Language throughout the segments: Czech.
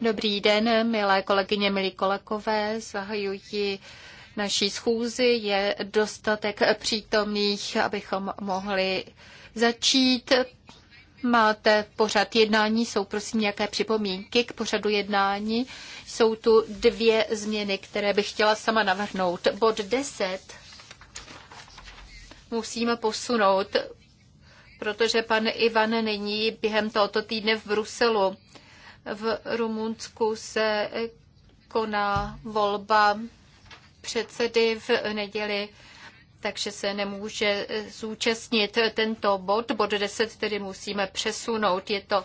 Dobrý den, milé kolegyně, milí kolegové. Zahajuji naší schůzi. Je dostatek přítomných, abychom mohli začít. Máte pořad jednání, jsou prosím nějaké připomínky k pořadu jednání. Jsou tu dvě změny, které bych chtěla sama navrhnout. Bod 10 musíme posunout protože pan Ivan není během tohoto týdne v Bruselu. V Rumunsku se koná volba předsedy v neděli, takže se nemůže zúčastnit tento bod. Bod 10 tedy musíme přesunout. Je to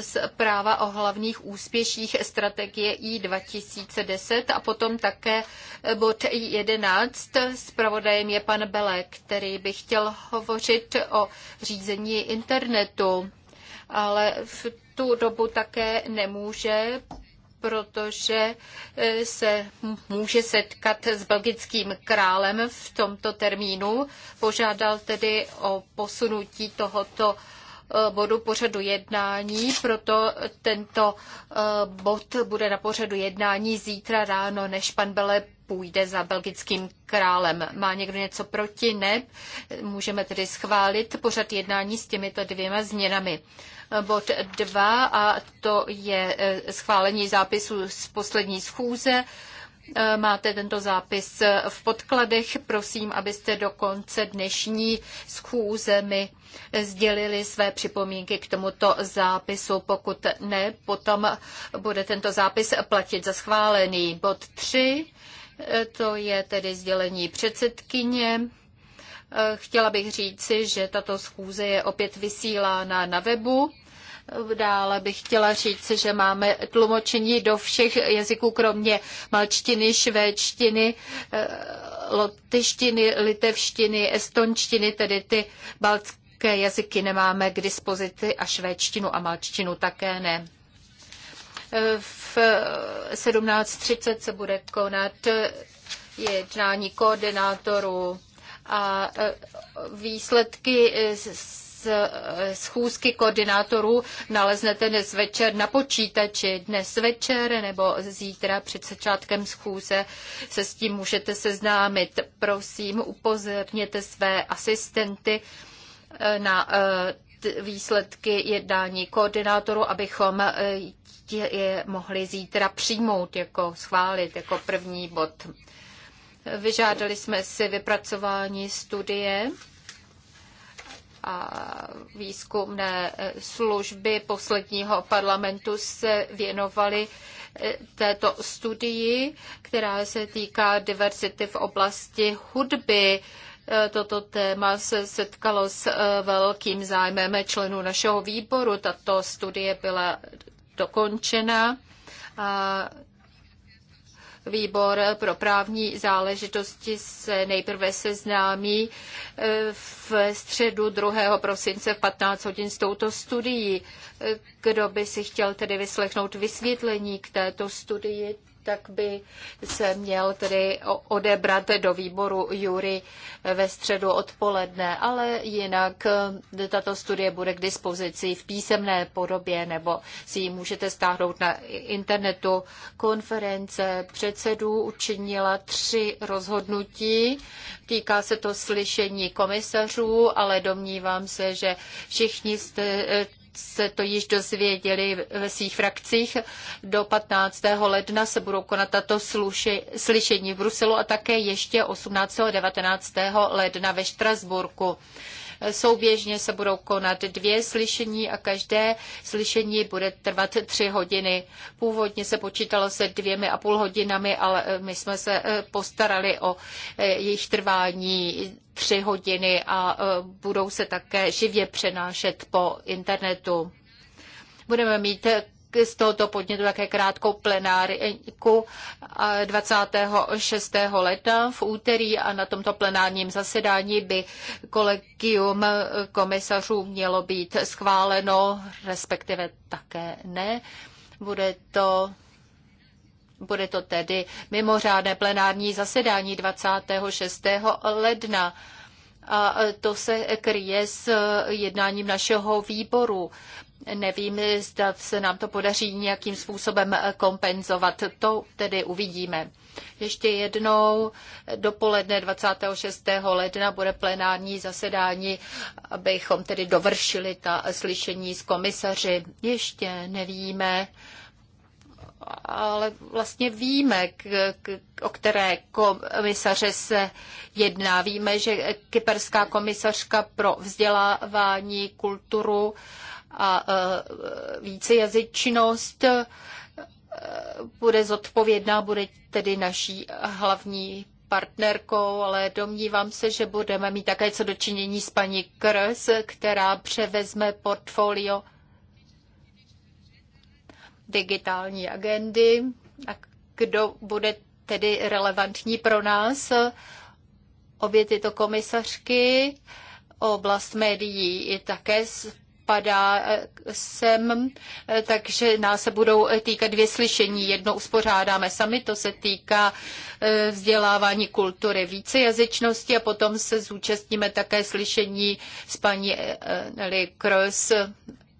zpráva o hlavních úspěších strategie I 2010 a potom také bod 11. Zpravodajem je pan Belek, který by chtěl hovořit o řízení internetu, ale v tu dobu také nemůže, protože se může setkat s belgickým králem v tomto termínu. Požádal tedy o posunutí tohoto Eh, bodu pořadu jednání, proto tento eh, bod bude na pořadu jednání zítra ráno, než pan Bele půjde za belgickým králem. Má někdo něco proti? Ne. Můžeme tedy schválit pořad jednání s těmito dvěma změnami. Eh, bod 2 a to je schválení zápisu z poslední schůze. Eh, máte tento zápis eh, v podkladech. Prosím, abyste do konce dnešní schůze mi eh, sdělili své připomínky k tomuto zápisu. Pokud ne, potom bude tento zápis platit za schválený. Bod 3, to je tedy sdělení předsedkyně. Chtěla bych říci, že tato schůze je opět vysílána na webu Dále bych chtěla říct, že máme tlumočení do všech jazyků, kromě malčtiny, švédštiny, eh, lotyštiny, litevštiny, estonštiny, tedy ty baltské jazyky nemáme k dispozici a švédštinu a malčtinu také ne. Eh, v 17.30 se bude konat jednání koordinátorů a eh, výsledky z Eh, schůzky koordinátorů naleznete dnes večer na počítači. Dnes večer nebo zítra před začátkem schůze se s tím můžete seznámit. Prosím, upozorněte své asistenty eh, na eh, výsledky jednání koordinátorů, abychom je mohli zítra přijmout, jako schválit jako první bod. Vyžádali jsme si vypracování studie a výzkumné eh, služby posledního parlamentu se věnovaly eh, této studii, která se týká diverzity v oblasti hudby. Eh, toto téma se setkalo s velkým zájmem členů našeho výboru. Tato studie byla dokončena a Výbor pro právní záležitosti se nejprve seznámí eh, v středu 2. prosince v 15 hodin s touto studií. Eh, kdo by si chtěl tedy vyslechnout vysvětlení k této studii, tak by se měl tedy odebrat do výboru Jury ve středu odpoledne, ale jinak eh, tato studie bude k dispozici v písemné podobě nebo si ji můžete stáhnout na internetu. Konference předsedů učinila tři rozhodnutí. Týká se to slyšení komisařů, ale domnívám se, že všichni jste eh, se to již dozvěděli ve svých frakcích. Do 15. ledna se budou konat tato sluši, slyšení v Bruselu a také ještě 18. a 19. ledna ve Štrasburku. Souběžně se budou konat dvě slyšení a každé slyšení bude trvat tři hodiny. Původně se počítalo se dvěmi a půl hodinami, ale eh, my jsme se eh, postarali o eh, jejich trvání tři hodiny a budou se také živě přenášet po internetu. Budeme mít z tohoto podnětu také krátkou plenárku 26. ledna v úterý a na tomto plenárním zasedání by kolegium komisařů mělo být schváleno, respektive také ne. Bude to bude to tedy mimořádné plenární zasedání 26. ledna. A to se kryje s jednáním našeho výboru. Nevím, zda se nám to podaří nějakým způsobem kompenzovat. To tedy uvidíme. Ještě jednou dopoledne 26. ledna bude plenární zasedání, abychom tedy dovršili ta slyšení s komisaři. Ještě nevíme, ale vlastně víme, k, k, o které komisaře se jedná. Víme, že kyperská komisařka pro vzdělávání, kulturu a vícejazyčnost e, bude zodpovědná, bude tedy naší hlavní partnerkou, ale domnívám se, že budeme mít také co dočinění s paní Krs, která převezme portfolio digitální agendy a kdo bude tedy relevantní pro nás. Obě tyto komisařky oblast médií je také spadá eh, sem, eh, takže nás se budou eh, týkat dvě slyšení. Jedno uspořádáme sami, to se týká vzdělávání kultury vícejazyčnosti a potom se zúčastníme také slyšení s paní Nelly Kroes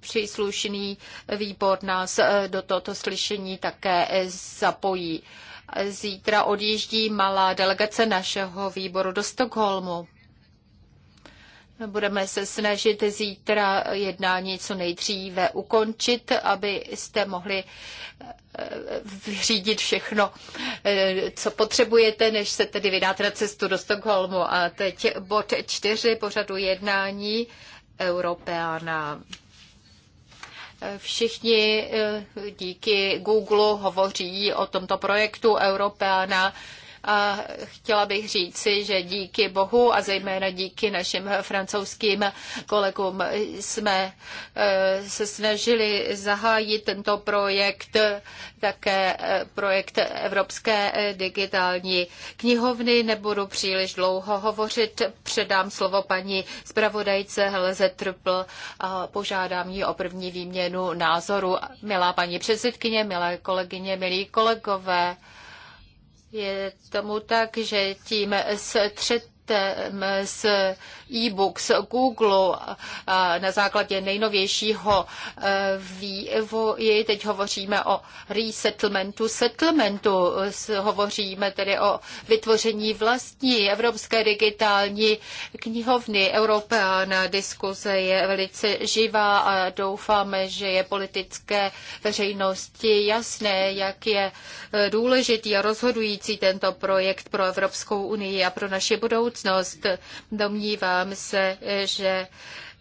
příslušný výbor nás do tohoto slyšení také zapojí. Zítra odjíždí malá delegace našeho výboru do Stockholmu. Budeme se snažit zítra jednání co nejdříve ukončit, abyste mohli eh, vyřídit všechno, eh, co potřebujete, než se tedy vydáte na cestu do Stockholmu. A teď bod čtyři pořadu jednání Europeana. Všichni eh, díky Google hovoří o tomto projektu Europeana a chtěla bych říci, že díky Bohu a zejména díky našim francouzským kolegům jsme eh, se snažili zahájit tento projekt, také eh, projekt Evropské eh, digitální knihovny. Nebudu příliš dlouho hovořit, předám slovo paní zpravodajce Helze Trpl a požádám ji o první výměnu názoru. Milá paní předsedkyně, milé kolegyně, milí kolegové, je tomu tak, že tím střetem internetem, z e-books, Google na základě nejnovějšího e, vývoji. Teď hovoříme o resettlementu, settlementu, hovoříme tedy o vytvoření vlastní evropské digitální knihovny. Europeana diskuze je velice živá a doufáme, že je politické veřejnosti jasné, jak je e, důležitý a rozhodující tento projekt pro Evropskou unii a pro naše budoucnost budoucnost. Domnívám se, že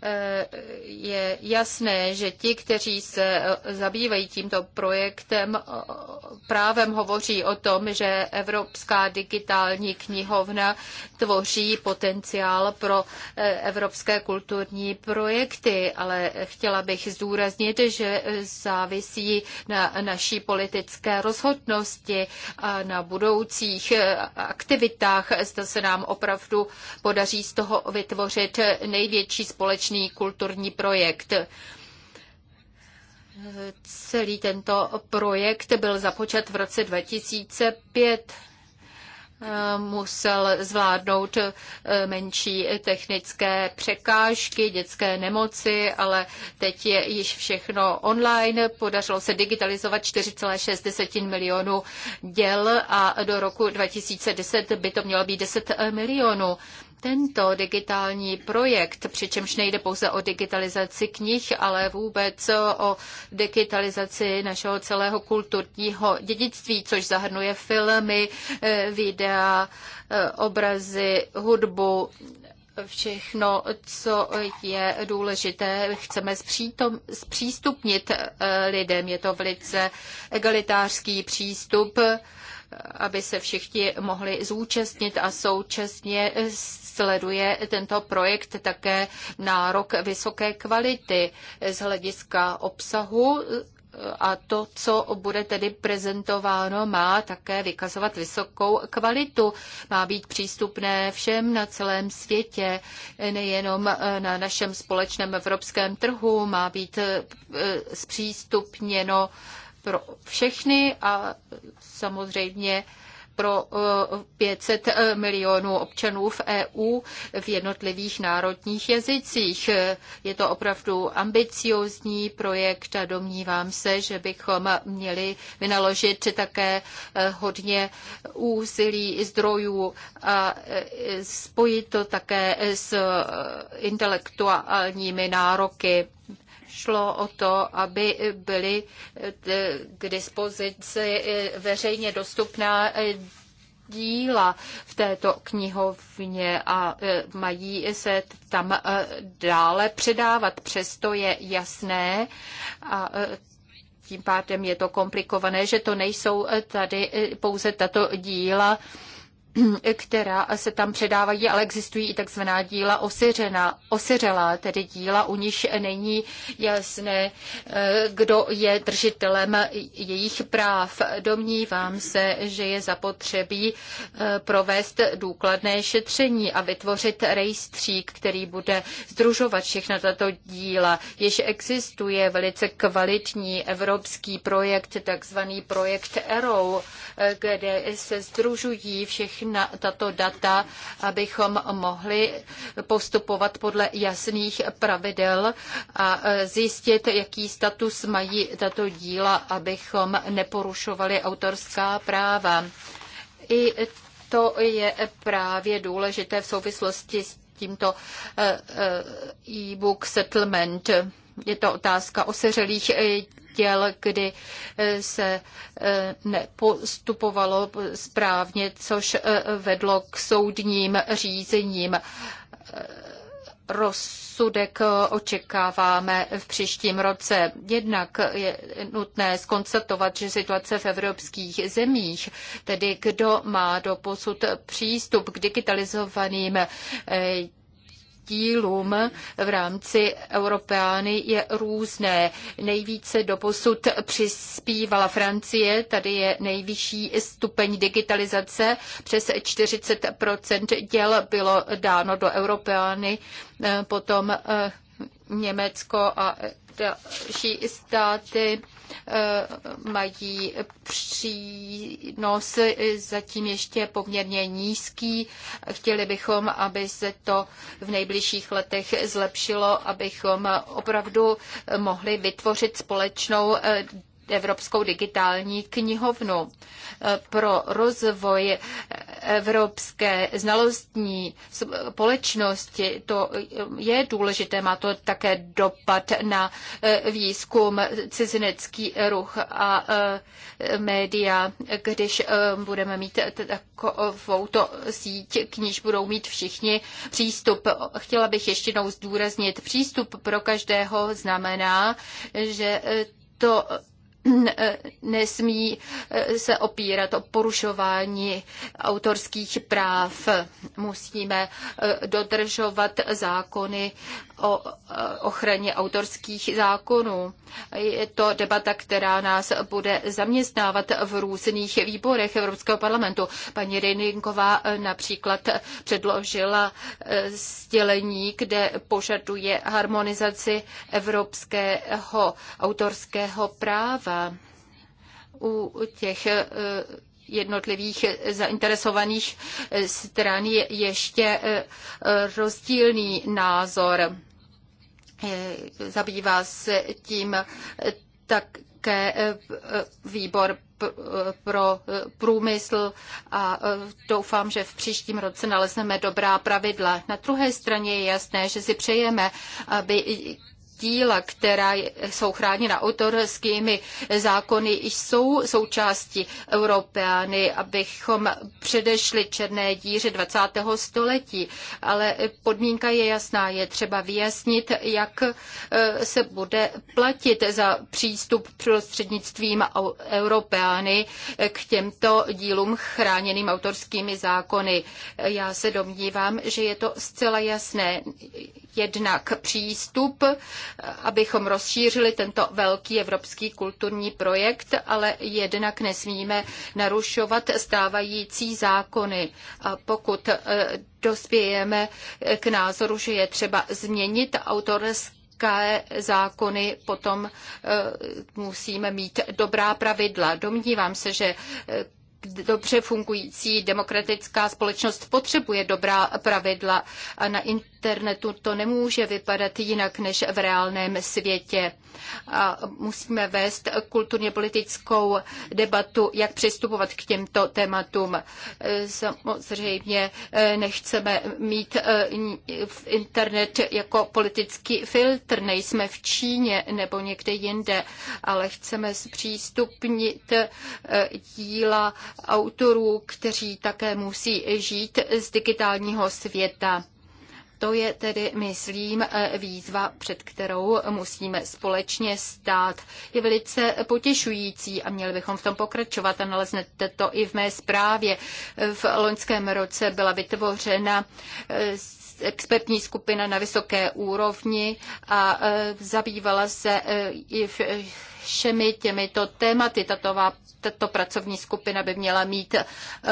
Eh, je jasné, že ti, kteří se eh, zabývají tímto projektem, právem hovoří o tom, že Evropská digitální knihovna tvoří potenciál pro eh, evropské kulturní projekty, ale chtěla bych zdůraznit, že závisí na naší politické rozhodnosti a na budoucích aktivitách, zda se nám opravdu podaří z toho vytvořit největší společnost společný kulturní projekt. Celý tento projekt byl započat v roce 2005 musel zvládnout eh, menší technické překážky, dětské nemoci, ale teď je již všechno online. Podařilo se digitalizovat 4,6 milionů děl a do roku 2010 by to mělo být 10 milionů tento digitální projekt, přičemž nejde pouze o digitalizaci knih, ale vůbec o digitalizaci našeho celého kulturního dědictví, což zahrnuje filmy, eh, videa, eh, obrazy, hudbu, všechno, co je důležité, chceme zpřítom, zpřístupnit eh, lidem. Je to velice egalitářský přístup aby se všichni mohli zúčastnit a současně sleduje tento projekt také nárok vysoké kvality z hlediska obsahu a to, co bude tedy prezentováno, má také vykazovat vysokou kvalitu. Má být přístupné všem na celém světě, nejenom na našem společném evropském trhu, má být eh, zpřístupněno pro všechny a samozřejmě pro 500 eh, eh, milionů občanů v EU v jednotlivých národních jazycích. Je to opravdu ambiciozní projekt a domnívám se, že bychom měli vynaložit také eh, hodně úsilí zdrojů a spojit to také s intelektuálními nároky šlo o to, aby byly eh, k dispozici eh, veřejně dostupná eh, díla v této knihovně a mají se tam dále předávat. Přesto je jasné a tím pádem je to komplikované, že to nejsou tady pouze tato díla která se tam předávají, ale existují i takzvaná díla osiřena, osiřelá, tedy díla, u níž není jasné, eh, kdo je držitelem jejich práv. Domnívám se, že je zapotřebí eh, provést důkladné šetření a vytvořit rejstřík, který bude združovat všechna tato díla. Jež existuje velice kvalitní evropský projekt, takzvaný projekt ERO, eh, kde se združují všechny na tato data, abychom mohli postupovat podle jasných pravidel a e, zjistit, jaký status mají tato díla, abychom neporušovali autorská práva. I to je právě důležité v souvislosti s tímto e, e, e-book settlement. Je to otázka osiřelých těl, eh, kdy eh, se eh, nepostupovalo správně, což vedlo k soudním řízením. Rozsudek očekáváme v příštím roce. Jednak je nutné skonstatovat, že situace v evropských zemích, tedy kdo má do posud přístup k digitalizovaným dílům v rámci Europeány je různé. Nejvíce doposud přispívala Francie, tady je nejvyšší stupeň digitalizace, přes 40% děl bylo dáno do Europeány, eh, potom eh, Německo a další státy eh, mají přínos zatím ještě poměrně nízký. Chtěli bychom, aby se to v nejbližších letech zlepšilo, abychom opravdu mohli vytvořit společnou eh, Evropskou digitální knihovnu. E, pro rozvoj evropské znalostní společnosti to je důležité, má to také dopad na e, výzkum, cizinecký ruch a e, média, když budeme mít takovou to síť, k níž budou mít všichni přístup. Chtěla bych ještě jednou zdůraznit, přístup pro každého znamená, že to nesmí eh, se opírat o porušování autorských práv. Musíme eh, dodržovat zákony o e, ochraně autorských zákonů. Je to debata, která nás bude zaměstnávat v různých výborech Evropského parlamentu. Paní Reininková e, například předložila e, sdělení, kde požaduje harmonizaci evropského autorského práva u těch jednotlivých zainteresovaných stran je ještě rozdílný názor. Eh, zabývá se tím také eh, výbor eh, pro průmysl a doufám, že v příštím roce nalezneme dobrá pravidla. Na druhé straně je jasné, že si přejeme, aby díla, která jsou chráněna autorskými zákony, jsou součástí Europeány, abychom předešli černé díře 20. století. Ale podmínka je jasná, je třeba vyjasnit, jak e, se bude platit za přístup prostřednictvím Europeány k těmto dílům chráněným autorskými zákony. Já se domnívám, že je to zcela jasné. Jednak přístup abychom rozšířili tento velký evropský kulturní projekt, ale jednak nesmíme narušovat stávající zákony. pokud e, dospějeme k názoru, že je třeba změnit autorské zákony potom e, musíme mít dobrá pravidla. Domnívám se, že e, dobře fungující demokratická společnost potřebuje dobrá pravidla a na in- internetu to nemůže vypadat jinak než v reálném světě. A musíme vést kulturně politickou debatu, jak přistupovat k těmto tématům. Samozřejmě eh, nechceme mít eh, v internet jako politický filtr, nejsme v Číně nebo někde jinde, ale chceme zpřístupnit eh, díla autorů, kteří také musí žít z digitálního světa. To je tedy, myslím, eh, výzva, před kterou musíme společně stát. Je velice potěšující a měli bychom v tom pokračovat a naleznete to i v mé zprávě. V loňském roce byla vytvořena eh, expertní skupina na vysoké úrovni a e, zabývala se e, i všemi těmito tématy. Tato, tato pracovní skupina by měla mít e,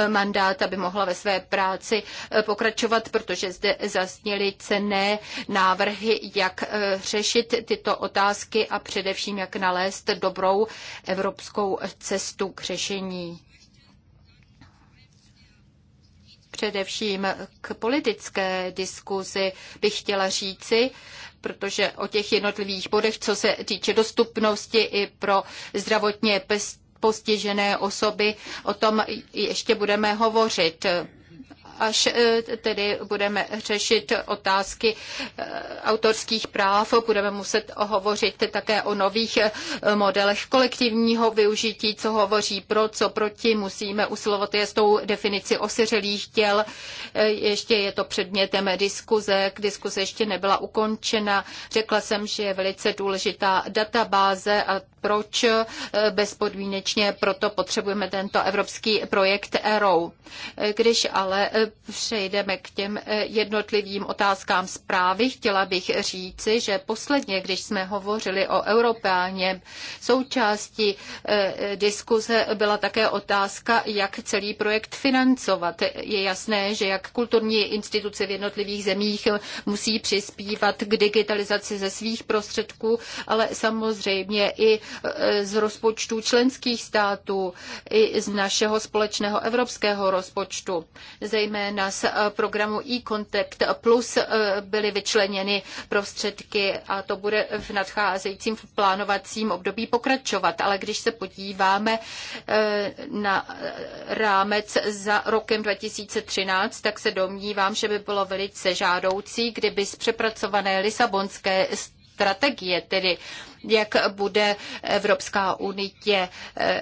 mandát, aby mohla ve své práci pokračovat, protože zde zazněly cené návrhy, jak řešit tyto otázky a především, jak nalézt dobrou evropskou cestu k řešení. Především k politické diskuzi bych chtěla říci, protože o těch jednotlivých bodech, co se týče dostupnosti i pro zdravotně postižené osoby, o tom ještě budeme hovořit až eh, tedy budeme řešit otázky eh, autorských práv, budeme muset hovořit také o nových eh, modelech kolektivního využití, co hovoří pro, co proti, musíme usilovat je s tou definici osiřelých těl. Ještě je to předmětem diskuze, diskuze ještě nebyla ukončena. Řekla jsem, že je velice důležitá databáze a proč bezpodmínečně proto potřebujeme tento evropský projekt ERO. Když ale přejdeme k těm eh, jednotlivým otázkám zprávy, chtěla bych říci, že posledně, když jsme hovořili o Europeáně, součástí eh, diskuze byla také otázka, jak celý projekt financovat. Je jasné, že jak kulturní instituce v jednotlivých zemích musí přispívat k digitalizaci ze svých prostředků, ale samozřejmě i eh, z rozpočtů členských států, i z našeho společného evropského rozpočtu. Zejména zejména z eh, programu e-contact plus eh, byly vyčleněny prostředky a to bude v nadcházejícím plánovacím období pokračovat. Ale když se podíváme eh, na rámec za rokem 2013, tak se domnívám, že by bylo velice žádoucí, kdyby z přepracované Lisabonské strategie, tedy jak bude Evropská unie eh,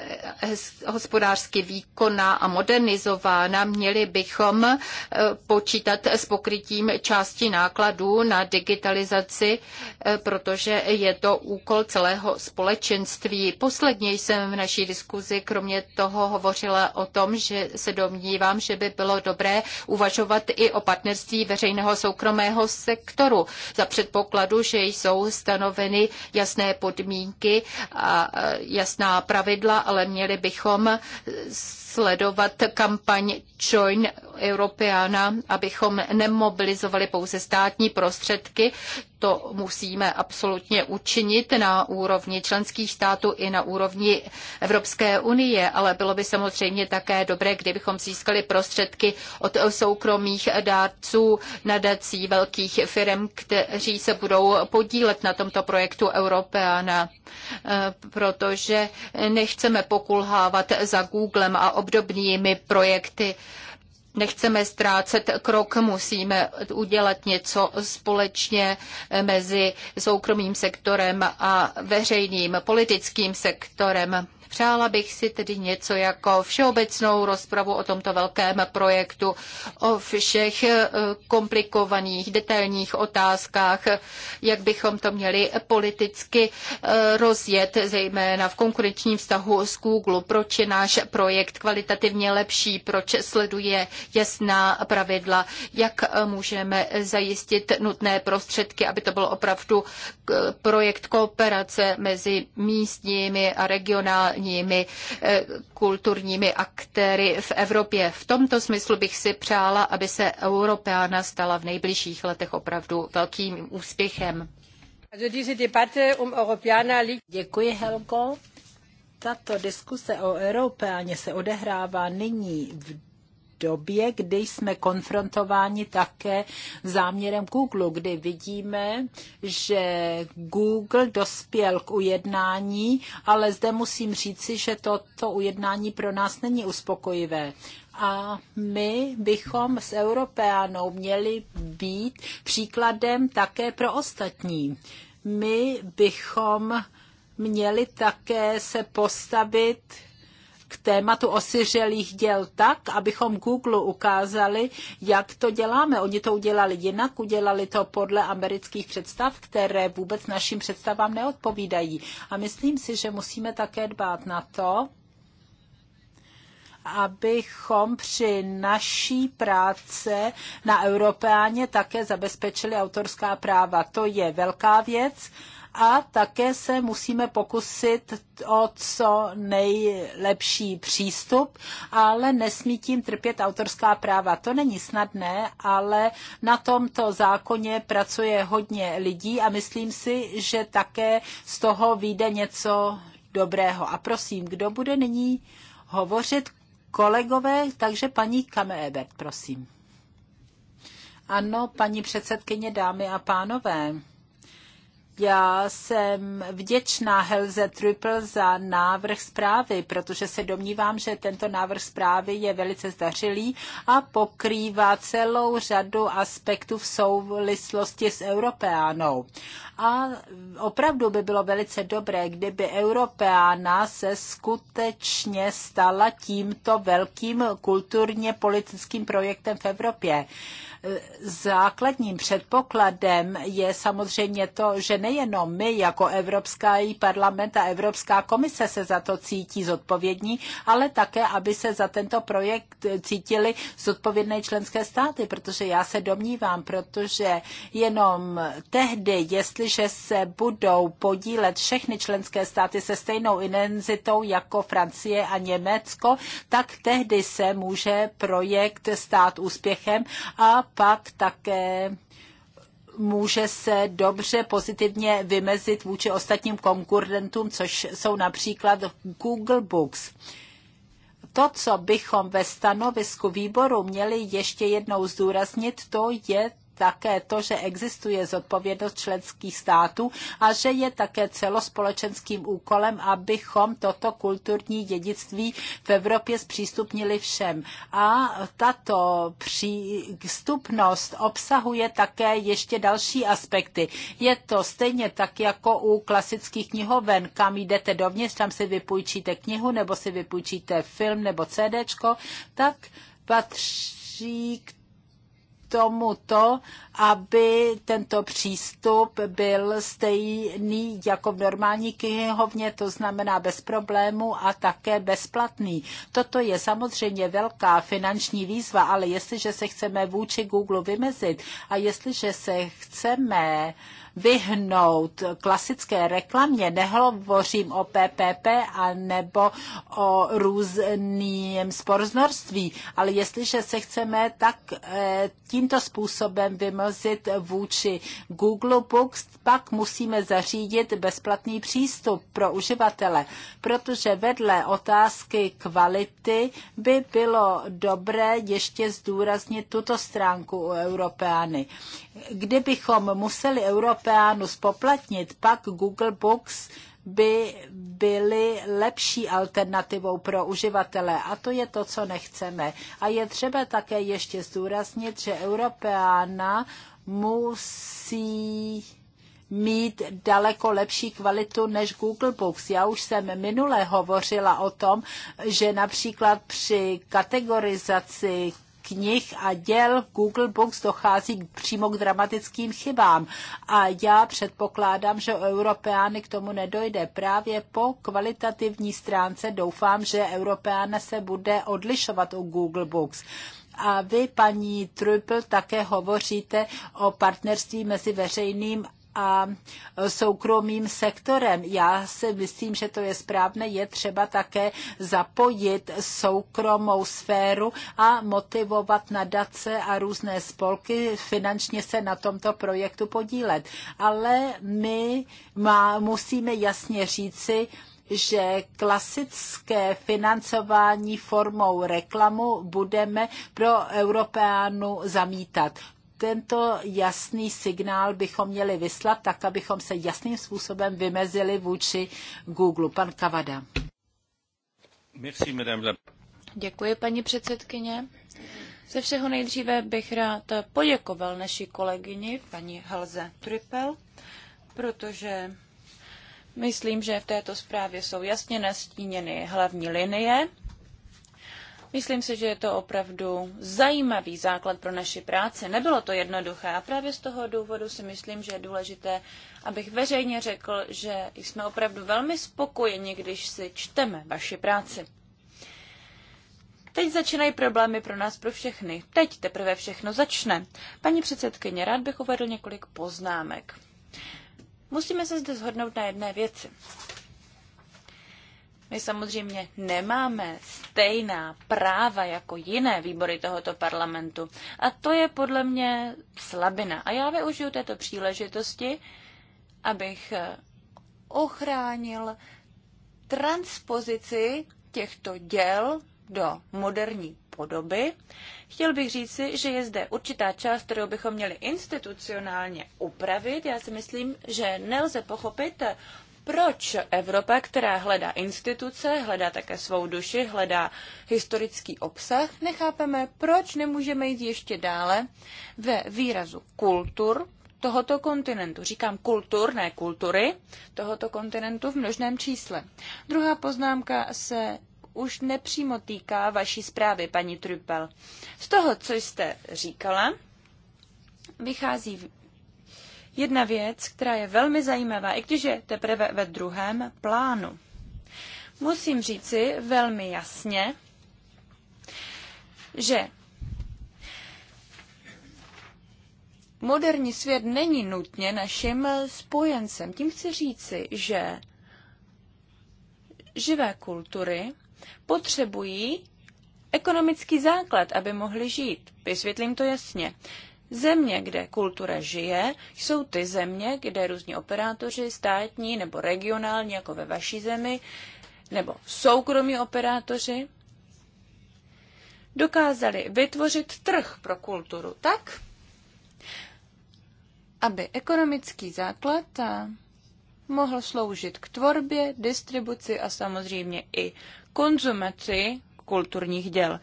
hospodářsky výkonná a modernizována, měli bychom eh, počítat s pokrytím části nákladů na digitalizaci, eh, protože je to úkol celého společenství. Posledně jsem v naší diskuzi kromě toho hovořila o tom, že se domnívám, že by bylo dobré uvažovat i o partnerství veřejného soukromého sektoru za předpokladu, že jsou stanoveny jasné podmínky a e, jasná pravidla, ale měli bychom sledovat kampaň Join Europeana, abychom nemobilizovali pouze státní prostředky, to musíme absolutně učinit na úrovni členských států i na úrovni Evropské unie, ale bylo by samozřejmě také dobré, kdybychom získali prostředky od soukromých dárců, nadací velkých firm, kteří se budou podílet na tomto projektu Europeana, eh, protože nechceme pokulhávat za Googlem a obdobnými projekty, nechceme ztrácet krok, musíme udělat něco společně mezi soukromým sektorem a veřejným politickým sektorem. Přála bych si tedy něco jako všeobecnou rozpravu o tomto velkém projektu, o všech eh, komplikovaných, detailních otázkách, jak bychom to měli politicky eh, rozjet, zejména v konkurenčním vztahu s Google. Proč je náš projekt kvalitativně lepší, proč sleduje jasná pravidla, jak eh, můžeme zajistit nutné prostředky, aby to byl opravdu projekt kooperace mezi místními a regionálními hlavními eh, kulturními aktéry v Evropě. V tomto smyslu bych si přála, aby se Europeana stala v nejbližších letech opravdu velkým úspěchem. Děkuji, Helko. Tato diskuse o Europeáně se odehrává nyní v době, kdy jsme konfrontováni také záměrem Google, kdy vidíme, že Google dospěl k ujednání, ale zde musím říci, že toto ujednání pro nás není uspokojivé a my bychom s Europeanou měli být příkladem také pro ostatní. My bychom měli také se postavit k tématu osiřelých děl tak, abychom Google ukázali, jak to děláme. Oni to udělali jinak, udělali to podle amerických představ, které vůbec našim představám neodpovídají. A myslím si, že musíme také dbát na to, abychom při naší práce na Europeáně také zabezpečili autorská práva. To je velká věc a také se musíme pokusit o co nejlepší přístup, ale nesmí tím trpět autorská práva. To není snadné, ale na tomto zákoně pracuje hodně lidí a myslím si, že také z toho vyjde něco dobrého. A prosím, kdo bude nyní hovořit? Kolegové, takže paní Kame Ebert, prosím. Ano, paní předsedkyně, dámy a pánové. Já jsem vděčná Helze Triple za návrh zprávy, protože se domnívám, že tento návrh zprávy je velice zdařilý a pokrývá celou řadu aspektů v souvislosti s Europeánou. A opravdu by bylo velice dobré, kdyby Europeána se skutečně stala tímto velkým kulturně politickým projektem v Evropě. Základním předpokladem je samozřejmě to, že nejenom my jako Evropský parlament a Evropská komise se za to cítí zodpovědní, ale také, aby se za tento projekt cítili zodpovědné členské státy, protože já se domnívám, protože jenom tehdy, jestliže se budou podílet všechny členské státy se stejnou intenzitou jako Francie a Německo, tak tehdy se může projekt stát úspěchem a pak také může se dobře pozitivně vymezit vůči ostatním konkurentům, což jsou například Google Books. To, co bychom ve stanovisku výboru měli ještě jednou zdůraznit, to je také to, že existuje zodpovědnost členských států a že je také celospolečenským úkolem, abychom toto kulturní dědictví v Evropě zpřístupnili všem. A tato přístupnost obsahuje také ještě další aspekty. Je to stejně tak jako u klasických knihoven, kam jdete dovnitř, tam si vypůjčíte knihu nebo si vypůjčíte film nebo CDčko, tak patří k tomuto aby tento přístup byl stejný jako v normální knihovně, to znamená bez problému a také bezplatný. Toto je samozřejmě velká finanční výzva, ale jestliže se chceme vůči Google vymezit a jestliže se chceme vyhnout klasické reklamě, nehovořím o PPP a nebo o různým sporoznorství, ale jestliže se chceme tak eh, tímto způsobem vymezit, zamezit vůči Google Books, pak musíme zařídit bezplatný přístup pro uživatele, protože vedle otázky kvality by bylo dobré ještě zdůraznit tuto stránku u Europeány. Kdybychom museli Europeánu spoplatnit, pak Google Books by byly lepší alternativou pro uživatele. A to je to, co nechceme. A je třeba také ještě zdůraznit, že Europeana musí mít daleko lepší kvalitu než Google Books. Já už jsem minule hovořila o tom, že například při kategorizaci knih a děl Google Books dochází přímo k dramatickým chybám. A já předpokládám, že Europeány k tomu nedojde. Právě po kvalitativní stránce doufám, že Europeána se bude odlišovat u Google Books. A vy, paní Trüppel, také hovoříte o partnerství mezi veřejným a soukromým sektorem. Já si myslím, že to je správné. Je třeba také zapojit soukromou sféru a motivovat nadace a různé spolky finančně se na tomto projektu podílet. Ale my má, musíme jasně říci, že klasické financování formou reklamu budeme pro Europeánu zamítat tento jasný signál bychom měli vyslat tak, abychom se jasným způsobem vymezili vůči Google. Pan Kavada. Merci, madame Děkuji, paní předsedkyně. Ze všeho nejdříve bych rád poděkoval naší kolegyni, paní Halze Trippel, protože myslím, že v této zprávě jsou jasně nastíněny hlavní linie Myslím si, že je to opravdu zajímavý základ pro naši práci. Nebylo to jednoduché a právě z toho důvodu si myslím, že je důležité, abych veřejně řekl, že jsme opravdu velmi spokojeni, když si čteme vaši práci. Teď začínají problémy pro nás, pro všechny. Teď teprve všechno začne. Paní předsedkyně, rád bych uvedl několik poznámek. Musíme se zde shodnout na jedné věci. My samozřejmě nemáme stejná práva jako jiné výbory tohoto parlamentu. A to je podle mě slabina. A já využiju této příležitosti, abych eh, ochránil transpozici těchto děl do moderní podoby. Chtěl bych říci, že je zde určitá část, kterou bychom měli institucionálně upravit. Já si myslím, že nelze pochopit proč Evropa, která hledá instituce, hledá také svou duši, hledá historický obsah, nechápeme, proč nemůžeme jít ještě dále ve výrazu kultur tohoto kontinentu. Říkám kultur, ne kultury tohoto kontinentu v množném čísle. Druhá poznámka se už nepřímo týká vaší zprávy, paní Trupel. Z toho, co jste říkala, vychází jedna věc, která je velmi zajímavá, i když je teprve ve druhém plánu. Musím říci velmi jasně, že moderní svět není nutně naším spojencem. Tím chci říci, že živé kultury potřebují ekonomický základ, aby mohly žít. Vysvětlím to jasně. Země, kde kultura žije, jsou ty země, kde různí operátoři, státní nebo regionální, jako ve vaší zemi, nebo soukromí operátoři, dokázali vytvořit trh pro kulturu tak, aby ekonomický základ mohl sloužit k tvorbě, distribuci a samozřejmě i konzumaci kulturních děl.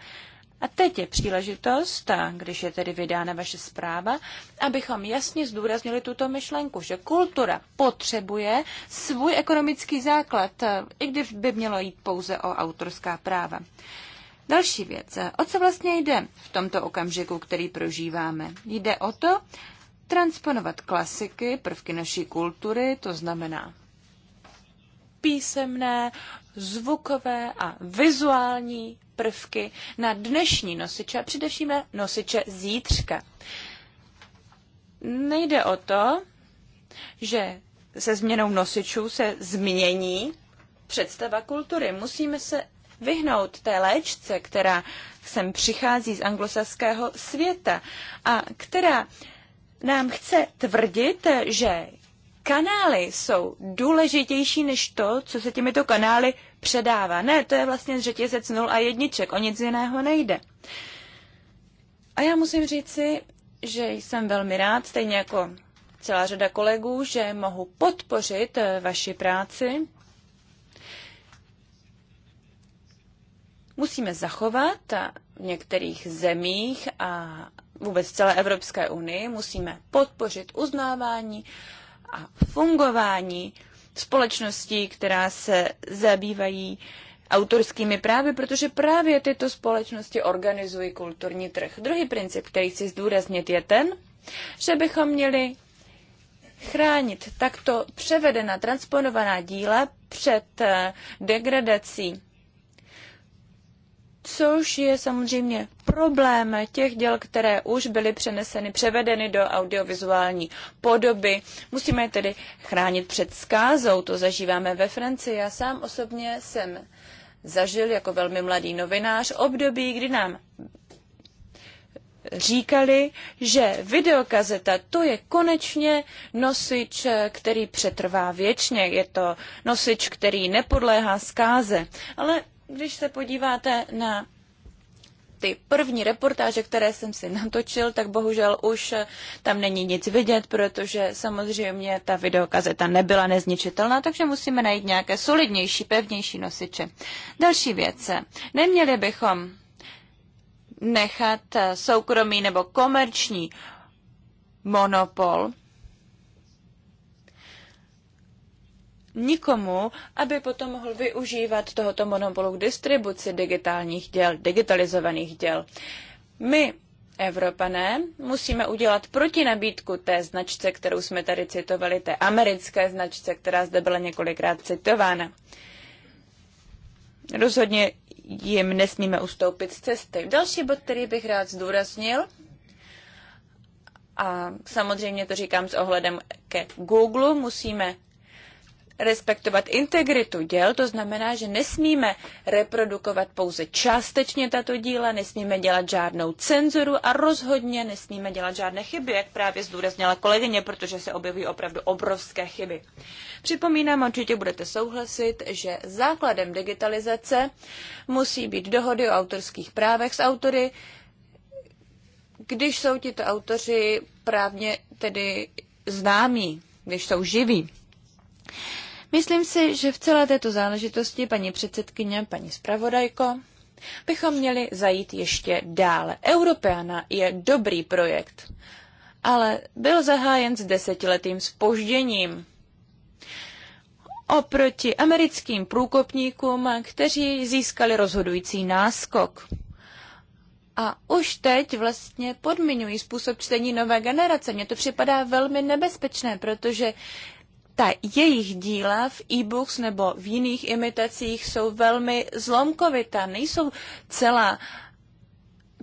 A teď je příležitost, když je tedy vydána vaše zpráva, abychom jasně zdůraznili tuto myšlenku, že kultura potřebuje svůj ekonomický základ, i když by mělo jít pouze o autorská práva. Další věc. O co vlastně jde v tomto okamžiku, který prožíváme? Jde o to transponovat klasiky, prvky naší kultury, to znamená písemné zvukové a vizuální prvky na dnešní nosiče a především na nosiče zítřka. Nejde o to, že se změnou nosičů se změní představa kultury. Musíme se vyhnout té léčce, která sem přichází z anglosaského světa a která nám chce tvrdit, že kanály jsou důležitější než to, co se těmito kanály předává. Ne, to je vlastně řetězec 0 a jedniček, o nic jiného nejde. A já musím říci, že jsem velmi rád, stejně jako celá řada kolegů, že mohu podpořit eh, vaši práci. Musíme zachovat v některých zemích a vůbec celé Evropské unii musíme podpořit uznávání a fungování společností, která se zabývají autorskými právy, protože právě tyto společnosti organizují kulturní trh. Druhý princip, který chci zdůraznit, je ten, že bychom měli chránit takto převedená, transponovaná díla před eh, degradací což je samozřejmě problém těch děl, které už byly přeneseny, převedeny do audiovizuální podoby. Musíme je tedy chránit před zkázou, to zažíváme ve Francii. Já sám osobně jsem zažil jako velmi mladý novinář období, kdy nám říkali, že videokazeta to je konečně nosič, který přetrvá věčně. Je to nosič, který nepodléhá zkáze. Ale když se podíváte na ty první reportáže, které jsem si natočil, tak bohužel už tam není nic vidět, protože samozřejmě ta videokazeta nebyla nezničitelná, takže musíme najít nějaké solidnější, pevnější nosiče. Další věc. Neměli bychom nechat soukromý nebo komerční monopol nikomu, aby potom mohl využívat tohoto monopolu k distribuci digitálních děl, digitalizovaných děl. My Evropané musíme udělat protinabídku té značce, kterou jsme tady citovali, té americké značce, která zde byla několikrát citována. Rozhodně jim nesmíme ustoupit z cesty. Další bod, který bych rád zdůraznil, a samozřejmě to říkám s ohledem ke Google, musíme respektovat integritu děl, to znamená, že nesmíme reprodukovat pouze částečně tato díla, nesmíme dělat žádnou cenzuru a rozhodně nesmíme dělat žádné chyby, jak právě zdůraznila kolegyně, protože se objevují opravdu obrovské chyby. Připomínám, určitě budete souhlasit, že základem digitalizace musí být dohody o autorských právech s autory, když jsou tito autoři právně tedy známí, když jsou živí. Myslím si, že v celé této záležitosti, paní předsedkyně, paní zpravodajko, bychom měli zajít ještě dále. Europeana je dobrý projekt, ale byl zahájen s desetiletým spožděním oproti americkým průkopníkům, kteří získali rozhodující náskok. A už teď vlastně podmiňují způsob čtení nové generace. Mně to připadá velmi nebezpečné, protože ta jejich díla v e-books nebo v jiných imitacích jsou velmi zlomkovitá, nejsou celá.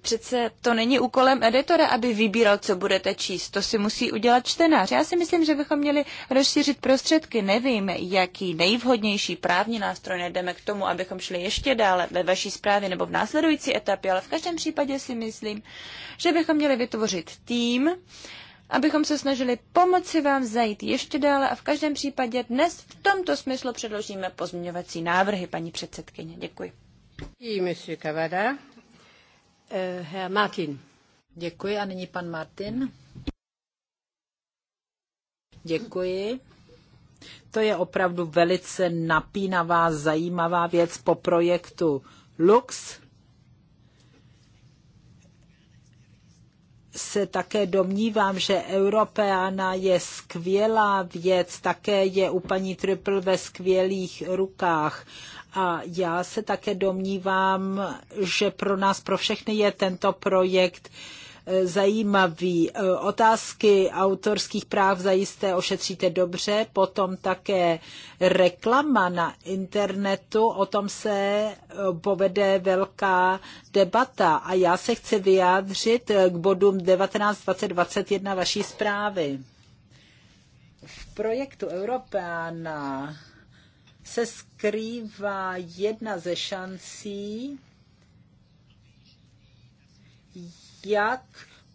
Přece to není úkolem editora, aby vybíral, co budete číst. To si musí udělat čtenář. Já si myslím, že bychom měli rozšířit prostředky. Nevím, jaký nejvhodnější právní nástroj najdeme k tomu, abychom šli ještě dále ve vaší zprávě nebo v následující etapě, ale v každém případě si myslím, že bychom měli vytvořit tým, abychom se snažili pomoci vám zajít ještě dále a v každém případě dnes v tomto smyslu předložíme pozměňovací návrhy, paní předsedkyně. Děkuji. Děkuji eh, a nyní pan Martin. Děkuji. To je opravdu velice napínavá, zajímavá věc po projektu Lux se také domnívám, že Europeana je skvělá věc, také je u paní Triple ve skvělých rukách. A já se také domnívám, že pro nás, pro všechny je tento projekt uh, E, zajímavý. E, otázky autorských práv zajisté ošetříte dobře, potom také reklama na internetu, o tom se e, povede velká debata a já se chci vyjádřit k bodům 19, 20, 21 vaší zprávy. V projektu Europeana se skrývá jedna ze šancí, jak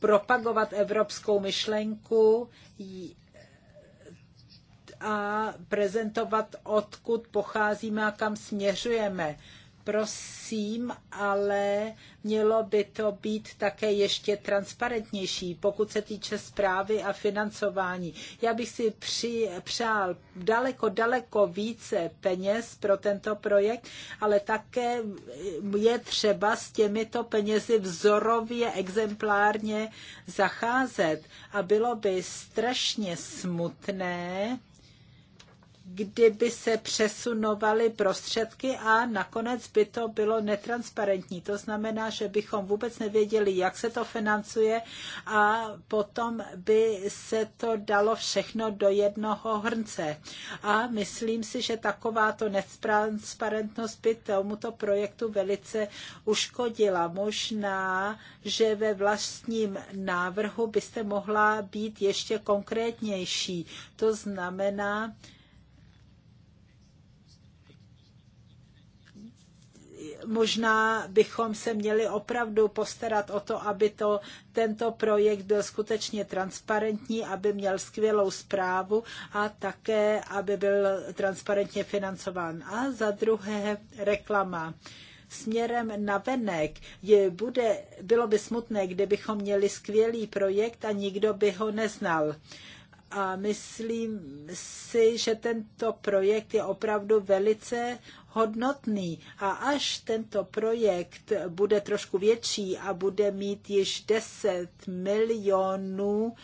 propagovat evropskou myšlenku a prezentovat, odkud pocházíme a kam směřujeme. Prosím, ale mělo by to být také ještě transparentnější, pokud se týče zprávy a financování. Já bych si při, přál daleko, daleko více peněz pro tento projekt, ale také je třeba s těmito penězi vzorově, exemplárně zacházet. A bylo by strašně smutné, kdyby se přesunovaly prostředky a nakonec by to bylo netransparentní. To znamená, že bychom vůbec nevěděli, jak se to financuje a potom by se to dalo všechno do jednoho hrnce. A myslím si, že takováto netransparentnost by tomuto projektu velice uškodila. Možná, že ve vlastním návrhu byste mohla být ještě konkrétnější. To znamená, možná bychom se měli opravdu postarat o to, aby to, tento projekt byl skutečně transparentní, aby měl skvělou zprávu a také, aby byl transparentně financován. A za druhé reklama směrem na venek. Je, bude, bylo by smutné, kdybychom měli skvělý projekt a nikdo by ho neznal. A myslím si, že tento projekt je opravdu velice hodnotný. A až tento projekt bude trošku větší a bude mít již 10 milionů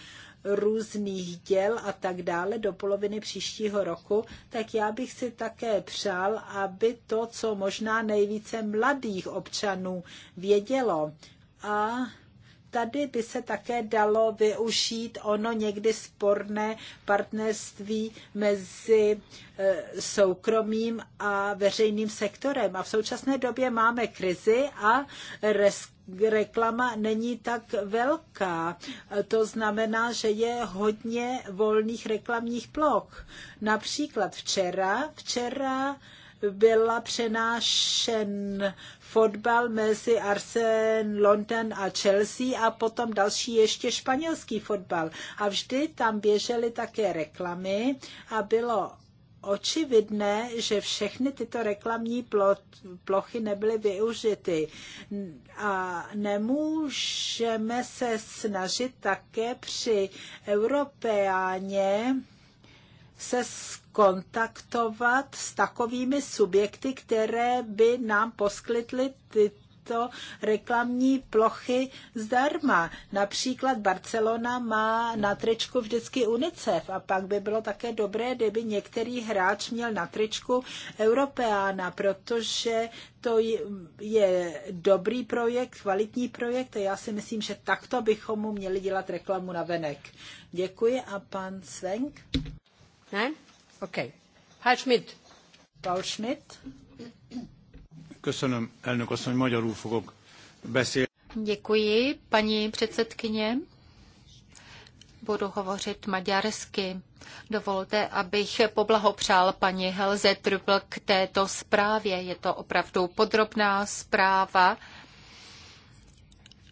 různých děl a tak dále do poloviny příštího roku, tak já bych si také přál, aby to, co možná nejvíce mladých občanů vědělo. A tady by se také dalo využít ono někdy sporné partnerství mezi e, soukromým a veřejným sektorem. A v současné době máme krizi a reklama není tak velká. To znamená, že je hodně volných reklamních ploch. Například včera, včera byla přenášen fotbal mezi Arsen, London a Chelsea a potom další ještě španělský fotbal. A vždy tam běžely také reklamy a bylo očividné, že všechny tyto reklamní plochy nebyly využity. A nemůžeme se snažit také při Europeáně se kontaktovat s takovými subjekty, které by nám poskytly tyto reklamní plochy zdarma. Například Barcelona má na tričku vždycky UNICEF a pak by bylo také dobré, kdyby některý hráč měl na tričku Europeana, protože to je dobrý projekt, kvalitní projekt a já si myslím, že takto bychom mu měli dělat reklamu na venek. Děkuji a pan Svenk? Ne? Okay. Herr Schmidt. Schmidt. Köszönöm, elnök asszony, magyarul fogok beszélni. Děkuji, paní předsedkyně. Budu hovořit maďarsky. Dovolte, abych poblahopřál paní Helze Trubl k této zprávě. Je to opravdu podrobná zpráva.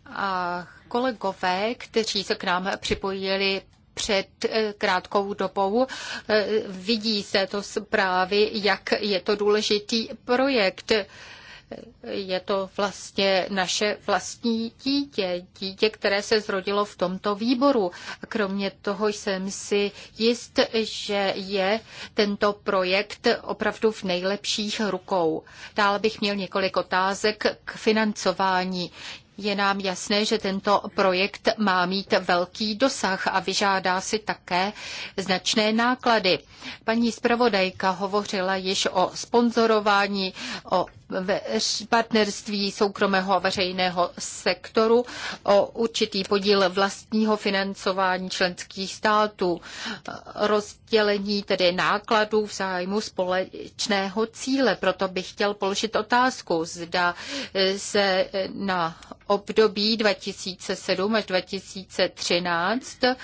A kolegové, kteří se k nám připojili před eh, krátkou dobou. Eh, vidí se to zprávy, jak je to důležitý projekt je to vlastně naše vlastní dítě, dítě, které se zrodilo v tomto výboru. Kromě toho jsem si jist, že je tento projekt opravdu v nejlepších rukou. Dále bych měl několik otázek k financování. Je nám jasné, že tento projekt má mít velký dosah a vyžádá si také značné náklady. Paní zpravodajka hovořila již o sponzorování, o ve partnerství soukromého a veřejného sektoru o určitý podíl vlastního financování členských států, rozdělení tedy nákladů v zájmu společného cíle. Proto bych chtěl položit otázku, zda e, se na období 2007 až 2013 e,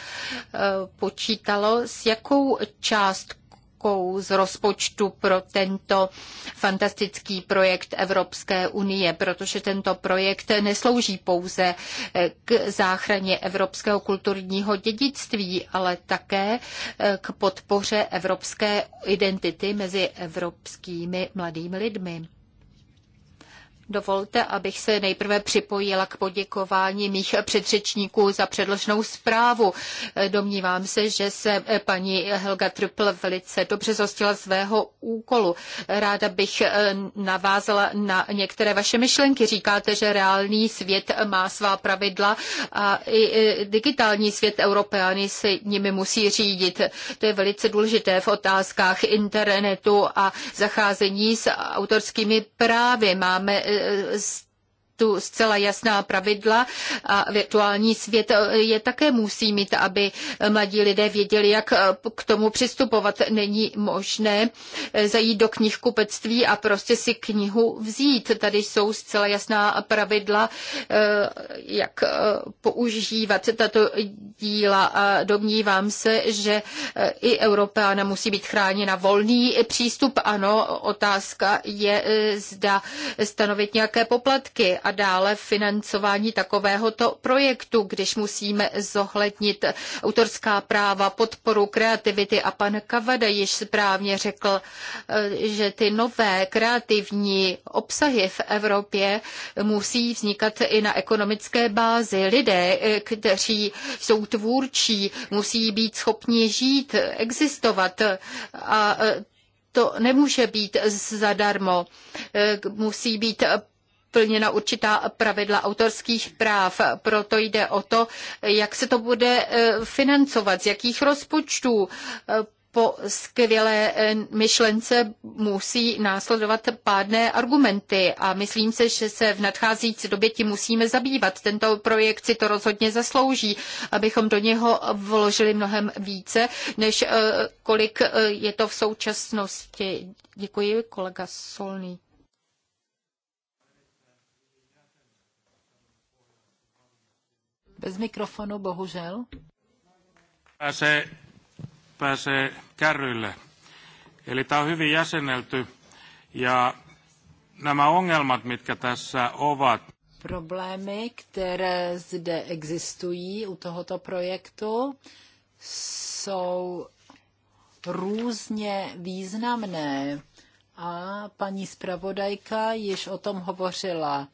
počítalo, s jakou částkou rukou z rozpočtu pro tento fantastický projekt Evropské unie, protože tento projekt neslouží pouze eh, k záchraně evropského kulturního dědictví, ale také eh, k podpoře evropské identity mezi evropskými mladými lidmi. Dovolte, abych se nejprve připojila k poděkování mých předřečníků za předloženou zprávu. Domnívám se, že se paní Helga Trüppel velice dobře zostila svého úkolu. Ráda bych eh, navázala na některé vaše myšlenky. Říkáte, že reálný svět má svá pravidla a i eh, digitální svět Europeány se nimi musí řídit. To je velice důležité v otázkách internetu a zacházení s autorskými právy. Máme z eh, tu zcela jasná pravidla a virtuální svět je také musí mít, aby mladí lidé věděli, jak k tomu přistupovat. Není možné zajít do knihkupectví a prostě si knihu vzít. Tady jsou zcela jasná pravidla, eh, jak eh, používat tato díla a domnívám se, že eh, i Europeana musí být chráněna volný přístup. Ano, otázka je, zda stanovit nějaké poplatky, a dále financování takovéhoto projektu, když musíme zohlednit autorská práva, podporu kreativity a pan Kavada již správně řekl, eh, že ty nové kreativní obsahy v Evropě musí vznikat i na ekonomické bázi. Lidé, eh, kteří jsou tvůrčí, musí být schopni žít, existovat a eh, to nemůže být zadarmo. Musí být plněna určitá pravidla autorských práv. Proto jde o to, jak se to bude eh, financovat, z jakých rozpočtů. Eh, po skvělé eh, myšlence musí následovat pádné argumenty a myslím se, že se v nadcházející době tím musíme zabývat. Tento projekt si to rozhodně zaslouží, abychom do něho vložili mnohem více, než kolik je to v současnosti. Děkuji, kolega Solný. Bez mikrofonu, bohužel. Pääsee, pääsee kärryille. Eli tämä on hyvin jäsennelty ja nämä ongelmat, mitkä tässä ovat. Problémy, které zde existují u tohoto projektu, jsou různě významné a paní zpravodajka již o tom hovořila.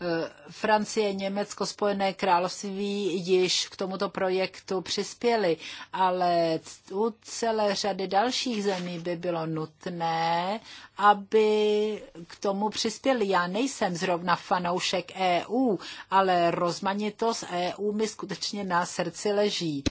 Eh, Francie, Německo, Spojené království již k tomuto projektu přispěli, ale u celé řady dalších zemí by bylo nutné, aby k tomu přispěli. Já nejsem zrovna fanoušek EU, ale rozmanitost EU mi skutečně na srdci leží.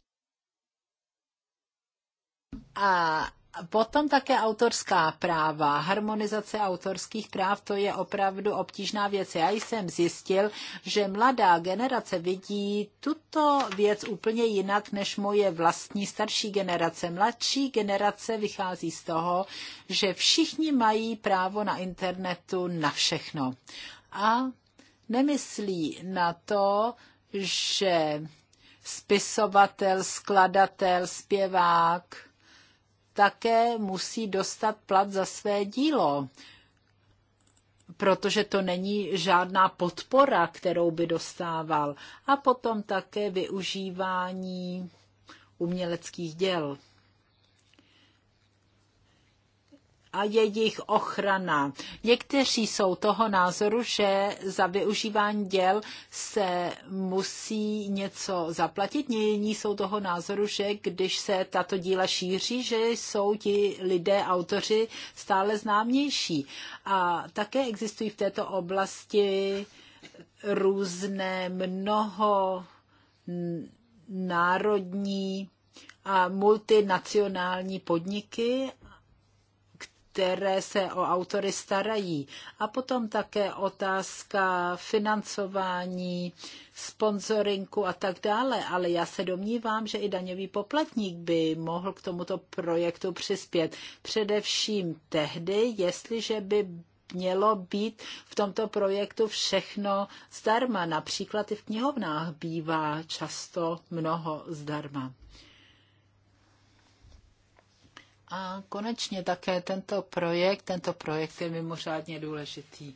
A Potom také autorská práva, harmonizace autorských práv, to je opravdu obtížná věc. Já jsem zjistil, že mladá generace vidí tuto věc úplně jinak než moje vlastní starší generace. Mladší generace vychází z toho, že všichni mají právo na internetu na všechno. A nemyslí na to, že spisovatel, skladatel, zpěvák, také musí dostat plat za své dílo, protože to není žádná podpora, kterou by dostával. A potom také využívání uměleckých děl. a jejich ochrana. Někteří jsou toho názoru, že za využívání děl se musí něco zaplatit, jiní jsou toho názoru, že když se tato díla šíří, že jsou ti lidé, autoři stále známější. A také existují v této oblasti různé mnoho národní a multinacionální podniky které se o autory starají. A potom také otázka financování, sponzoringu a tak dále. Ale já se domnívám, že i daňový poplatník by mohl k tomuto projektu přispět. Především tehdy, jestliže by mělo být v tomto projektu všechno zdarma. Například i v knihovnách bývá často mnoho zdarma. A konečně také tento projekt, tento projekt je mimořádně důležitý.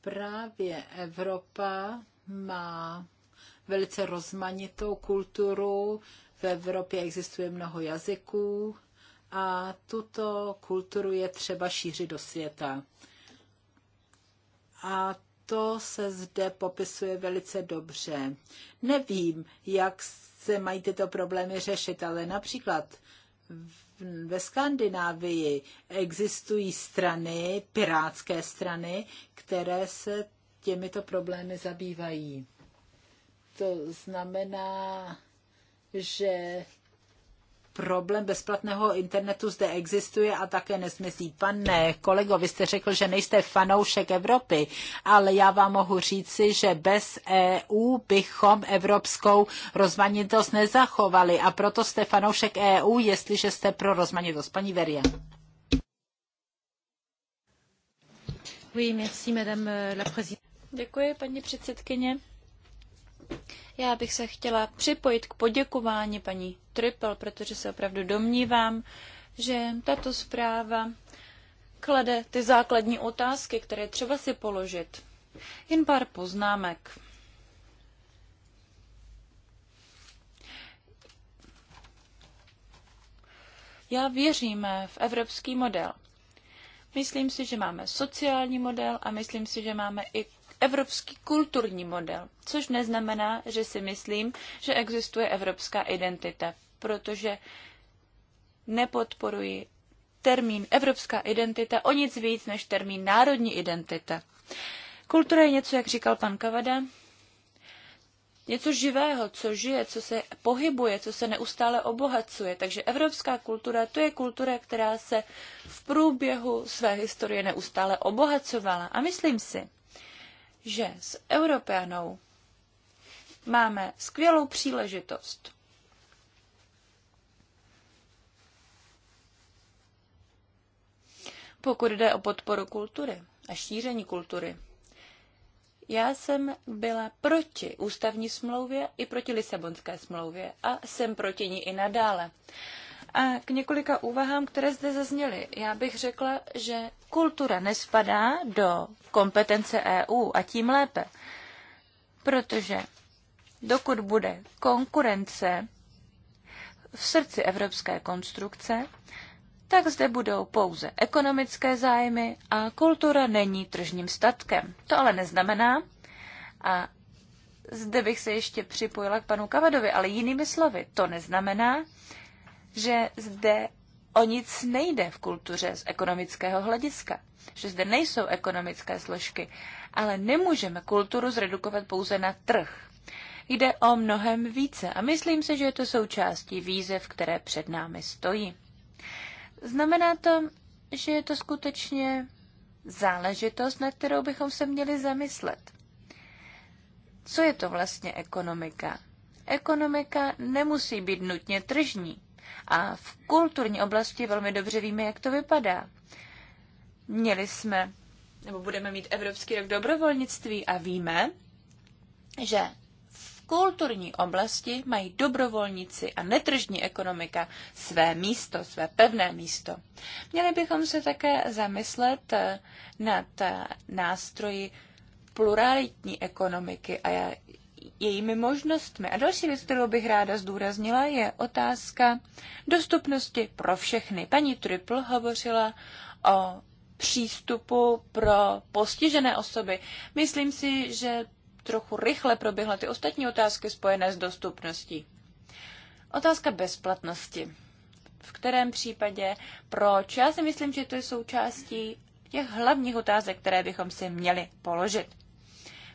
Právě Evropa má velice rozmanitou kulturu, v Evropě existuje mnoho jazyků a tuto kulturu je třeba šířit do světa. A to se zde popisuje velice dobře. Nevím, jak se mají tyto problémy řešit, ale například ve Skandinávii existují strany, pirátské strany, které se těmito problémy zabývají. To znamená, že problém bezplatného internetu zde existuje a také nesmyslí. Pane kolego, vy jste řekl, že nejste fanoušek Evropy, ale já vám mohu říci, že bez EU bychom evropskou rozmanitost nezachovali a proto jste fanoušek EU, jestliže jste pro rozmanitost. Paní Veria. Oui, merci, madame euh, la Děkuji, paní předsedkyně. Já bych se chtěla připojit k poděkování paní Triple, protože se opravdu domnívám, že tato zpráva klade ty základní otázky, které třeba si položit. Jen pár poznámek. Já věřím v evropský model. Myslím si, že máme sociální model a myslím si, že máme i evropský kulturní model, což neznamená, že si myslím, že existuje evropská identita, protože nepodporuji termín evropská identita o nic víc než termín národní identita. Kultura je něco, jak říkal pan Kavada, něco živého, co žije, co se pohybuje, co se neustále obohacuje. Takže evropská kultura, to je kultura, která se v průběhu své historie neustále obohacovala. A myslím si, že s Europeanou máme skvělou příležitost pokud jde o podporu kultury a šíření kultury. Já jsem byla proti ústavní smlouvě i proti Lisabonské smlouvě a jsem proti ní i nadále. A k několika úvahám, které zde zazněly. Já bych řekla, že kultura nespadá do kompetence EU a tím lépe. Protože dokud bude konkurence v srdci evropské konstrukce, tak zde budou pouze ekonomické zájmy a kultura není tržním statkem. To ale neznamená, a zde bych se ještě připojila k panu Kavadovi, ale jinými slovy, to neznamená, že zde o nic nejde v kultuře z ekonomického hlediska, že zde nejsou ekonomické složky, ale nemůžeme kulturu zredukovat pouze na trh. Jde o mnohem více a myslím si, že je to součástí výzev, které před námi stojí. Znamená to, že je to skutečně záležitost, na kterou bychom se měli zamyslet. Co je to vlastně ekonomika? Ekonomika nemusí být nutně tržní. A v kulturní oblasti velmi dobře víme, jak to vypadá. Měli jsme, nebo budeme mít Evropský rok dobrovolnictví a víme, že v kulturní oblasti mají dobrovolníci a netržní ekonomika své místo, své pevné místo. Měli bychom se také zamyslet eh, nad eh, nástroji pluralitní ekonomiky a jejími možnostmi. A další věc, kterou bych ráda zdůraznila, je otázka dostupnosti pro všechny. Paní Triple hovořila o přístupu pro postižené osoby. Myslím si, že trochu rychle proběhla ty ostatní otázky spojené s dostupností. Otázka bezplatnosti. V kterém případě? Proč? Já si myslím, že to je součástí těch hlavních otázek, které bychom si měli položit.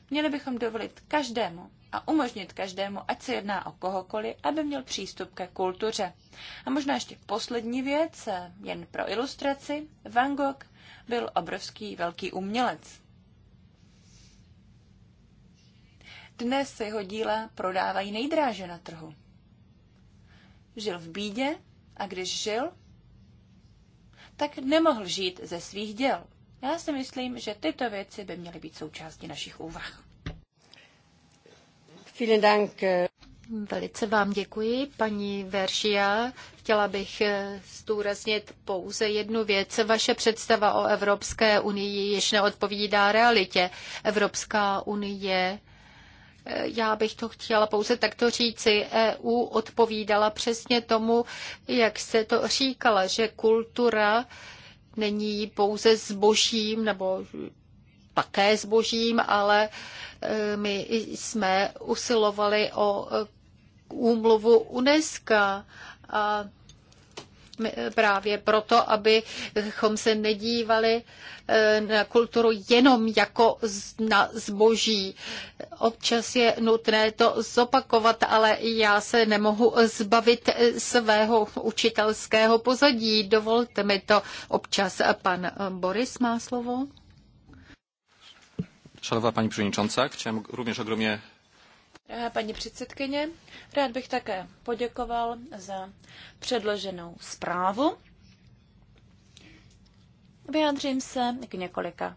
Měli bychom dovolit každému, a umožnit každému, ať se jedná o kohokoliv, aby měl přístup ke kultuře. A možná ještě poslední věc, jen pro ilustraci. Van Gogh byl obrovský velký umělec. Dnes se jeho díla prodávají nejdráže na trhu. Žil v bídě a když žil, tak nemohl žít ze svých děl. Já si myslím, že tyto věci by měly být součástí našich úvah. Vielen Dank. Velice vám děkuji, paní Veršia. Chtěla bych eh, zdůraznit pouze jednu věc. Vaše představa o Evropské unii již neodpovídá realitě. Evropská unie eh, já bych to chtěla pouze takto říci. EU odpovídala přesně tomu, jak se to říkala, že kultura není pouze zbožím nebo také zbožím, ale eh, my jsme usilovali o eh, úmluvu UNESCO a eh, právě proto, abychom se nedívali na kulturu jenom jako na zboží. Občas je nutné to zopakovat, ale já se nemohu zbavit svého učitelského pozadí. Dovolte mi to občas. Pan Boris má slovo. Šalová paní předsedkyně, chciałem Paní předsedkyně, rád bych také poděkoval za předloženou zprávu. Vyjádřím se k několika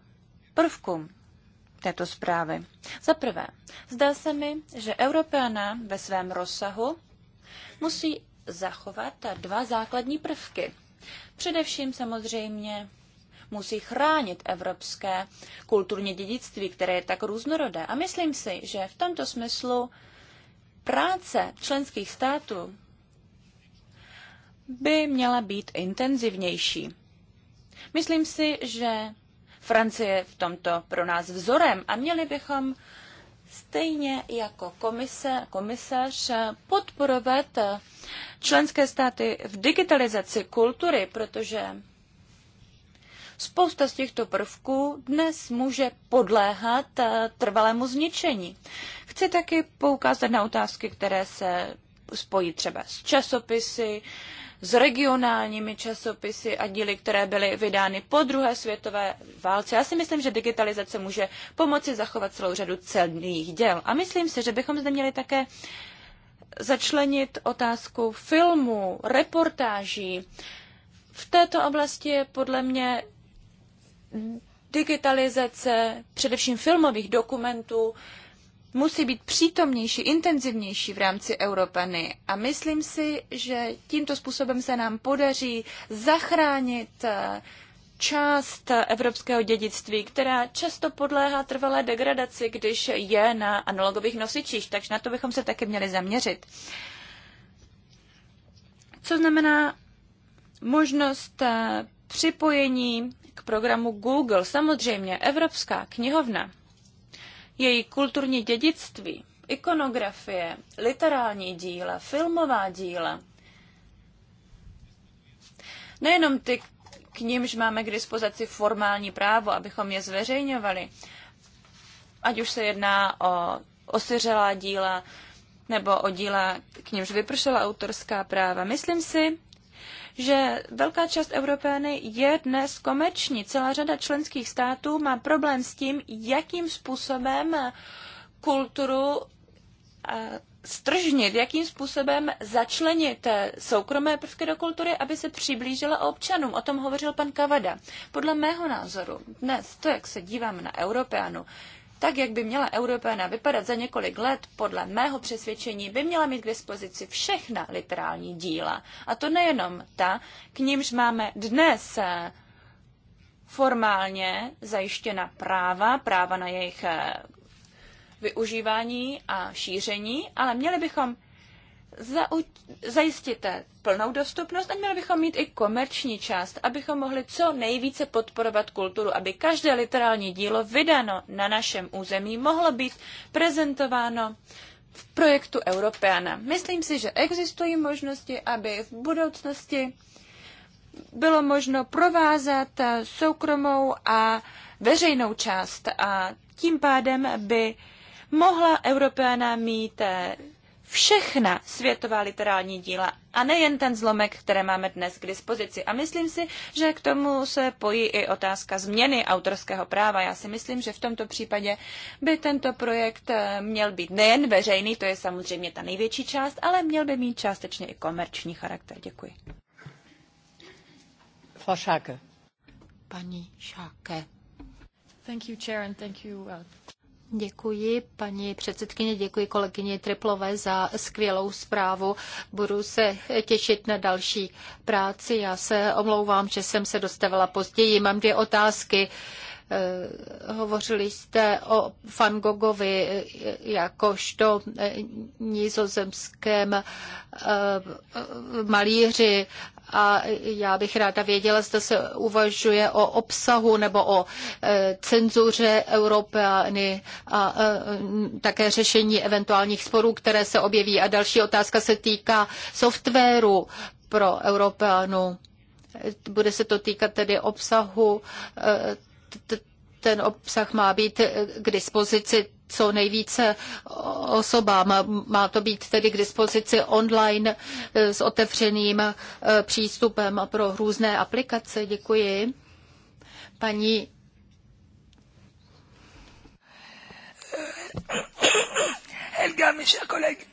prvkům této zprávy. Za prvé, zdá se mi, že Europeana ve svém rozsahu musí zachovat dva základní prvky. Především samozřejmě musí chránit evropské kulturní dědictví, které je tak různorodé. A myslím si, že v tomto smyslu práce členských států by měla být intenzivnější. Myslím si, že Francie je v tomto pro nás vzorem a měli bychom stejně jako komise, komisař podporovat členské státy v digitalizaci kultury, protože Spousta z těchto prvků dnes může podléhat eh, trvalému zničení. Chci taky poukázat na otázky, které se spojí třeba s časopisy, s regionálními časopisy a díly, které byly vydány po druhé světové válce. Já si myslím, že digitalizace může pomoci zachovat celou řadu celných děl. A myslím si, že bychom zde měli také začlenit otázku filmu, reportáží. V této oblasti je podle mě digitalizace především filmových dokumentů musí být přítomnější, intenzivnější v rámci Evropy, A myslím si, že tímto způsobem se nám podaří zachránit eh, část evropského dědictví, která často podléhá trvalé degradaci, když je na analogových nosičích, takže na to bychom se taky měli zaměřit. Co znamená možnost eh, připojení k programu Google. Samozřejmě Evropská knihovna, její kulturní dědictví, ikonografie, literární díla, filmová díla, nejenom ty, k nímž máme k dispozici formální právo, abychom je zveřejňovali, ať už se jedná o osyřelá díla nebo o díla, k nímž vypršela autorská práva. Myslím si, že velká část Evropány je dnes komerční. Celá řada členských států má problém s tím, jakým způsobem kulturu eh, stržnit, jakým způsobem začlenit eh, soukromé prvky do kultury, aby se přiblížila občanům. O tom hovořil pan Kavada. Podle mého názoru dnes, to, jak se dívám na Europeanu, tak, jak by měla Europeana vypadat za několik let, podle mého přesvědčení, by měla mít k dispozici všechna literální díla. A to nejenom ta, k nímž máme dnes eh, formálně zajištěna práva, práva na jejich eh, využívání a šíření, ale měli bychom zajistíte plnou dostupnost a měli bychom mít i komerční část, abychom mohli co nejvíce podporovat kulturu, aby každé literální dílo vydano na našem území mohlo být prezentováno v projektu Europeana. Myslím si, že existují možnosti, aby v budoucnosti bylo možno provázat soukromou a veřejnou část a tím pádem by mohla Europeana mít všechna světová literární díla a nejen ten zlomek, které máme dnes k dispozici. A myslím si, že k tomu se pojí i otázka změny autorského práva. Já si myslím, že v tomto případě by tento projekt eh, měl být nejen veřejný, to je samozřejmě ta největší část, ale měl by mít částečně i komerční charakter. Děkuji. Frau Schake. Paní Schake. Thank you, Chair, and thank you. Uh... Děkuji paní předsedkyně, děkuji kolegyni Triplové za skvělou zprávu. Budu se těšit na další práci. Já se omlouvám, že jsem se dostavila později. Mám dvě otázky. Eh, hovořili jste o Van Gogovi eh, jakožto eh, nizozemském malíři a já bych ráda věděla, zda se uvažuje o obsahu nebo o cenzuře Europeany a také řešení eventuálních sporů, které se objeví. A další otázka se týká softwaru pro Europeanu. Bude se to týkat tedy obsahu ten obsah má být k dispozici co nejvíce osobám. Má to být tedy k dispozici online s otevřeným eh, přístupem pro různé aplikace. Děkuji. Paní Helga, mes chers collègues.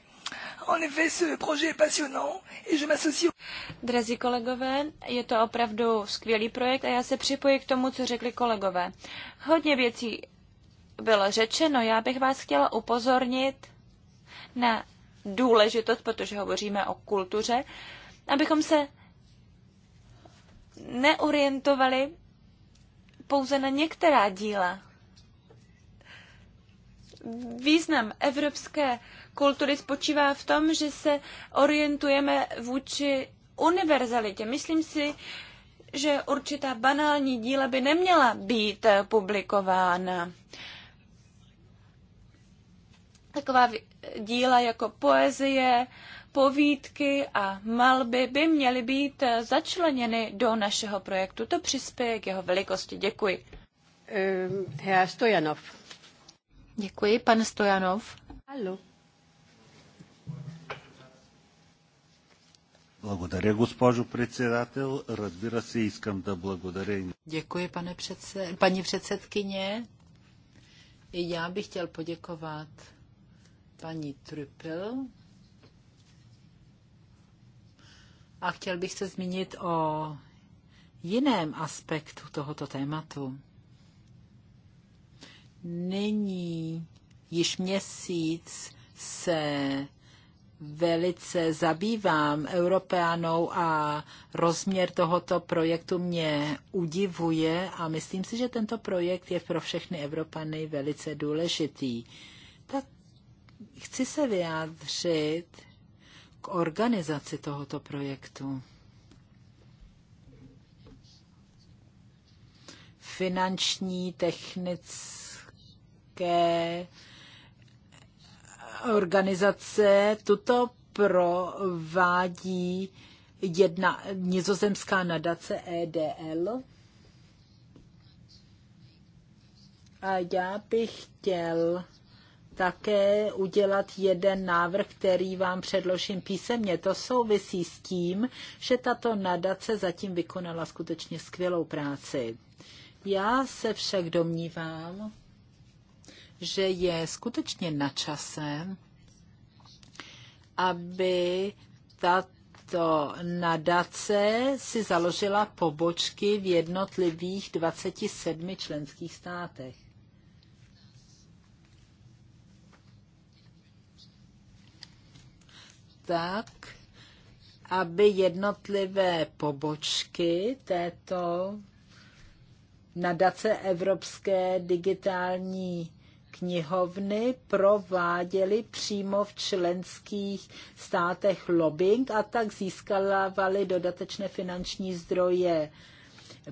En effet, ce projet est passionnant et je m'associe. Drazí kolegové, je to opravdu skvělý projekt a já se připoji k tomu, co řekli kolegové. Hodně věcí bylo řečeno, já bych vás chtěla upozornit na důležitost, protože hovoříme o kultuře, abychom se neorientovali pouze na některá díla. Význam evropské kultury spočívá v tom, že se orientujeme vůči univerzalitě. Myslím si, že určitá banální díla by neměla být publikována. Taková díla jako poezie, povídky a malby by měly být začleněny do našeho projektu. To přispěje k jeho velikosti. Děkuji. Ehm, Herr Stojanov. Děkuji, pan Stojanov. Halo. Благодаря, госпожо председател. Разбира се, искам да благодаря. Děkuji, pane předsed... paní předsedkyně. I já bych chtěl poděkovat paní Trupel. A chtěl bych se zmínit o jiném aspektu tohoto tématu. Nyní již měsíc se velice zabývám Europeanou a rozměr tohoto projektu mě udivuje a myslím si, že tento projekt je pro všechny Evropany velice důležitý. Tak chci se vyjádřit k organizaci tohoto projektu. Finanční, technické, organizace tuto provádí jedna nizozemská nadace EDL. A já bych chtěl také udělat jeden návrh, který vám předložím písemně. To souvisí s tím, že tato nadace zatím vykonala skutečně skvělou práci. Já se však domnívám, že je skutečně na čase, aby tato nadace si založila pobočky v jednotlivých 27 členských státech. Tak, aby jednotlivé pobočky této nadace Evropské digitální knihovny prováděly přímo v členských státech lobbying a tak získalávaly dodatečné finanční zdroje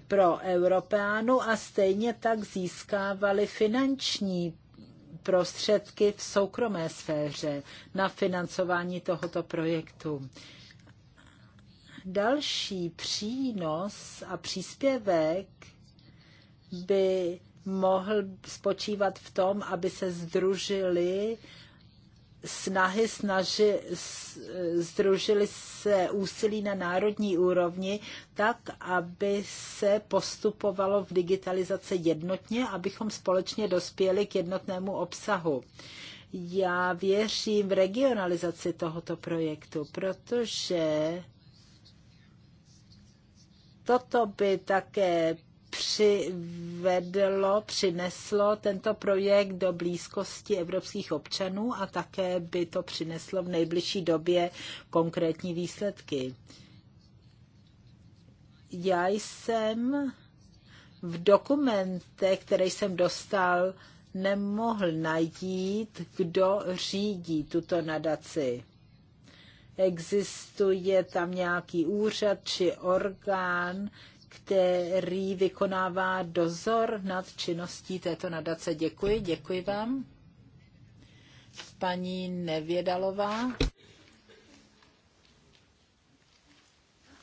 pro Europeánu a stejně tak získávali finanční prostředky v soukromé sféře na financování tohoto projektu. Další přínos a příspěvek by mohl spočívat v tom, aby se združili snahy snaži, združili se úsilí na národní úrovni tak, aby se postupovalo v digitalizaci jednotně, abychom společně dospěli k jednotnému obsahu. Já věřím v regionalizaci tohoto projektu, protože toto by také přivedlo, přineslo tento projekt do blízkosti evropských občanů a také by to přineslo v nejbližší době konkrétní výsledky. Já jsem v dokumentech, které jsem dostal, nemohl najít, kdo řídí tuto nadaci. Existuje tam nějaký úřad či orgán, který vykonává dozor nad činností této nadace. Děkuji, děkuji vám. Paní Nevědalová.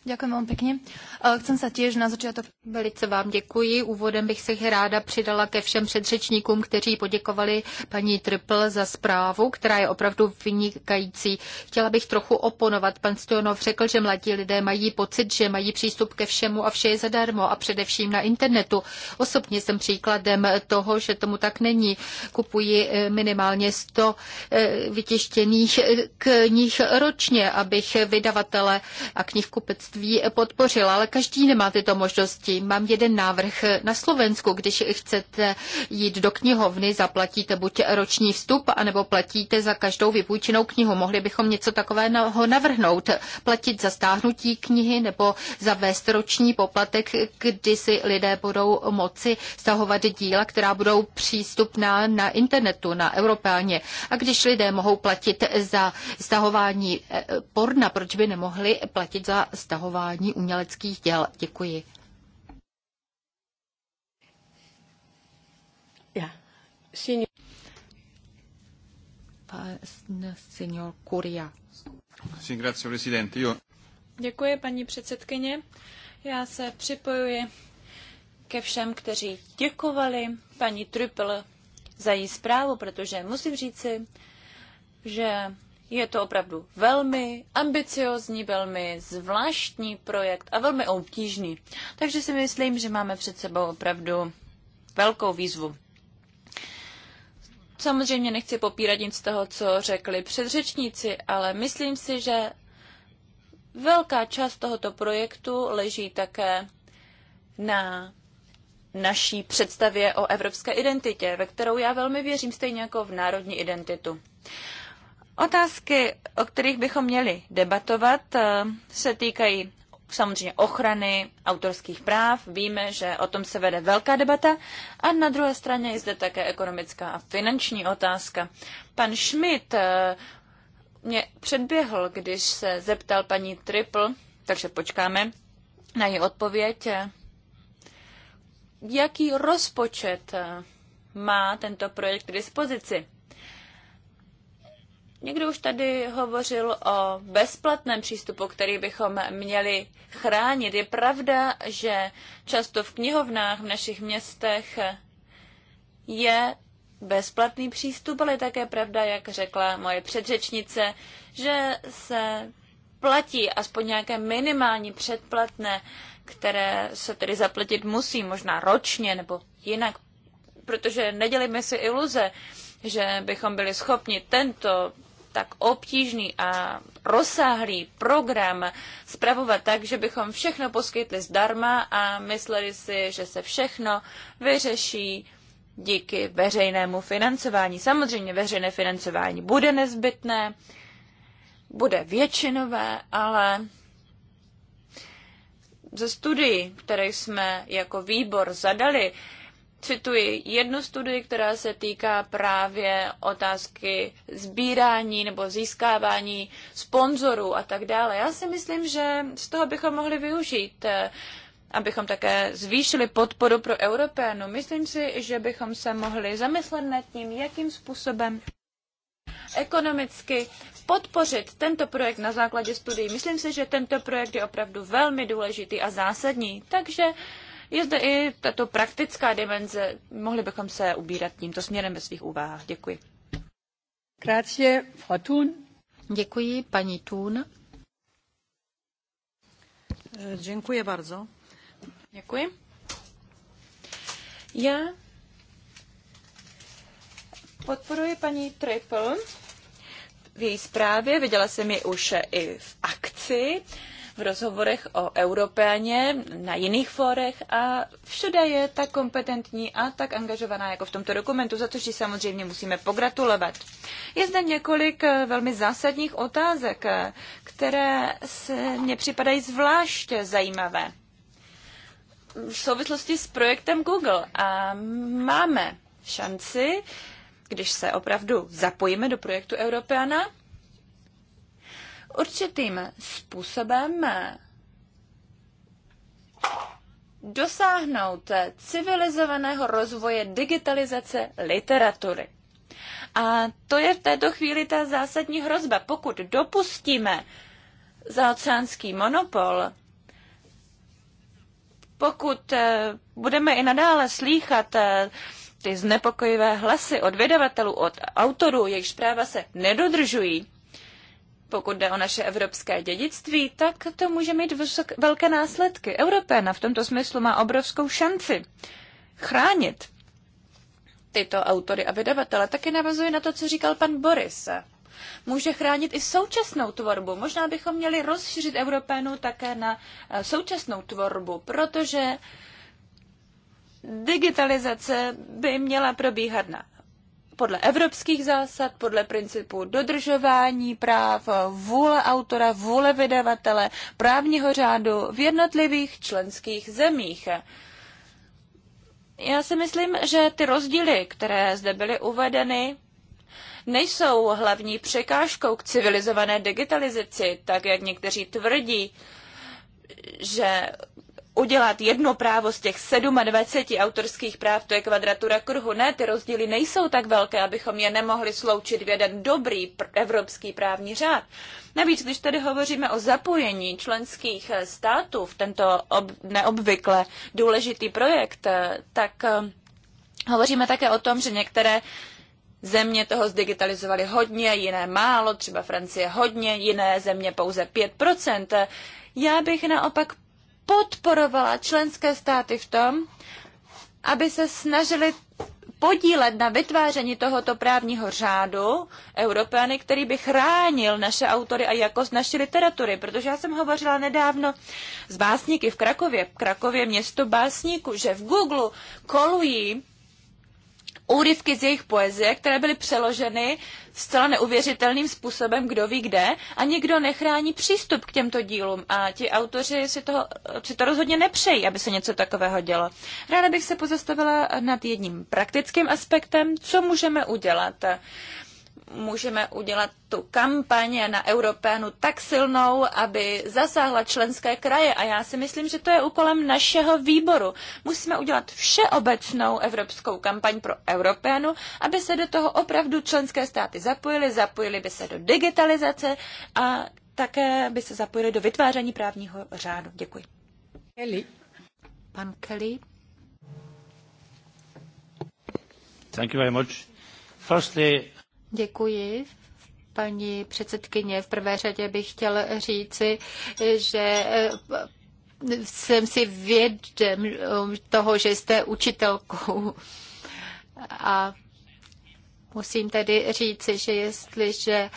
Děkuji vám pekne. E, chcem sa tiež na začiatok... Velice vám děkuji. Úvodem bych se ráda přidala ke všem předřečníkům, kteří poděkovali paní Triple za zprávu, která je opravdu vynikající. Chtěla bych trochu oponovat. Pan Stojanov řekl, že mladí lidé mají pocit, že mají přístup ke všemu a vše je zadarmo a především na internetu. Osobně jsem příkladem toho, že tomu tak není. Kupuji e, minimálně 100 e, vytištěných knih ročně, abych vydavatele a knihkupec školství podpořila, ale každý nemá tyto možnosti. Mám jeden návrh. Na Slovensku, když chcete jít do knihovny, zaplatíte buď roční vstup, anebo platíte za každou vypůjčenou knihu. Mohli bychom něco takového navrhnout. Platit za stáhnutí knihy nebo zavést roční poplatek, kdy si lidé budou moci stahovat díla, která budou přístupná na internetu, na Europeáně. A když lidé mohou platit za stahování eh, porna, proč by nemohli platit za stahování stahování uměleckých děl. Děkuji. Děkuji, paní předsedkyně. Já se připojuji ke všem, kteří děkovali paní Trupel za její zprávu, protože musím říci, že je to opravdu velmi ambiciozní, velmi zvláštní projekt a velmi obtížný. Takže si myslím, že máme před sebou opravdu velkou výzvu. Samozřejmě nechci popírat nic z toho, co řekli předřečníci, ale myslím si, že velká část tohoto projektu leží také na naší představě o evropské identitě, ve kterou já velmi věřím, stejně jako v národní identitu. Otázky, o kterých bychom měli debatovat, eh, se týkají samozřejmě ochrany autorských práv. Víme, že o tom se vede velká debata. A na druhé straně je zde také ekonomická a finanční otázka. Pan Schmidt eh, mě předběhl, když se zeptal paní Triple, takže počkáme na její odpověď, jaký rozpočet eh, má tento projekt k dispozici. Někdo už tady hovořil o bezplatném přístupu, který bychom měli chránit. Je pravda, že často v knihovnách v našich městech je bezplatný přístup, ale je také pravda, jak řekla moje předřečnice, že se platí aspoň nějaké minimální předplatné, které se tedy zaplatit musí, možná ročně nebo jinak, protože nedělíme si iluze, že bychom byli schopni tento tak obtížný a rozsáhlý program spravovat tak, že bychom všechno poskytli zdarma a mysleli si, že se všechno vyřeší díky veřejnému financování. Samozřejmě veřejné financování bude nezbytné, bude většinové, ale ze studií, které jsme jako výbor zadali, cituji jednu studii, která se týká právě otázky sbírání nebo získávání sponzorů a tak dále. Já si myslím, že z toho bychom mohli využít eh, abychom také zvýšili podporu pro Europeanu. Myslím si, že bychom se mohli zamyslet nad tím, jakým způsobem ekonomicky podpořit tento projekt na základě studií. Myslím si, že tento projekt je opravdu velmi důležitý a zásadní. Takže je zde i tato praktická dimenze. Mohli bychom se ubírat tímto směrem ve svých úvahách. Děkuji. Grazie, Frau Thun. Děkuji, paní Thun. Eh, Děkuji bardzo. Děkuji. Já podporuji paní Triple v její zprávě. Viděla jsem ji už i v akci v rozhovorech o Européně, na jiných fórech a všude je tak kompetentní a tak angažovaná jako v tomto dokumentu, za což ji samozřejmě musíme pogratulovat. Je zde několik eh, velmi zásadních otázek, eh, které se mně připadají zvláště zajímavé v souvislosti s projektem Google a máme šanci, když se opravdu zapojíme do projektu Europeana, určitým způsobem dosáhnout civilizovaného rozvoje digitalizace literatury. A to je v této chvíli ta zásadní hrozba. Pokud dopustíme zaoceánský monopol, pokud eh, budeme i nadále slýchat eh, ty znepokojivé hlasy od vydavatelů, od autorů, jejichž práva se nedodržují, pokud jde o naše evropské dědictví, tak to může mít vysok, velké následky. Evropa v tomto smyslu má obrovskou šanci chránit tyto autory a vydavatele. Taky navazuje na to, co říkal pan Boris. Může chránit i současnou tvorbu. Možná bychom měli rozšířit Evropénu také na eh, současnou tvorbu, protože digitalizace by měla probíhat na podle evropských zásad, podle principu dodržování práv, vůle autora, vůle vydavatele, právního řádu v jednotlivých členských zemích. Já si myslím, že ty rozdíly, které zde byly uvedeny, nejsou hlavní překážkou k civilizované digitalizaci, tak jak někteří tvrdí, že udělat jedno právo z těch 27 autorských práv, to je kvadratura kruhu. Ne, ty rozdíly nejsou tak velké, abychom je nemohli sloučit v jeden dobrý evropský právní řád. Navíc, když tady hovoříme o zapojení členských eh, států v tento ob- neobvykle důležitý projekt, eh, tak eh, hovoříme také o tom, že některé Země toho zdigitalizovaly hodně, jiné málo, třeba Francie hodně, jiné země pouze 5%. Já bych naopak podporovala členské státy v tom, aby se snažili podílet na vytváření tohoto právního řádu Europeany, který by chránil naše autory a jakost naší literatury. Protože já jsem hovořila nedávno s básníky v Krakově, v Krakově město básníku, že v Google kolují úryvky z jejich poezie, které byly přeloženy zcela neuvěřitelným způsobem, kdo ví kde, a nikdo nechrání přístup k těmto dílům a ti autoři si, toho, si to rozhodně nepřejí, aby se něco takového dělo. Ráda bych se pozastavila nad jedním praktickým aspektem, co můžeme udělat můžeme udělat tu kampaně na Europénu tak silnou, aby zasáhla členské kraje. A já si myslím, že to je úkolem našeho výboru. Musíme udělat všeobecnou evropskou kampaň pro Europénu, aby se do toho opravdu členské státy zapojily, zapojily by se do digitalizace a také by se zapojili do vytváření právního řádu. Děkuji. Kelly. Pan Kelly. Thank you very much. Firstly, Děkuji paní předsedkyně. V prvé řadě bych chtěl říci, že eh, jsem si vědem toho, že jste učitelkou. A musím tedy říci, že jestliže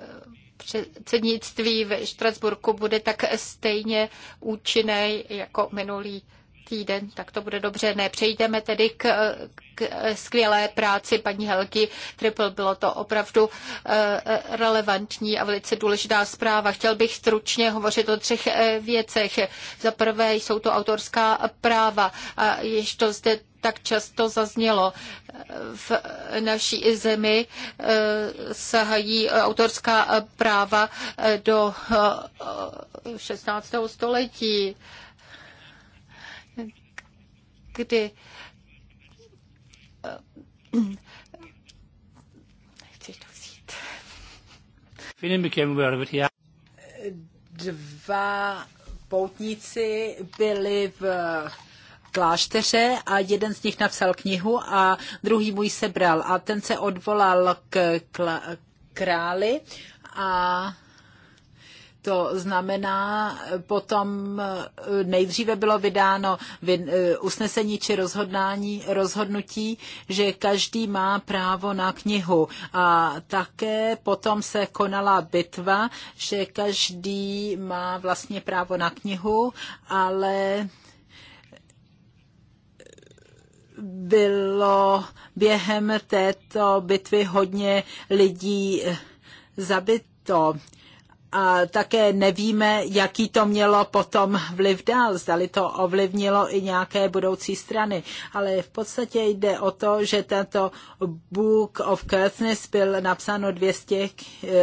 eh, předsednictví ve Štrasburku bude tak stejně účinné jako minulý týden, tak to bude dobře. Ne, přejdeme tedy k, k skvělé práci paní Helky. Triple. Bylo to opravdu eh, relevantní a velice důležitá zpráva. Chtěl bych stručně hovořit o třech eh, věcech. Za prvé jsou to autorská práva. A jež to zde tak často zaznělo. V naší zemi eh, sahají autorská práva do 16. století kdy Nechceš eh, to vzít. Dva poutníci byli v klášteře a jeden z nich napsal knihu a druhý můj sebral a ten se odvolal k králi a to znamená, potom eh, nejdříve bylo vydáno eh, usnesení či rozhodnání, rozhodnutí, že každý má právo na knihu. A také potom se konala bitva, že každý má vlastně právo na knihu, ale bylo během této bitvy hodně lidí eh, zabito a také nevíme, jaký to mělo potom vliv dál, zdali to ovlivnilo i nějaké budoucí strany. Ale v podstatě jde o to, že tento Book of Curtness byl napsáno 200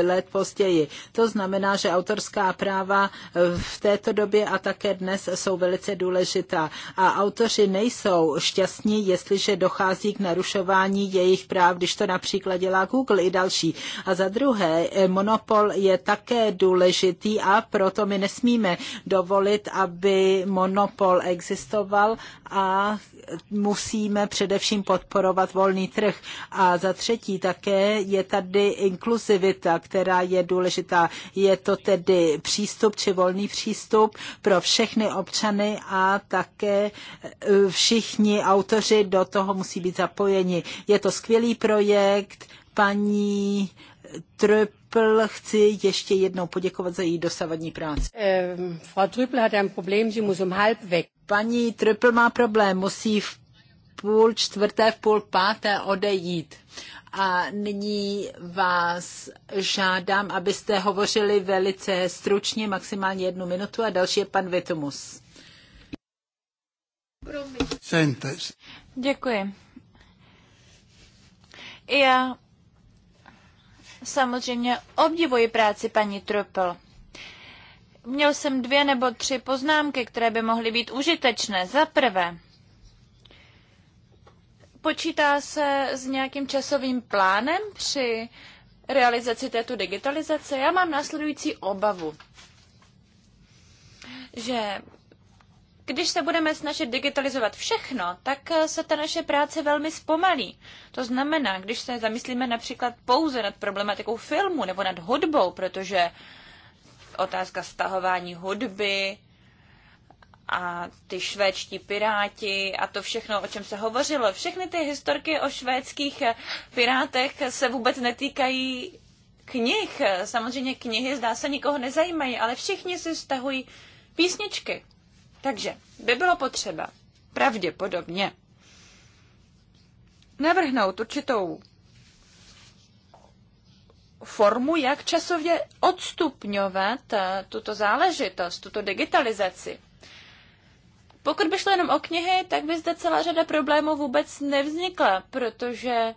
let později. To znamená, že autorská práva v této době a také dnes jsou velice důležitá. A autoři nejsou šťastní, jestliže dochází k narušování jejich práv, když to například dělá Google i další. A za druhé, eh, monopol je také důležitý a proto my nesmíme dovolit, aby monopol existoval a musíme především podporovat volný trh. A za třetí také je tady inkluzivita, která je důležitá. Je to tedy přístup či volný přístup pro všechny občany a také e, všichni autoři do toho musí být zapojeni. Je to skvělý projekt, paní Trup. Trüppel chci ještě jednou poděkovat za její dosavadní práci. Um, Frau Trüppel hat ein Problem, sie muss um halb weg. Paní Trüppel má problém, musí v půl čtvrté, v půl páté odejít. A nyní vás žádám, abyste hovořili velice stručně, maximálně jednu minutu a další je pan Vitumus. Děkuji. I já Samozřejmě obdivuji práci paní Trupl. Měl jsem dvě nebo tři poznámky, které by mohly být užitečné. Za prvé, počítá se s nějakým časovým plánem při realizaci této digitalizace? Já mám následující obavu, že když se budeme snažit digitalizovat všechno, tak eh, se ta naše práce velmi zpomalí. To znamená, když se zamyslíme například pouze nad problematikou filmu nebo nad hudbou, protože otázka stahování hudby a ty švédští piráti a to všechno, o čem se hovořilo. Všechny ty historky o švédských eh, pirátech se vůbec netýkají knih. Samozřejmě knihy zdá se nikoho nezajímají, ale všichni si stahují písničky. Takže by bylo potřeba pravděpodobně navrhnout určitou formu, jak časově odstupňovat eh, tuto záležitost, tuto digitalizaci. Pokud by šlo jenom o knihy, tak by zde celá řada problémů vůbec nevznikla, protože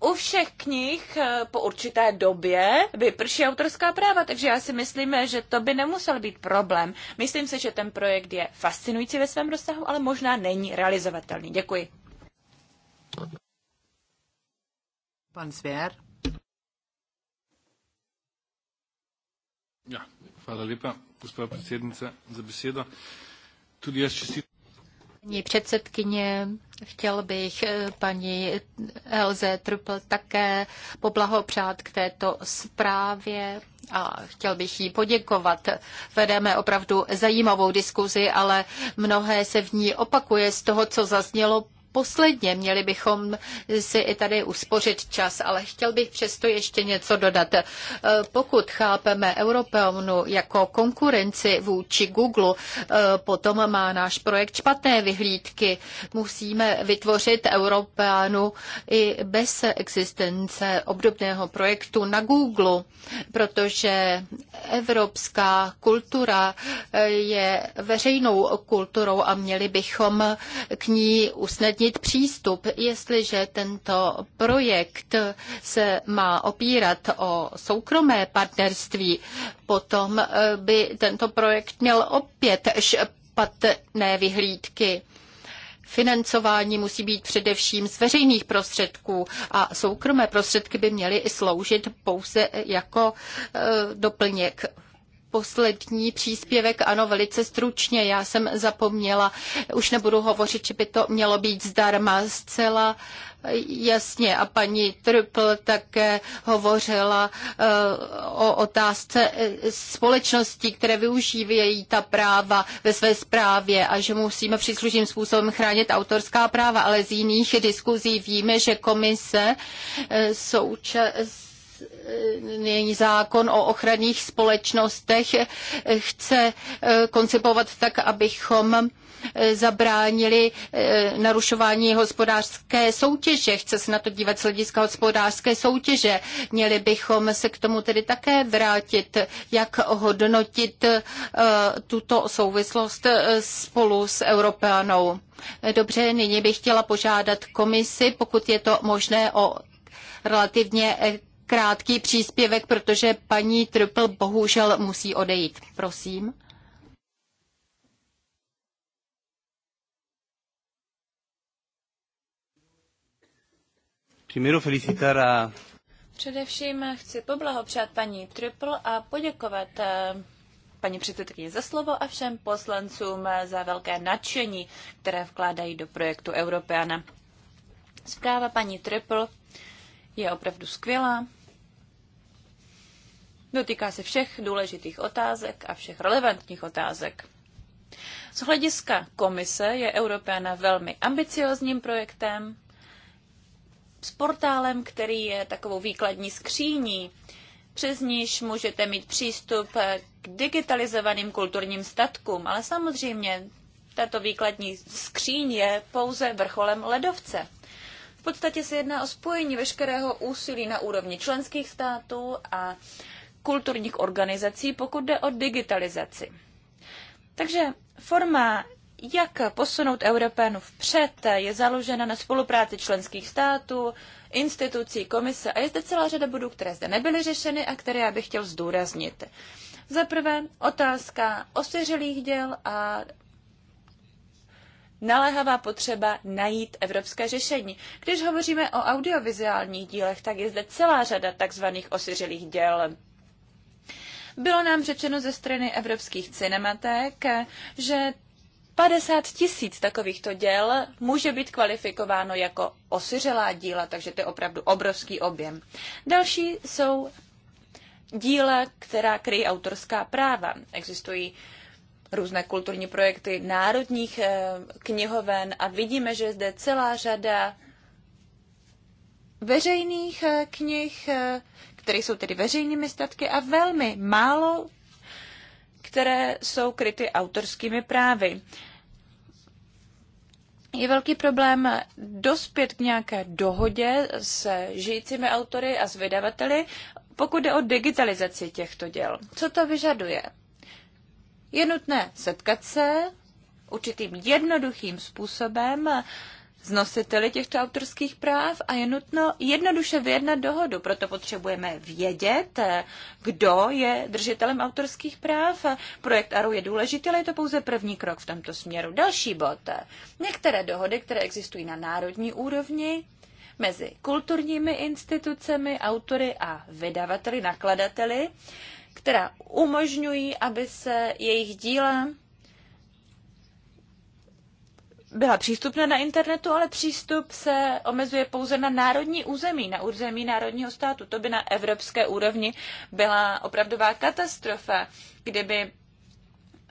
u všech knih eh, po určité době vyprší autorská práva, takže já si myslím, že to by nemusel být problém. Myslím si, že ten projekt je fascinující ve svém rozsahu, ale možná není realizovatelný. Děkuji. Pan Svěr. Ja, hvala lepa, gospa predsednica, za besedo. Tudi jaz čestitam paní předsedkyně, chtěl bych eh, paní Elze Trupl také poblahopřát k této zprávě a chtěl bych jí poděkovat. Vedeme opravdu zajímavou diskuzi, ale mnohé se v ní opakuje z toho, co zaznělo posledně. Měli bychom si i tady uspořit čas, ale chtěl bych přesto ještě něco dodat. E, pokud chápeme Europeonu jako konkurenci vůči Google, e, potom má náš projekt špatné vyhlídky. Musíme vytvořit Europeanu i bez existence obdobného projektu na Google, protože evropská kultura e, je veřejnou kulturou a měli bychom k ní usnet usnadnit přístup, jestliže tento projekt se má opírat o soukromé partnerství, potom eh, by tento projekt měl opět špatné vyhlídky. Financování musí být především z veřejných prostředků a soukromé prostředky by měly sloužit pouze jako eh, doplněk poslední příspěvek, ano, velice stručně, já jsem zapomněla, už nebudu hovořit, že by to mělo být zdarma zcela jasně a paní Trpl také hovořila eh, o otázce eh, společností, které využívají ta práva ve své zprávě a že musíme příslušným způsobem chránit autorská práva, ale z jiných diskuzí víme, že komise eh, současně není zákon o ochranných společnostech chce eh, koncipovat tak, abychom eh, zabránili eh, narušování hospodářské soutěže. Chce se na to dívat z hlediska hospodářské soutěže. Měli bychom se k tomu tedy také vrátit, jak hodnotit tuto souvislost spolu s Europeanou. Dobře, nyní bych chtěla požádat komisi, pokud je to možné, o relativně krátký příspěvek, protože paní Trpl bohužel musí odejít. Prosím. Především chci poblahopřát paní Triple a poděkovat eh, paní předsedkyni za slovo a všem poslancům eh, za velké nadšení, které vkládají do projektu Europeana. Zpráva paní Triple je opravdu skvělá. Dotýká se všech důležitých otázek a všech relevantních otázek. Z hlediska komise je Europeana velmi ambiciozním projektem, s portálem, který je takovou výkladní skříní, přes níž můžete mít přístup k digitalizovaným kulturním statkům, ale samozřejmě tato výkladní skříň je pouze vrcholem ledovce. V podstatě se jedná o spojení veškerého úsilí na úrovni členských států a kulturních organizací, pokud jde o digitalizaci. Takže forma, jak posunout Evropénu vpřed, je založena na spolupráci členských států, institucí, komise a je zde celá řada bodů, které zde nebyly řešeny a které já bych chtěl zdůraznit. Za prvé otázka osiřelých děl a naléhavá potřeba najít evropské řešení. Když hovoříme o audiovizuálních dílech, tak je zde celá řada takzvaných osiřelých děl. Bylo nám řečeno ze strany evropských cinematek, že 50 tisíc takovýchto děl může být kvalifikováno jako osyřelá díla, takže to je opravdu obrovský objem. Další jsou díla, která kryjí autorská práva. Existují různé kulturní projekty národních eh, knihoven a vidíme, že je zde celá řada veřejných eh, knih, eh, které jsou tedy veřejnými statky a velmi málo, které jsou kryty autorskými právy. Je velký problém dospět k nějaké dohodě s žijícími autory a s vydavateli, pokud jde o digitalizaci těchto děl. Co to vyžaduje? Je nutné setkat se určitým jednoduchým způsobem s nositeli těchto autorských práv a je nutno jednoduše vyjednat dohodu. Proto potřebujeme vědět, eh, kdo je držitelem autorských práv. Projekt ARU je důležitý, ale je to pouze první krok v tomto směru. Další bod. Některé dohody, které existují na národní úrovni, mezi kulturními institucemi, autory a vydavateli, nakladateli, která umožňují, aby se jejich díla byla přístupná na internetu, ale přístup se omezuje pouze na národní území, na území národního státu. To by na evropské úrovni byla opravdová katastrofa, kdyby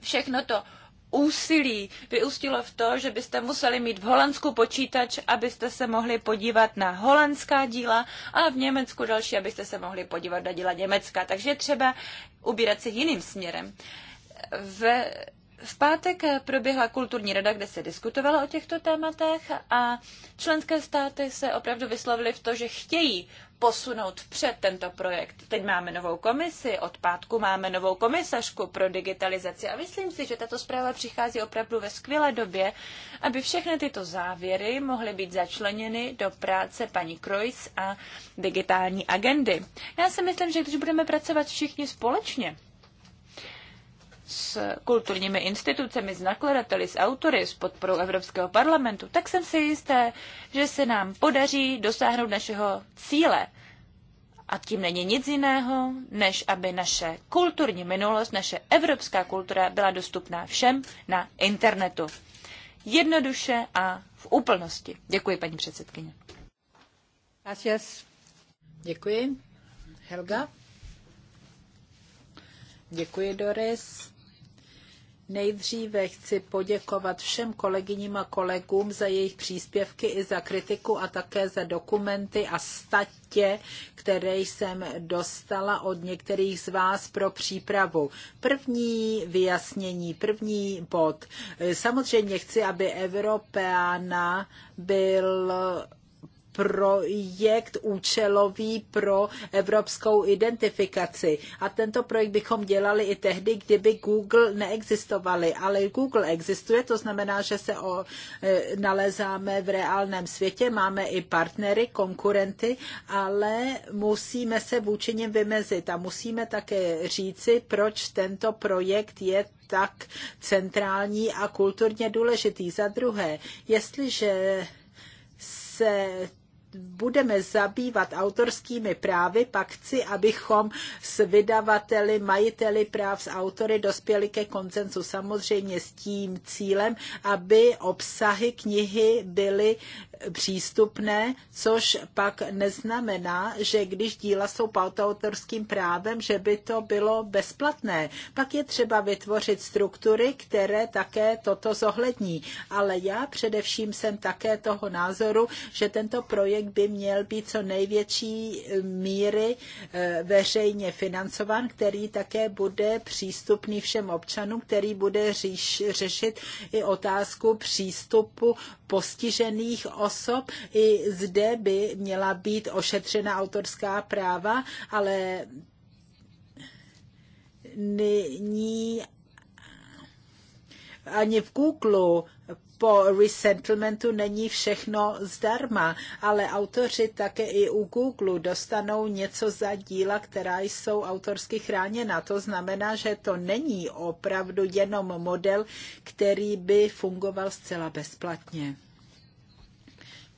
všechno to úsilí vyústilo v to, že byste museli mít v Holandsku počítač, abyste se mohli podívat na holandská díla a v Německu další, abyste se mohli podívat na díla Německa. Takže třeba ubírat se jiným směrem. V v pátek proběhla kulturní rada, kde se diskutovalo o těchto tématech a členské státy se opravdu vyslovily v to, že chtějí posunout před tento projekt. Teď máme novou komisi, od pátku máme novou komisařku pro digitalizaci a myslím si, že tato zpráva přichází opravdu ve skvělé době, aby všechny tyto závěry mohly být začleněny do práce paní Kreuz a digitální agendy. Já si myslím, že když budeme pracovat všichni společně, s kulturními institucemi, s nakladateli, s autory, s podporou Evropského parlamentu, tak jsem si jisté, že se nám podaří dosáhnout našeho cíle. A tím není nic jiného, než aby naše kulturní minulost, naše evropská kultura byla dostupná všem na internetu. Jednoduše a v úplnosti. Děkuji, paní předsedkyně. Gracias. Děkuji. Helga? Děkuji, Doris. Nejdříve chci poděkovat všem kolegyním a kolegům za jejich příspěvky i za kritiku a také za dokumenty a statě, které jsem dostala od některých z vás pro přípravu. První vyjasnění, první bod. Samozřejmě chci, aby Evropána byl projekt účelový pro evropskou identifikaci. A tento projekt bychom dělali i tehdy, kdyby Google neexistovaly. Ale Google existuje, to znamená, že se o, e, nalezáme v reálném světě, máme i partnery, konkurenty, ale musíme se vůči nim vymezit a musíme také říci, proč tento projekt je tak centrální a kulturně důležitý. Za druhé, jestliže se budeme zabývat autorskými právy, pak chci, abychom s vydavateli, majiteli práv s autory dospěli ke koncensu. Samozřejmě s tím cílem, aby obsahy knihy byly přístupné, což pak neznamená, že když díla jsou pod autorským právem, že by to bylo bezplatné. Pak je třeba vytvořit struktury, které také toto zohlední. Ale já především jsem také toho názoru, že tento projekt by měl být co největší míry e, veřejně financován, který také bude přístupný všem občanům, který bude řešit i otázku přístupu postižených osob osob. I zde by měla být ošetřena autorská práva, ale nyní ani v Google po resettlementu není všechno zdarma, ale autoři také i u Google dostanou něco za díla, která jsou autorsky chráněna. To znamená, že to není opravdu jenom model, který by fungoval zcela bezplatně.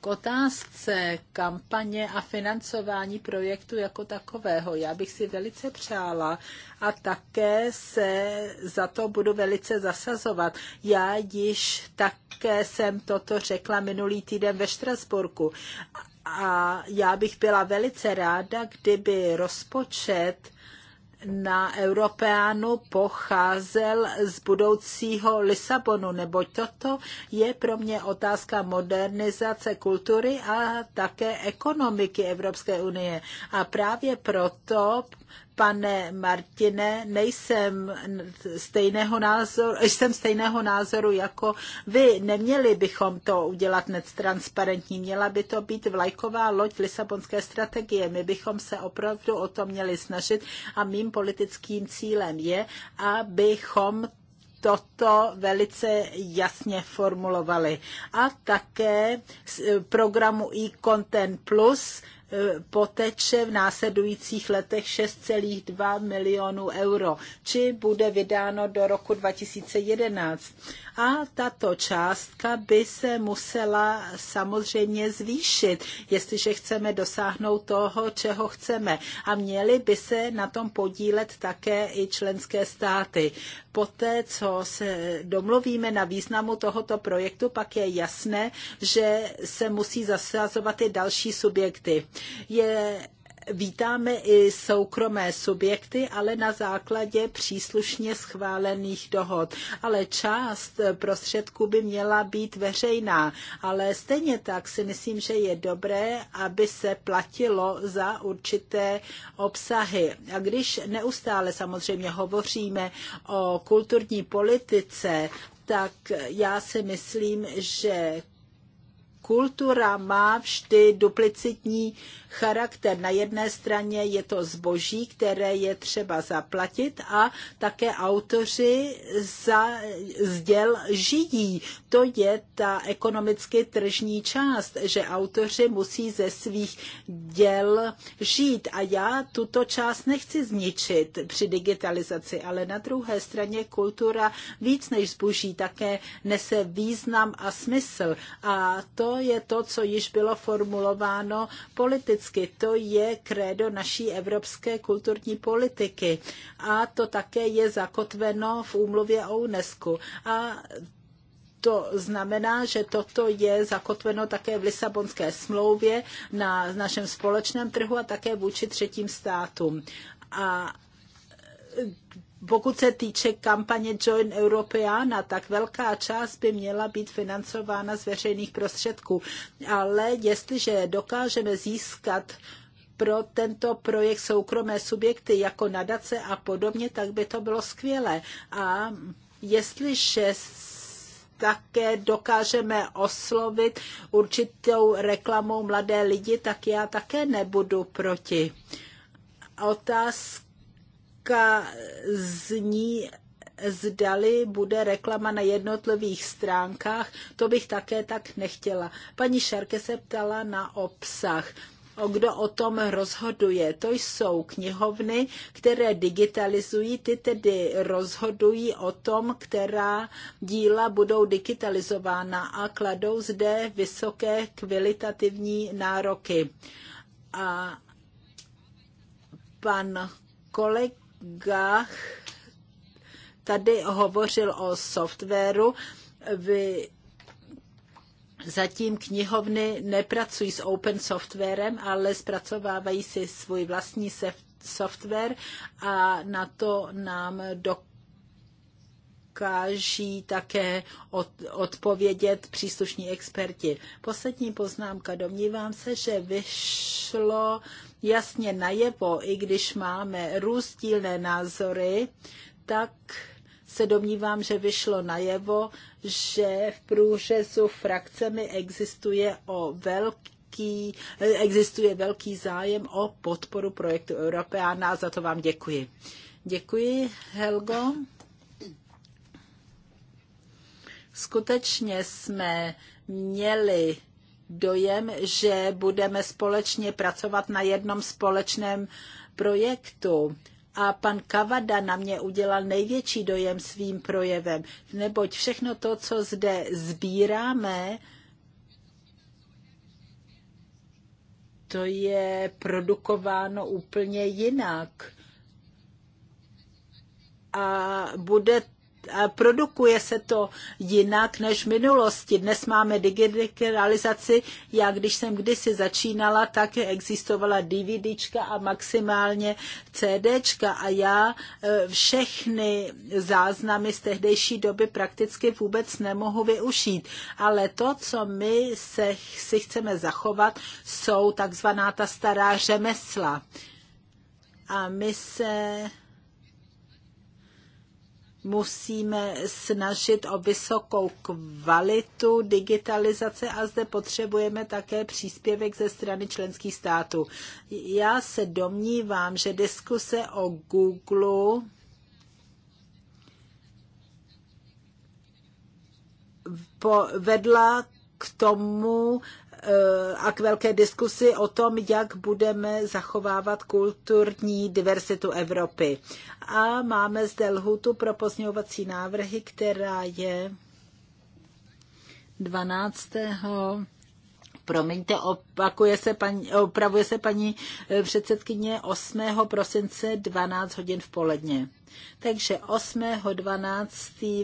K otázce kampaně a financování projektu jako takového. Já bych si velice přála a také se za to budu velice zasazovat. Já již také jsem toto řekla minulý týden ve Štrasburku. A já bych byla velice ráda, kdyby rozpočet na Europeánu pocházel z budoucího Lisabonu, nebo toto je pro mě otázka modernizace kultury a také ekonomiky Evropské unie. A právě proto pane Martine, nejsem stejného názoru, jsem stejného názoru jako vy. Neměli bychom to udělat netransparentní. Měla by to být vlajková loď Lisabonské strategie. My bychom se opravdu o to měli snažit a mým politickým cílem je, abychom toto velice jasně formulovali. A také z programu e-content plus poteče v následujících letech 6,2 milionů euro, či bude vydáno do roku 2011 a tato částka by se musela samozřejmě zvýšit, jestliže chceme dosáhnout toho, čeho chceme. A měly by se na tom podílet také i členské státy. Poté, co se domluvíme na významu tohoto projektu, pak je jasné, že se musí zasazovat i další subjekty. Je vítáme i soukromé subjekty, ale na základě příslušně schválených dohod. Ale část prostředků by měla být veřejná. Ale stejně tak si myslím, že je dobré, aby se platilo za určité obsahy. A když neustále samozřejmě hovoříme o kulturní politice, tak já si myslím, že kultura má vždy duplicitní charakter. Na jedné straně je to zboží, které je třeba zaplatit a také autoři za zděl žijí. To je ta ekonomicky tržní část, že autoři musí ze svých děl žít. A já tuto část nechci zničit při digitalizaci, ale na druhé straně kultura víc než zboží také nese význam a smysl. A to je to, co již bylo formulováno politicky. To je krédo naší evropské kulturní politiky. A to také je zakotveno v úmluvě o UNESCO. A to znamená, že toto je zakotveno také v Lisabonské smlouvě na našem společném trhu a také vůči třetím státům. A pokud se týče kampaně Join Europeana, tak velká část by měla být financována z veřejných prostředků. Ale jestliže dokážeme získat pro tento projekt soukromé subjekty jako nadace a podobně, tak by to bylo skvělé. A jestliže také dokážeme oslovit určitou reklamou mladé lidi, tak já také nebudu proti. Otázka otázka zní, zdali bude reklama na jednotlivých stránkách, to bych také tak nechtěla. Paní Šarke se ptala na obsah. O kdo o tom rozhoduje? To jsou knihovny, které digitalizují, ty tedy rozhodují o tom, která díla budou digitalizována a kladou zde vysoké kvalitativní nároky. A pan kolega Gach tady hovořil o softwaru. Vy Zatím knihovny nepracují s open softwarem, ale zpracovávají si svůj vlastní software a na to nám dokáží také odpovědět příslušní experti. Poslední poznámka. Domnívám se, že vyšlo jasně najevo, i když máme rozdílné názory, tak se domnívám, že vyšlo najevo, že v průřezu frakcemi existuje o velký, existuje velký zájem o podporu projektu Europeana a za to vám děkuji. Děkuji, Helgo. Skutečně jsme měli dojem, že budeme společně pracovat na jednom společném projektu. A pan Kavada na mě udělal největší dojem svým projevem, neboť všechno to, co zde sbíráme, to je produkováno úplně jinak. A bude produkuje se to jinak než v minulosti. Dnes máme digitalizaci. Já, když jsem kdysi začínala, tak existovala DVDčka a maximálně CDčka a já e, všechny záznamy z tehdejší doby prakticky vůbec nemohu využít. Ale to, co my se, si chceme zachovat, jsou takzvaná ta stará řemesla. A my se musíme snažit o vysokou kvalitu digitalizace a zde potřebujeme také příspěvek ze strany členských států. Já se domnívám, že diskuse o Google vedla k tomu, a k velké diskusi o tom, jak budeme zachovávat kulturní diversitu Evropy. A máme zde lhutu pro pozměňovací návrhy, která je 12. Promiňte, opakuje se paní, opravuje se paní eh, předsedkyně 8. prosince 12 hodin v poledně. Takže 8. 12.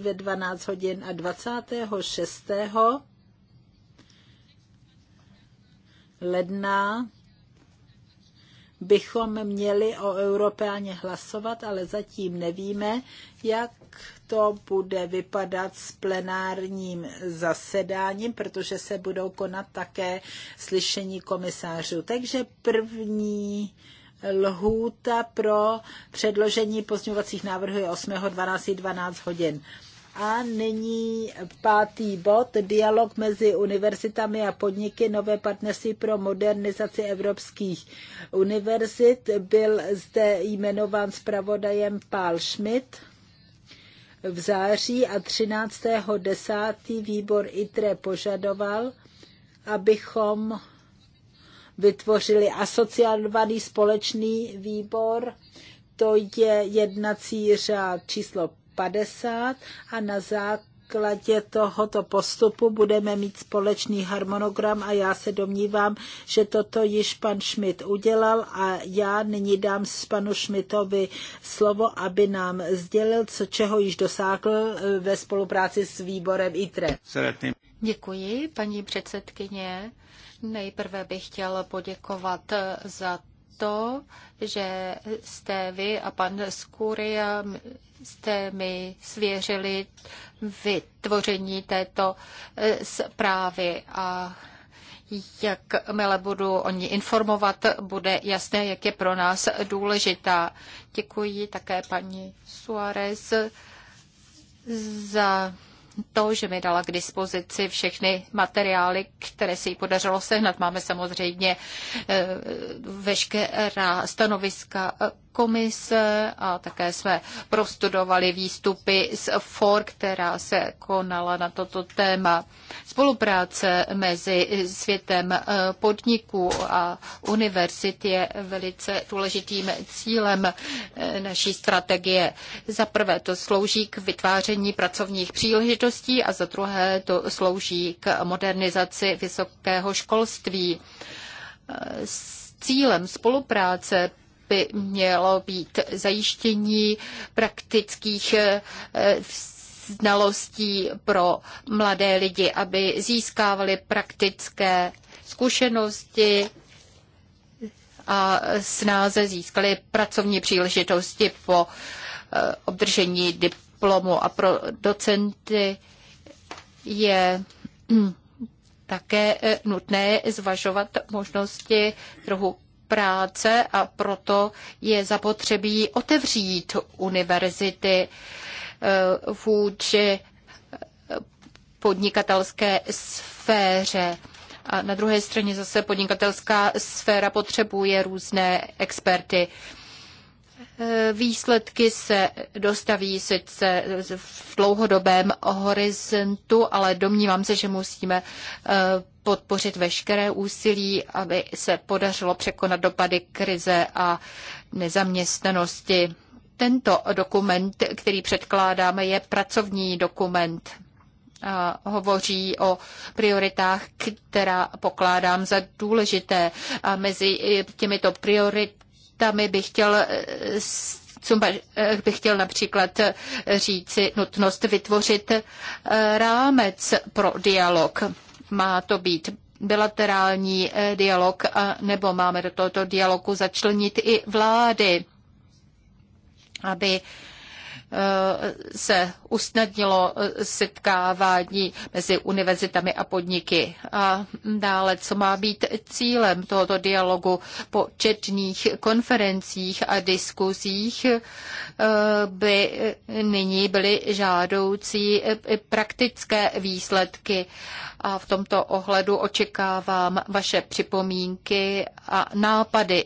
ve 12 hodin a 26 ledna bychom měli o Europeáně hlasovat, ale zatím nevíme, jak to bude vypadat s plenárním zasedáním, protože se budou konat také slyšení komisářů. Takže první lhůta pro předložení pozňovacích návrhů je 8.12.12 hodin. 12 hodin. A nyní pátý bod, dialog mezi univerzitami a podniky, nové partnerství pro modernizaci evropských univerzit. Byl zde jmenován zpravodajem Pál Schmidt v září a 13.10. výbor ITRE požadoval, abychom vytvořili asociovaný společný výbor, to je jednací řád číslo 50 a na základě tohoto postupu budeme mít společný harmonogram a já se domnívám, že toto již pan Schmidt udělal a já nyní dám s panu Schmidtovi slovo, aby nám sdělil, co, čeho již dosáhl eh, ve spolupráci s výborem ITRE. Děkuji, paní předsedkyně. Nejprve bych chtěl poděkovat eh, za to, že jste vy a pan Skuria jste mi svěřili vytvoření této e, zprávy a jakmile budu o ní informovat, bude jasné, jak je pro nás důležitá. Děkuji také paní Suarez za to, že mi dala k dispozici všechny materiály, které se jí podařilo sehnat. Máme samozřejmě eh, veškerá stanoviska eh, komise a také jsme prostudovali výstupy z FOR, která se konala na toto téma. Spolupráce mezi světem eh, podniků a univerzit je velice důležitým cílem eh, naší strategie. Za prvé to slouží k vytváření pracovních příležitostí a za druhé to slouží k modernizaci vysokého školství. Eh, s cílem spolupráce by mělo být zajištění praktických eh, znalostí pro mladé lidi, aby získávali praktické zkušenosti a snáze získali pracovní příležitosti po eh, obdržení diplomu a pro docenty je hm, také eh, nutné zvažovat možnosti trochu práce a proto je zapotřebí otevřít univerzity eh, vůči eh, podnikatelské sféře. A na druhé straně zase podnikatelská sféra potřebuje různé experty. Výsledky se dostaví sice v dlouhodobém horizontu, ale domnívám se, že musíme eh, podpořit veškeré úsilí, aby se podařilo překonat dopady krize a nezaměstnanosti. Tento dokument, který předkládáme, je pracovní dokument. A hovoří o prioritách, která pokládám za důležité. A mezi těmito priorit tam bych chtěl eh, eh, bych chtěl například eh, říci nutnost vytvořit rámec pro dialog. Má to být bilaterální dialog, nebo máme do tohoto dialogu začlenit i vlády, aby Eh, se usnadnilo eh, setkávání mezi univerzitami a podniky. A dále, co má být cílem tohoto dialogu po četných konferencích a diskuzích, eh, by nyní byly žádoucí praktické výsledky. A v tomto ohledu očekávám vaše připomínky a nápady.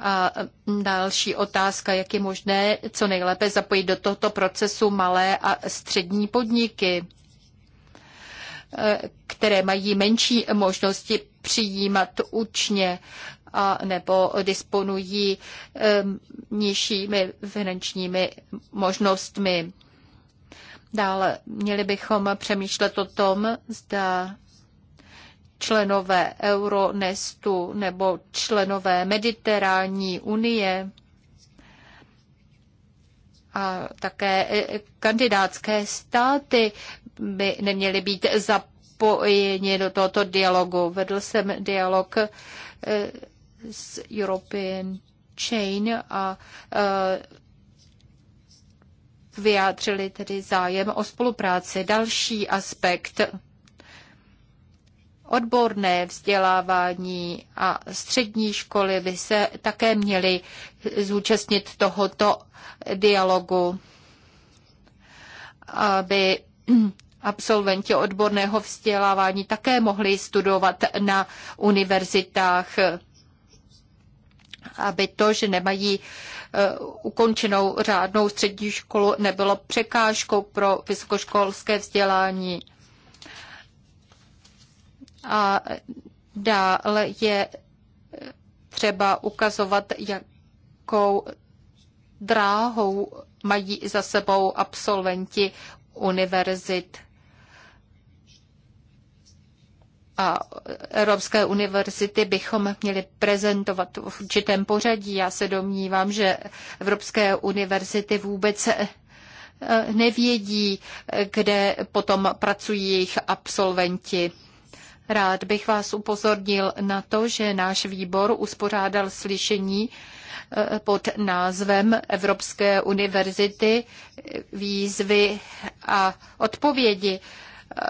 A mm, další otázka, jak je možné co nejlépe zapojit do tohoto procesu malé a střední podniky, e, které mají menší možnosti přijímat učně a nebo disponují e, nižšími finančními možnostmi. Dále měli bychom přemýšlet o tom, zda členové Euronestu nebo členové Mediterální unie a také e, e, kandidátské státy by neměly být zapojeni do tohoto dialogu. Vedl jsem dialog e, s European Chain a vyjádřili tedy zájem o spolupráci. Další aspekt odborné vzdělávání a střední školy by se také měly zúčastnit tohoto dialogu, aby absolventi odborného vzdělávání také mohli studovat na univerzitách, aby to, že nemají eh, ukončenou řádnou střední školu, nebylo překážkou pro vysokoškolské vzdělání. A dále je třeba ukazovat, jakou dráhou mají za sebou absolventi univerzit a Evropské univerzity bychom měli prezentovat v určitém pořadí. Já se domnívám, že Evropské univerzity vůbec eh, nevědí, kde potom pracují jejich absolventi. Rád bych vás upozornil na to, že náš výbor uspořádal slyšení eh, pod názvem Evropské univerzity eh, výzvy a odpovědi. Eh,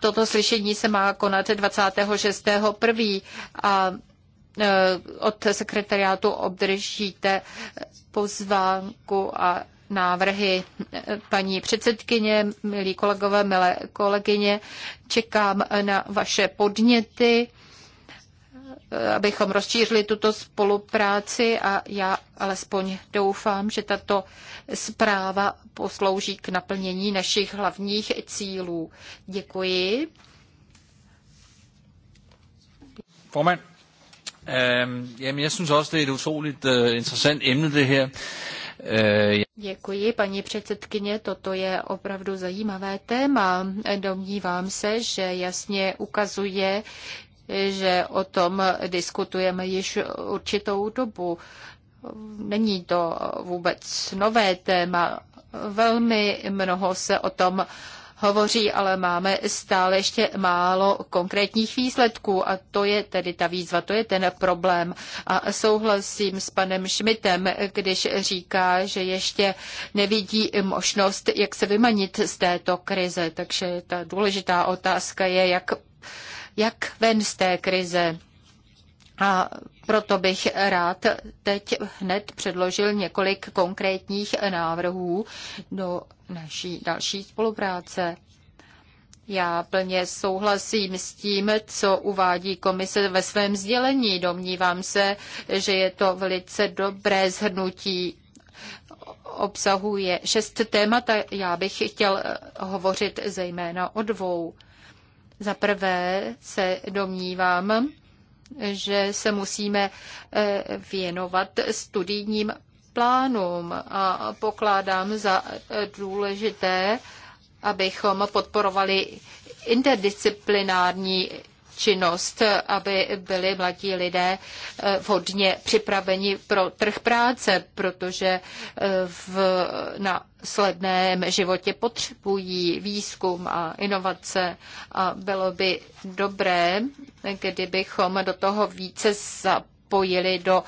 toto slyšení se má konat 26.1. a od sekretariátu obdržíte pozvánku a návrhy eh, paní předsedkyně, milí kolegové, milé kolegyně. Čekám na vaše podněty, eh, abychom rozšířili tuto spolupráci a já alespoň doufám, že tato zpráva poslouží k naplnění našich hlavních cílů. Děkuji. Formand, jamen, jeg synes også, det er et utroligt uh, interessant emne, det her. ja. Øh, Děkuji, paní předsedkyně. Toto je opravdu zajímavé téma. Domnívám se, že jasně ukazuje, že o tom diskutujeme již určitou dobu. Není to vůbec nové téma. Velmi mnoho se o tom hovoří, ale máme stále ještě málo konkrétních výsledků a to je tedy ta výzva, to je ten problém. A souhlasím s panem Schmidtem, když říká, že ještě nevidí možnost, jak se vymanit z této krize. Takže ta důležitá otázka je, jak, jak ven z té krize. A proto bych rád teď hned předložil několik konkrétních návrhů do naší další spolupráce. Já plně souhlasím s tím, co uvádí komise ve svém sdělení. Domnívám se, že je to velice dobré zhrnutí obsahuje šest témat a já bych chtěl hovořit zejména o dvou. Za prvé se domnívám, že se musíme eh, věnovat studijním plánům a pokládám za eh, důležité, abychom podporovali interdisciplinární činnost, aby byli mladí lidé eh, vhodně připraveni pro trh práce, protože eh, v na sledném životě potřebují výzkum a inovace a bylo by dobré, kdybychom do toho více zapojili zapojili do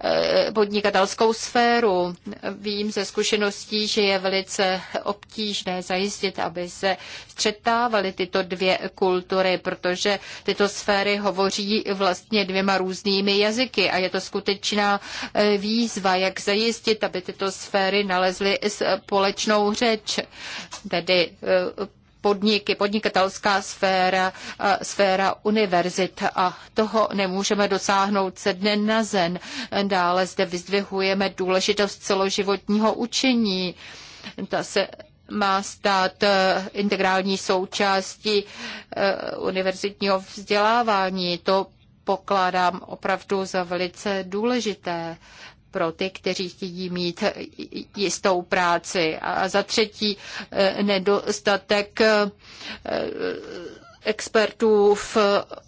eh, podnikatelskou sféru. Vím ze zkušeností, že je velice obtížné zajistit, aby se střetávaly tyto dvě kultury, protože tyto sféry hovoří vlastně dvěma různými jazyky a je to skutečná eh, výzva, jak zajistit, aby tyto sféry nalezly společnou řeč. Tedy eh, podniky, podnikatelská sféra, sféra univerzit a toho nemůžeme dosáhnout se dne na zen. Dále zde vyzdvihujeme důležitost celoživotního učení. Ta se má stát e, integrální součástí e, univerzitního vzdělávání. To pokládám opravdu za velice důležité pro ty, kteří chtějí mít jistou práci. A za třetí eh, nedostatek eh, expertů v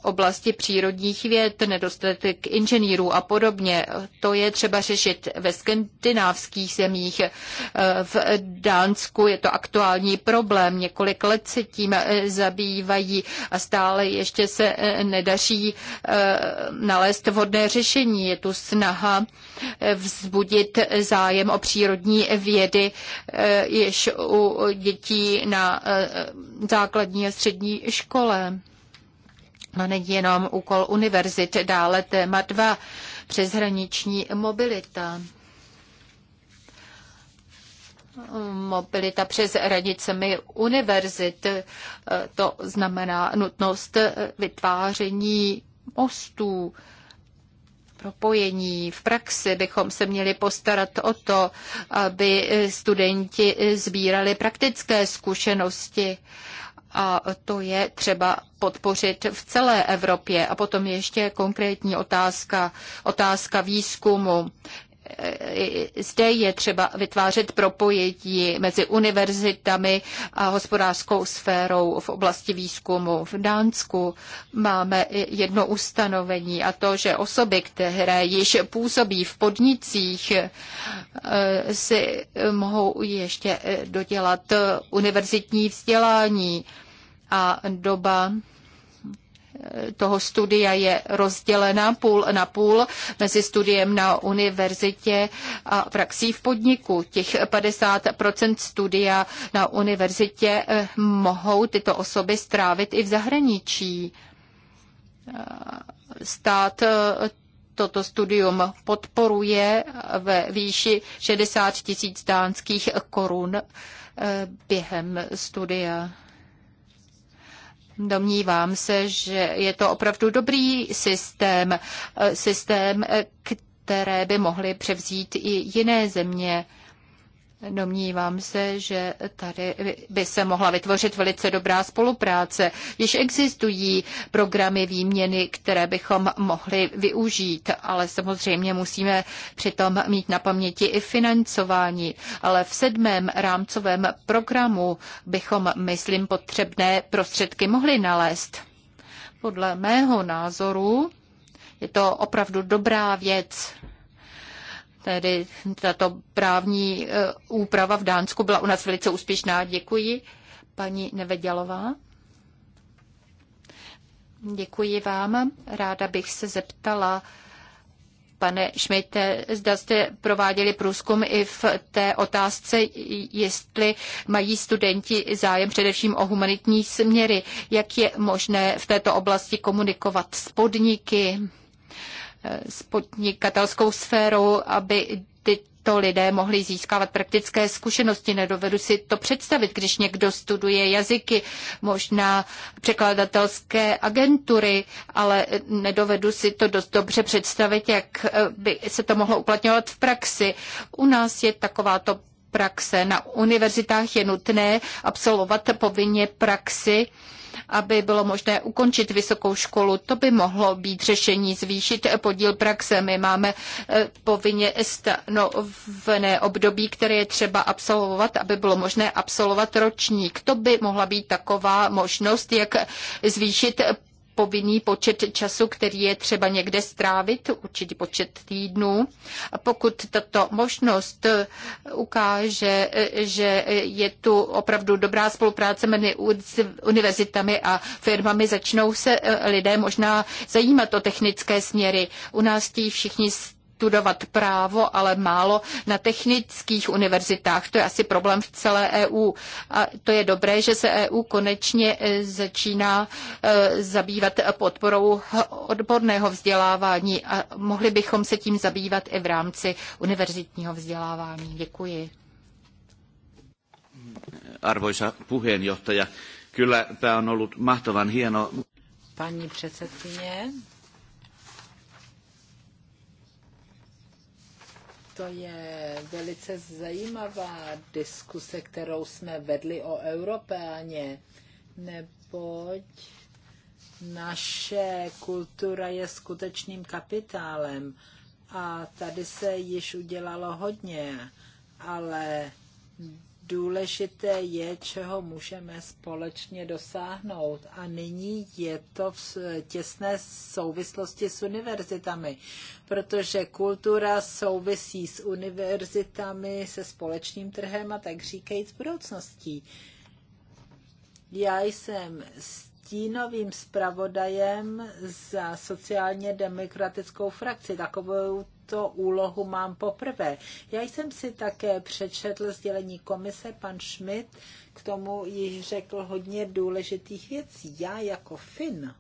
oblasti přírodních věd, nedostatek inženýrů a podobně. To je třeba řešit ve skandinávských zemích. V Dánsku je to aktuální problém. Několik let se tím zabývají a stále ještě se nedaří eh, nalézt vhodné řešení. Je tu snaha vzbudit zájem o přírodní vědy eh, jež u dětí na eh, základní a střední škole škole. No není jenom úkol univerzit, dále téma dva, přeshraniční mobilita. Mobilita přes hranicemi univerzit, to znamená nutnost vytváření mostů, propojení. V praxi bychom se měli postarat o to, aby studenti sbírali praktické zkušenosti a to je třeba podpořit v celé Evropě. A potom ještě konkrétní otázka, otázka výzkumu zde je třeba vytvářet propojení mezi univerzitami a hospodářskou sférou v oblasti výzkumu. V Dánsku máme jedno ustanovení a to, že osoby, které již působí v podnicích, eh, si mohou ještě eh, dodělat univerzitní vzdělání a doba toho studia je rozdělena půl na půl mezi studiem na univerzitě a praxí v podniku. Těch 50% studia na univerzitě eh, mohou tyto osoby strávit i v zahraničí. Eh, stát eh, toto studium podporuje ve výši 60 tisíc dánských korun během studia. Domnívám se, že je to opravdu dobrý systém, e, systém, e, které by mohly převzít i jiné země. Domnívám se, že tady by se mohla vytvořit velice dobrá spolupráce. Již existují programy výměny, které bychom mohli využít, ale samozřejmě musíme přitom mít na paměti i financování. Ale v sedmém rámcovém programu bychom, myslím, potřebné prostředky mohli nalézt. Podle mého názoru je to opravdu dobrá věc. Tedy tato právní e, úprava v Dánsku byla u nás velice úspěšná. Děkuji. Paní Nevedělová. Děkuji vám. Ráda bych se zeptala, pane Šmejte, zda jste prováděli průzkum i v té otázce, jestli mají studenti zájem především o humanitní směry. Jak je možné v této oblasti komunikovat s podniky? Eh, s podnikatelskou sférou, aby tyto lidé mohli získávat praktické zkušenosti. Nedovedu si to představit, když někdo studuje jazyky, možná překladatelské agentury, ale nedovedu si to dost dobře představit, jak eh, by se to mohlo uplatňovat v praxi. U nás je takováto praxe. Na univerzitách je nutné absolvovat povinně praxi aby bylo možné ukončit vysokou školu. To by mohlo být řešení zvýšit podíl praxe. My máme eh, povinně stanovené období, které je třeba absolvovat, aby bylo možné absolvovat ročník. To by mohla být taková možnost, jak zvýšit povinný počet času, který je třeba někde strávit, určitý počet týdnů. pokud tato možnost eh, ukáže, eh, že je tu opravdu dobrá spolupráce mezi univerzitami a firmami, začnou se eh, lidé možná zajímat o technické směry. U nás tí všichni studovat právo, ale málo na technických univerzitách. To je asi problém v celé EU. A to je dobré, že se EU konečně e, začíná e, zabývat podporou odborného vzdělávání a mohli bychom se tím zabývat i v rámci univerzitního vzdělávání. Děkuji. Arvoisa puheenjohtaja, kyllä tämä on ollut mahtavan hieno. Pani předsedkyně, To je velice zajímavá diskuse, kterou jsme vedli o Evropáně, neboť naše kultura je skutečným kapitálem a tady se již udělalo hodně, ale Důležité je, čeho můžeme společně dosáhnout. A nyní je to v těsné souvislosti s univerzitami, protože kultura souvisí s univerzitami, se společným trhem a tak říkají s budoucností. Já jsem stínovým zpravodajem za sociálně demokratickou frakci. Takovou tuto úlohu mám poprvé. Já jsem si také přečetl sdělení komise, pan Schmidt k tomu již řekl hodně důležitých věcí. Já jako Fin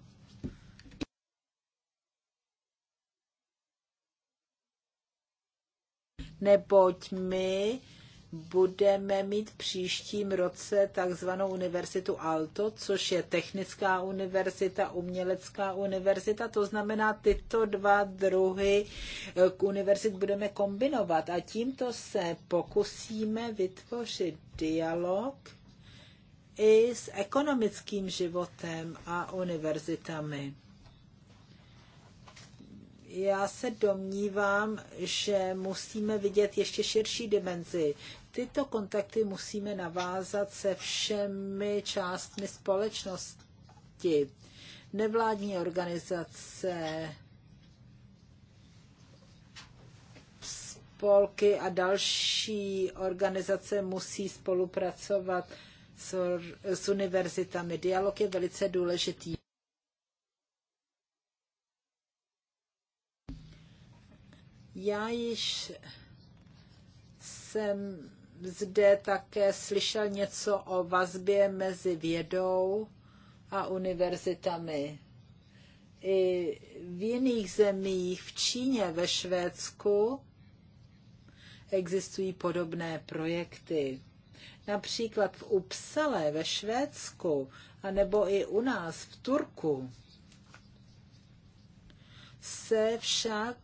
neboť my budeme mít v příštím roce takzvanou univerzitu Alto, což je technická univerzita, umělecká univerzita. To znamená, tyto dva druhy eh, k univerzit budeme kombinovat a tímto se pokusíme vytvořit dialog i s ekonomickým životem a univerzitami. Já se domnívám, že musíme vidět ještě širší dimenzi. Tyto kontakty musíme navázat se všemi částmi společnosti. Nevládní organizace, spolky a další organizace musí spolupracovat s, s univerzitami. Dialog je velice důležitý. Já již jsem zde také slyšel něco o vazbě mezi vědou a univerzitami. I v jiných zemích, v Číně, ve Švédsku, existují podobné projekty. Například v Upsale ve Švédsku, anebo i u nás v Turku, se však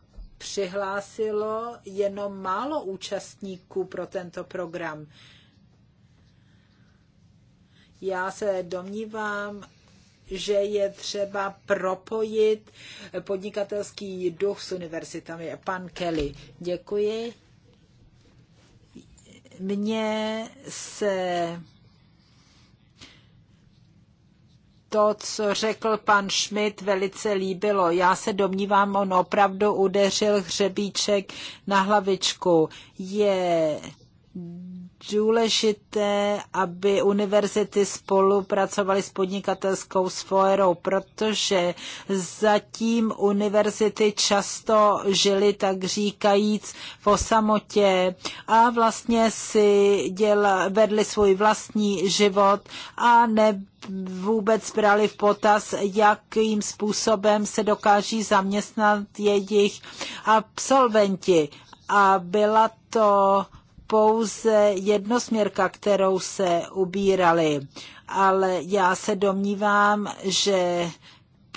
přihlásilo jenom málo účastníků pro tento program. Já se domnívám, že je třeba propojit podnikatelský duch s univerzitami. Pan Kelly, děkuji. Mně se to, co řekl pan Schmidt, velice líbilo. Já se domnívám, on opravdu udeřil hřebíček na hlavičku. Je důležité, aby univerzity spolupracovaly s podnikatelskou sférou, protože zatím univerzity často žily, tak říkajíc, po samotě a vlastně si děla, vedli svůj vlastní život a ne vůbec brali v potaz, jakým způsobem se dokáží zaměstnat jejich absolventi. A byla to pouze jednosměrka, kterou se ubírali, ale já se domnívám, že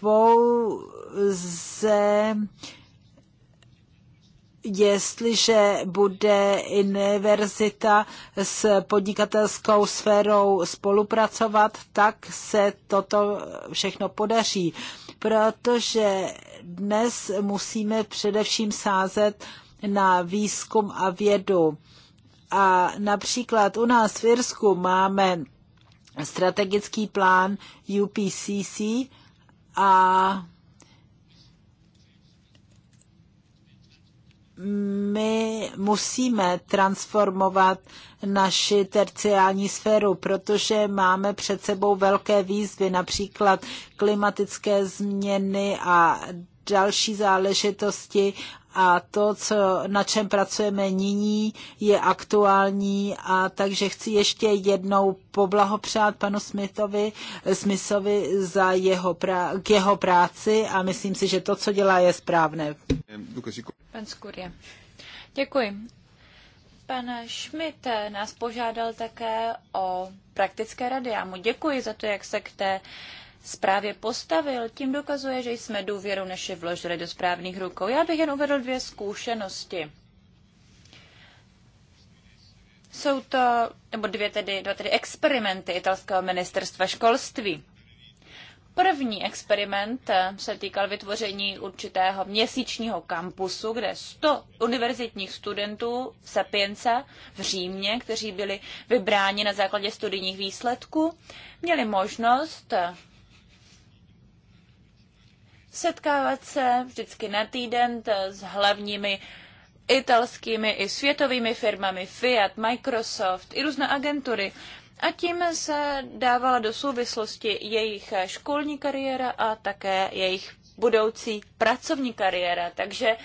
pouze jestliže bude univerzita s podnikatelskou sférou spolupracovat, tak se toto všechno podaří, protože dnes musíme především sázet na výzkum a vědu a například u nás v Irsku máme strategický plán UPCC a my musíme transformovat naši terciální sféru, protože máme před sebou velké výzvy, například klimatické změny a další záležitosti a to, co, na čem pracujeme nyní, je aktuální a takže chci ještě jednou poblahopřát panu Smithovi, Smithovi za jeho pra, k jeho práci a myslím si, že to, co dělá, je správné. Pan Skurje. Děkuji. Pan Schmidt nás požádal také o praktické rady. Já mu děkuji za to, jak se k té Správě postavil, tím dokazuje, že jsme důvěru naši vložili do správných rukou. Já bych jen uvedl dvě zkušenosti. Jsou to, nebo dvě tedy, dva tedy experimenty italského ministerstva školství. První experiment se týkal vytvoření určitého měsíčního kampusu, kde 100 univerzitních studentů Sapienza v Římě, kteří byli vybráni na základě studijních výsledků, měli možnost setkávat se vždycky na týden s hlavními italskými i světovými firmami Fiat, Microsoft i různé agentury. A tím se dávala do souvislosti jejich školní kariéra a také jejich budoucí pracovní kariéra. Takže uh,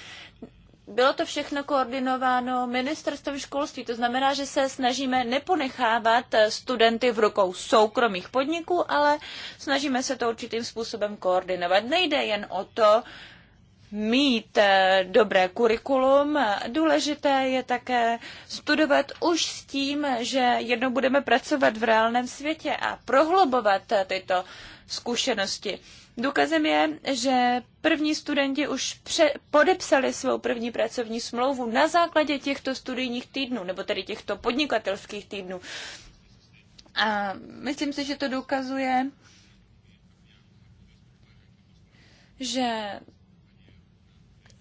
bylo to všechno koordinováno ministerstvem školství. To znamená, že se snažíme neponechávat studenty v rukou soukromých podniků, ale snažíme se to určitým způsobem koordinovat. Nejde jen o to mít eh, dobré kurikulum. Důležité je také studovat už s tím, že jednou budeme pracovat v reálném světě a prohlubovat eh, tyto zkušenosti. Důkazem je, že první studenti už pře- podepsali svou první pracovní smlouvu na základě těchto studijních týdnů, nebo tedy těchto podnikatelských týdnů. A myslím si, že to dokazuje, že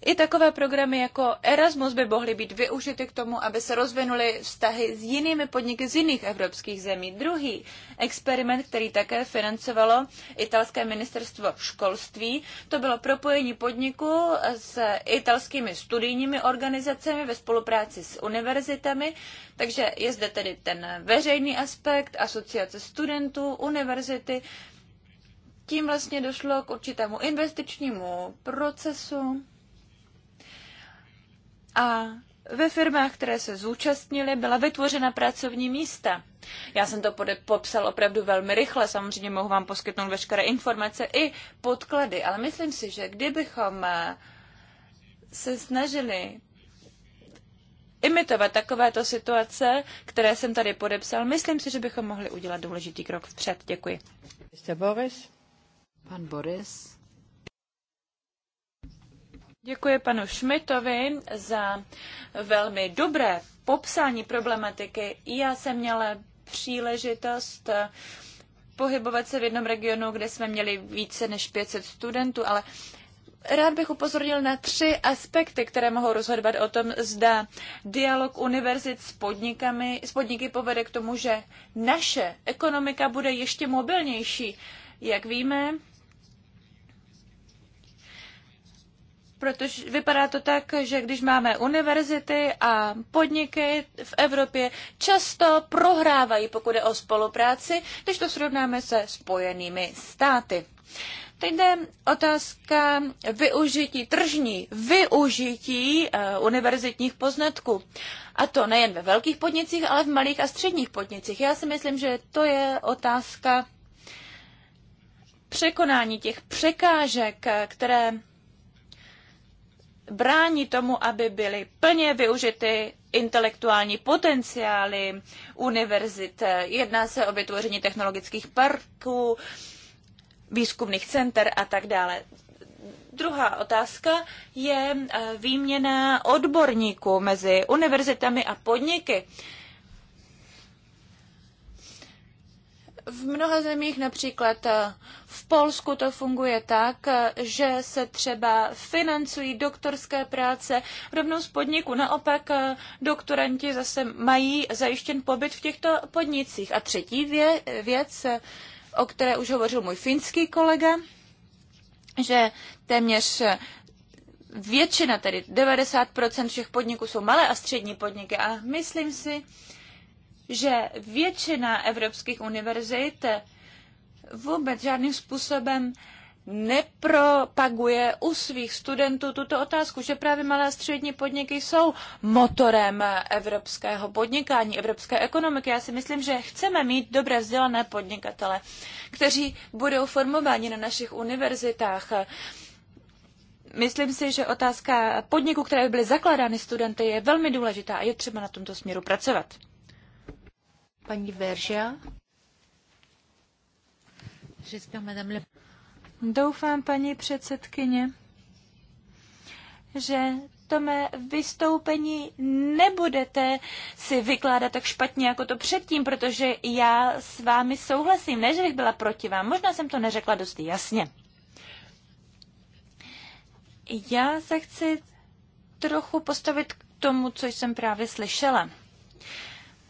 i takové programy jako Erasmus by mohly být využity k tomu, aby se rozvinuly vztahy s jinými podniky z jiných evropských zemí. Druhý experiment, který také financovalo italské ministerstvo školství, to bylo propojení podniku s italskými studijními organizacemi ve spolupráci s univerzitami. Takže je zde tedy ten veřejný aspekt, asociace studentů, univerzity. Tím vlastně došlo k určitému investičnímu procesu a ve firmách, které se zúčastnily, byla vytvořena pracovní místa. Já jsem to popsal opravdu velmi rychle, samozřejmě mohu vám poskytnout veškeré informace i podklady, ale myslím si, že kdybychom eh, se snažili imitovat takovéto situace, které jsem tady podepsal, myslím si, že bychom mohli udělat důležitý krok vpřed. Děkuji. Pan Boris. Děkuji panu Šmitovi za velmi dobré popsání problematiky. Já jsem měla příležitost pohybovat se v jednom regionu, kde jsme měli více než 500 studentů, ale Rád bych upozornil na tři aspekty, které mohou rozhodovat o tom, zda dialog univerzit s, podnikami, s podniky povede k tomu, že naše ekonomika bude ještě mobilnější. Jak víme, protože vypadá to tak, že když máme univerzity a podniky v Evropě, často prohrávají, pokud je o spolupráci, když to srovnáme se spojenými státy. Teď jde otázka využití, tržní využití eh, univerzitních poznatků. A to nejen ve velkých podnicích, ale v malých a středních podnicích. Já si myslím, že to je otázka překonání těch překážek, eh, které brání tomu, aby byly plně využity intelektuální potenciály univerzit. Jedná se o vytvoření technologických parků, výzkumných center a tak dále. Druhá otázka je eh, výměna odborníků mezi univerzitami a podniky. V mnoha zemích, například eh, v Polsku, to funguje tak, eh, že se třeba financují doktorské práce rovnou z podniku. Naopak eh, doktoranti zase mají zajištěn pobyt v těchto podnicích. A třetí vě, věc, o které už hovořil můj finský kolega, že téměř většina, tedy 90% všech podniků jsou malé a střední podniky. A myslím si, že většina evropských univerzit vůbec žádným způsobem nepropaguje u svých studentů tuto otázku, že právě malé a střední podniky jsou motorem evropského podnikání, evropské ekonomiky. Já si myslím, že chceme mít dobré vzdělané podnikatele, kteří budou formováni na našich univerzitách. Myslím si, že otázka podniků, které by byly zakládány studenty, je velmi důležitá a je třeba na tomto směru pracovat. Paní Veržia. Doufám, paní předsedkyně, že to mé vystoupení nebudete si vykládat tak špatně jako to předtím, protože já s vámi souhlasím, ne, že bych byla proti vám. Možná jsem to neřekla dost jasně. Já se chci trochu postavit k tomu, co jsem právě slyšela.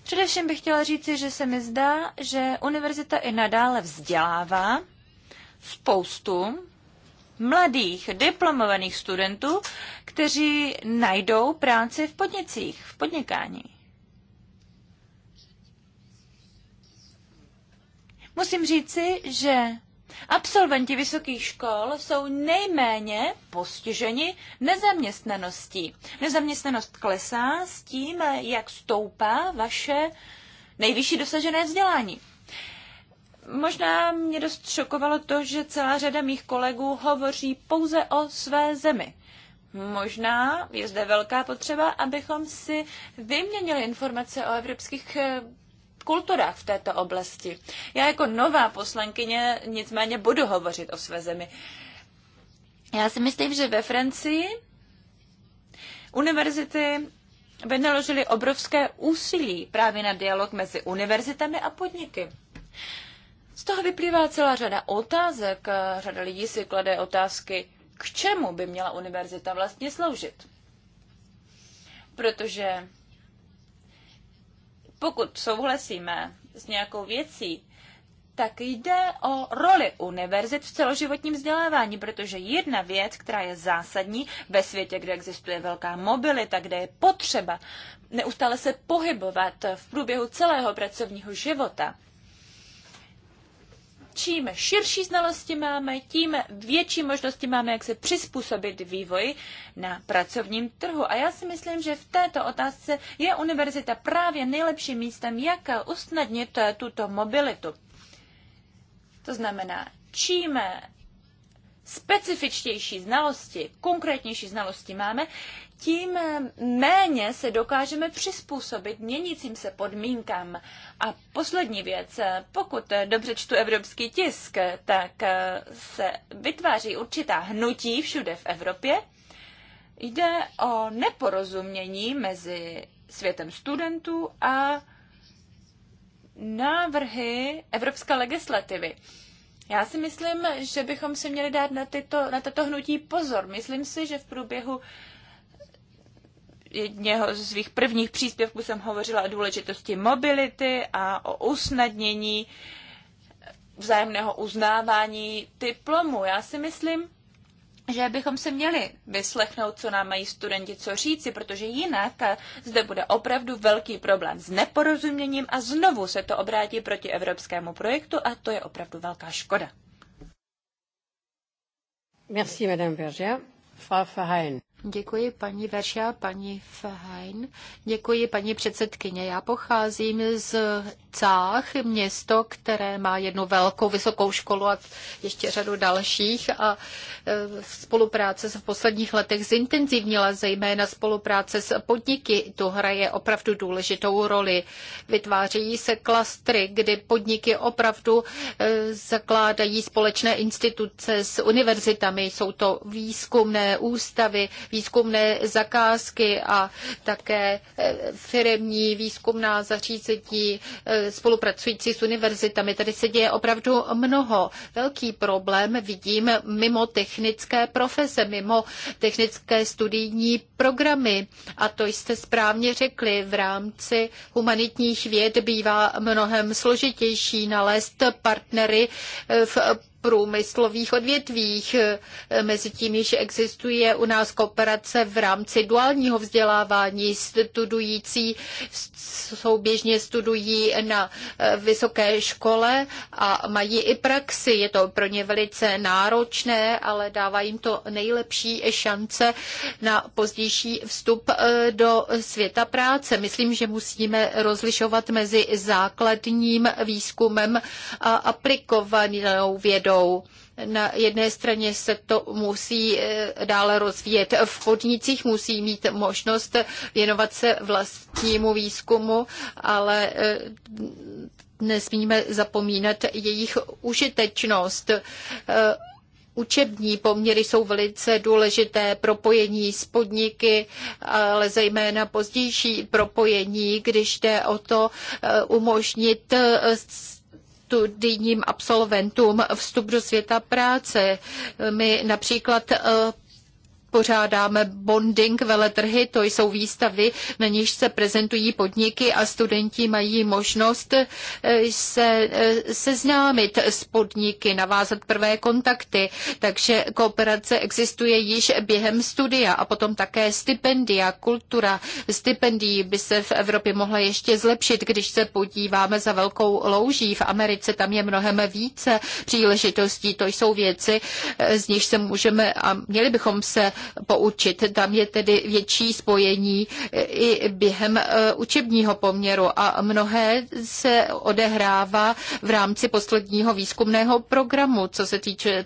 Především bych chtěla říci, že se mi zdá, že univerzita i nadále vzdělává spoustu mladých diplomovaných studentů, kteří najdou práci v podnicích, v podnikání. Musím říci, že Absolventi vysokých škol jsou nejméně postiženi nezaměstnaností. Nezaměstnanost klesá s tím, jak stoupá vaše nejvyšší dosažené vzdělání. Možná mě dost šokovalo to, že celá řada mých kolegů hovoří pouze o své zemi. Možná je zde velká potřeba, abychom si vyměnili informace o evropských eh, kulturách v této oblasti. Já jako nová poslankyně nicméně budu hovořit o své zemi. Já si myslím, že ve Francii univerzity vynaložily obrovské úsilí právě na dialog mezi univerzitami a podniky. Z toho vyplývá celá řada otázek. Řada lidí si klade otázky, k čemu by měla univerzita vlastně sloužit. Protože pokud souhlasíme s nějakou věcí, tak jde o roli univerzit v celoživotním vzdělávání, protože jedna věc, která je zásadní ve světě, kde existuje velká mobilita, kde je potřeba neustále se pohybovat v průběhu celého pracovního života, čím širší znalosti máme, tím větší možnosti máme, jak se přizpůsobit vývoji na pracovním trhu. A já si myslím, že v této otázce je univerzita právě nejlepším místem, jak usnadnit eh, tuto mobilitu. To znamená, čím specifičtější znalosti, konkrétnější znalosti máme, tím méně se dokážeme přizpůsobit měnícím se podmínkám. A poslední věc, pokud dobře čtu evropský tisk, tak se vytváří určitá hnutí všude v Evropě. Jde o neporozumění mezi světem studentů a návrhy evropské legislativy. Já si myslím, že bychom si měli dát na, tyto, na tato hnutí pozor. Myslím si, že v průběhu Jedného z svých prvních příspěvků jsem hovořila o důležitosti mobility a o usnadnění vzájemného uznávání diplomu. Já si myslím, že bychom se měli vyslechnout, co nám mají studenti co říci, protože jinak zde bude opravdu velký problém s neporozuměním a znovu se to obrátí proti evropskému projektu a to je opravdu velká škoda. Merci, Madame Berger. Frau Verheyen. Děkuji paní Verša, paní Fein. Děkuji paní předsedkyně. Já pocházím z Cách, město, které má jednu velkou vysokou školu a ještě řadu dalších a e, spolupráce se v posledních letech zintenzivnila, zejména spolupráce s podniky. Tu hraje opravdu důležitou roli. Vytvářejí se klastry, kdy podniky opravdu e, zakládají společné instituce s univerzitami. Jsou to výzkumné ústavy, výzkumné zakázky a také e, firmní výzkumná zařízení, spolupracující s univerzitami. Tady se děje opravdu mnoho. Velký problém vidím mimo technické profese, mimo technické studijní programy. A to jste správně řekli, v rámci humanitních věd bývá mnohem složitější nalézt partnery v průmyslových odvětvích. Mezi tím, že existuje u nás kooperace v rámci duálního vzdělávání, studující souběžně studují na vysoké škole a mají i praxi. Je to pro ně velice náročné, ale dává jim to nejlepší šance na pozdější vstup eh, do světa práce. Myslím, že musíme rozlišovat mezi základním výzkumem a aplikovanou vědou budou. Na jedné straně se to musí eh, dále rozvíjet v podnicích, musí mít možnost věnovat se vlastnímu výzkumu, ale eh, nesmíme zapomínat jejich užitečnost. Eh, učební poměry jsou velice důležité, propojení s podniky, ale zejména pozdější propojení, když jde o to umožnit studijním absolventům vstup do světa práce. My například eh, pořádáme bonding veletrhy, to jsou výstavy, na níž se prezentují podniky a studenti mají možnost eh, se eh, seznámit s podniky, navázat prvé kontakty, takže kooperace existuje již během studia a potom také stipendia, kultura stipendií by se v Evropě mohla ještě zlepšit, když se podíváme za velkou louží. V Americe tam je mnohem více příležitostí, to jsou věci, eh, z nich se můžeme a měli bychom se poučit. Tam je tedy větší spojení i během e, učebního poměru a mnohé se odehrává v rámci posledního výzkumného programu, co se týče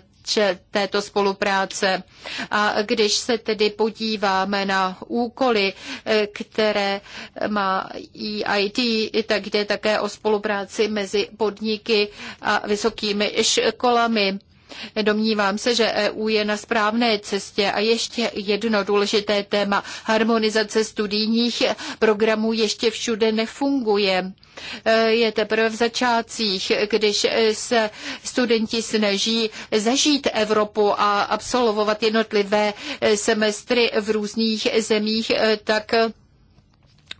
této spolupráce. A když se tedy podíváme na úkoly, e, které má EIT, tak jde také o spolupráci mezi podniky a vysokými školami. Domnívám se, že EU je na správné cestě a ještě jedno důležité téma. Harmonizace studijních programů ještě všude nefunguje. E, je teprve v začátcích, když se studenti snaží zažít Evropu a absolvovat jednotlivé semestry v různých zemích, e, tak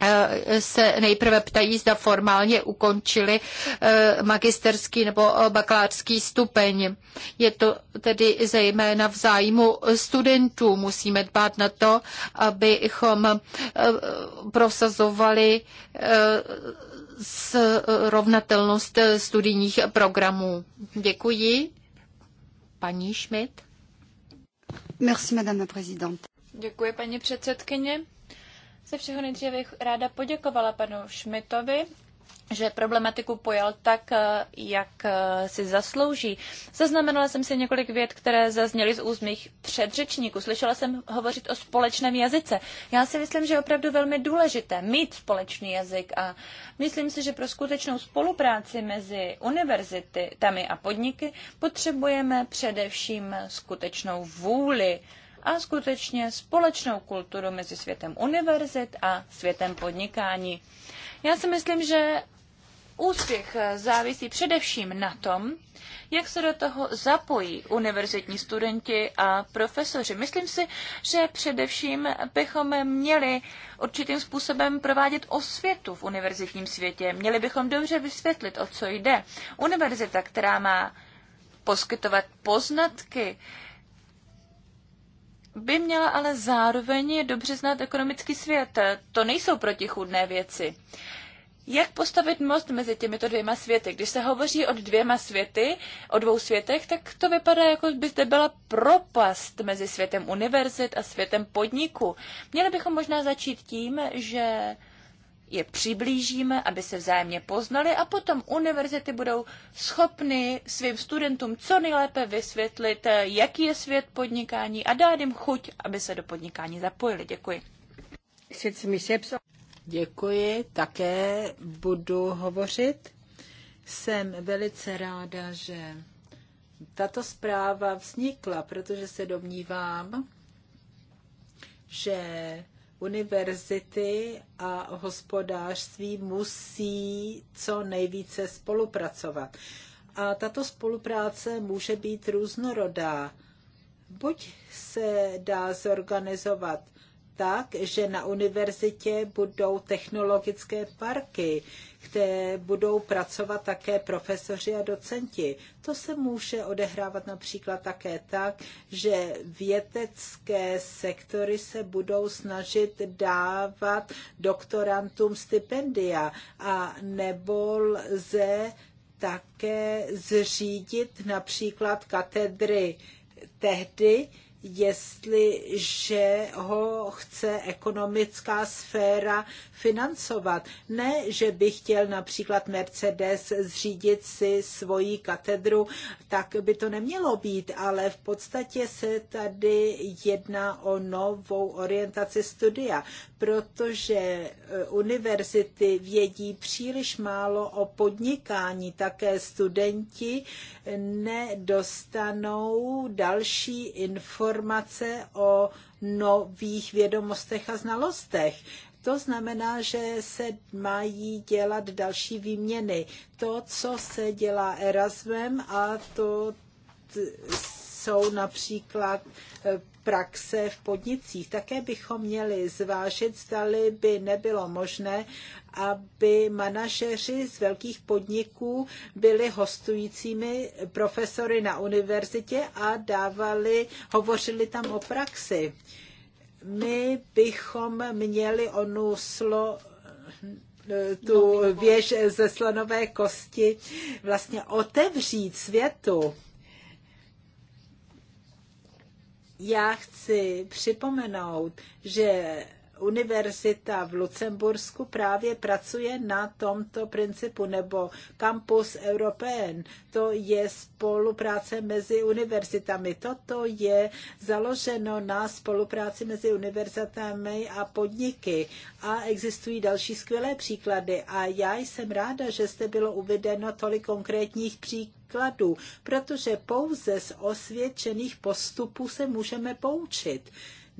Eh, se nejprve ptají, zda formálně ukončili eh, magisterský nebo eh, bakalářský stupeň. Je to tedy zejména v zájmu studentů. Musíme dbát na to, abychom prosazovali srovnatelnost studijních programů. Děkuji. Paní Schmidt. Merci, madame la présidente. Děkuji, paní předsedkyně. Se všeho nejdříve bych ráda poděkovala panu Šmitovi, že problematiku pojal tak, eh, jak eh, si zaslouží. Zaznamenala jsem si několik vět, které zazněly z úst mých předřečníků. Slyšela jsem hovořit o společném jazyce. Já si myslím, že je opravdu velmi důležité mít společný jazyk a myslím si, že pro skutečnou spolupráci mezi univerzitami a podniky potřebujeme především skutečnou vůli a skutečně společnou kulturu mezi světem univerzit a světem podnikání. Já si myslím, že úspěch závisí především na tom, jak se do toho zapojí univerzitní studenti a profesoři. Myslím si, že především bychom měli určitým způsobem provádět osvětu v univerzitním světě. Měli bychom dobře vysvětlit, o co jde. Univerzita, která má poskytovat poznatky, by měla ale zároveň dobře znát ekonomický svět. To nejsou protichůdné věci. Jak postavit most mezi těmito dvěma světy? Když se hovoří o dvěma světy, o dvou světech, tak to vypadá, jako by zde byla propast mezi světem univerzit a světem podniku. Měli bychom možná začít tím, že je přiblížíme, aby se vzájemně poznali a potom univerzity budou schopny svým studentům co nejlépe vysvětlit, eh, jaký je svět podnikání a dát jim chuť, aby se do podnikání zapojili. Děkuji. Děkuji, také budu hovořit. Jsem velice ráda, že tato zpráva vznikla, protože se domnívám, že univerzity a hospodářství musí co nejvíce spolupracovat. A tato spolupráce může být různorodá. Buď se dá zorganizovat tak, že na univerzitě budou technologické parky, kde budou pracovat také profesoři a docenti. To se může odehrávat například také tak, že vědecké sektory se budou snažit dávat doktorantům stipendia a nebo lze také zřídit například katedry tehdy, jestliže ho chce ekonomická sféra financovat. Ne, že by chtěl například Mercedes zřídit si svoji katedru, tak by to nemělo být, ale v podstatě se tady jedná o novou orientaci studia protože eh, univerzity vědí příliš málo o podnikání. Také studenti nedostanou další informace o nových vědomostech a znalostech. To znamená, že se mají dělat další výměny. To, co se dělá Erasmem a to jsou například eh, praxe v podnicích. Také bychom měli zvážit, zdali by nebylo možné, aby manažeři z velkých podniků byli hostujícími profesory na univerzitě a dávali, hovořili tam o praxi. My bychom měli onu slo, eh, tu věž ze slanové kosti vlastně otevřít světu já chci připomenout, že univerzita v Lucembursku právě pracuje na tomto principu, nebo Campus European, To je spolupráce mezi univerzitami. Toto je založeno na spolupráci mezi univerzitami a podniky. A existují další skvělé příklady. A já jsem ráda, že jste bylo uvedeno tolik konkrétních příkladů Kladu, protože pouze z osvědčených postupů se můžeme poučit.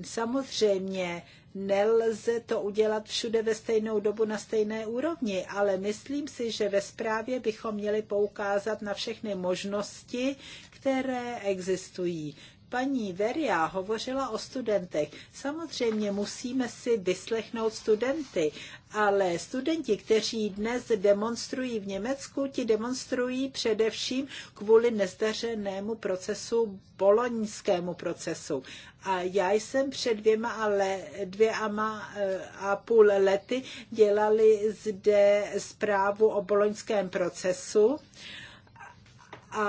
Samozřejmě Nelze to udělat všude ve stejnou dobu na stejné úrovni, ale myslím si, že ve zprávě bychom měli poukázat na všechny možnosti, které existují paní Veria hovořila o studentech. Samozřejmě musíme si vyslechnout studenty, ale studenti, kteří dnes demonstrují v Německu, ti demonstrují především kvůli nezdařenému procesu, boloňskému procesu. A já jsem před dvěma a, le, dvěma eh, a půl lety dělali zde zprávu o boloňském procesu a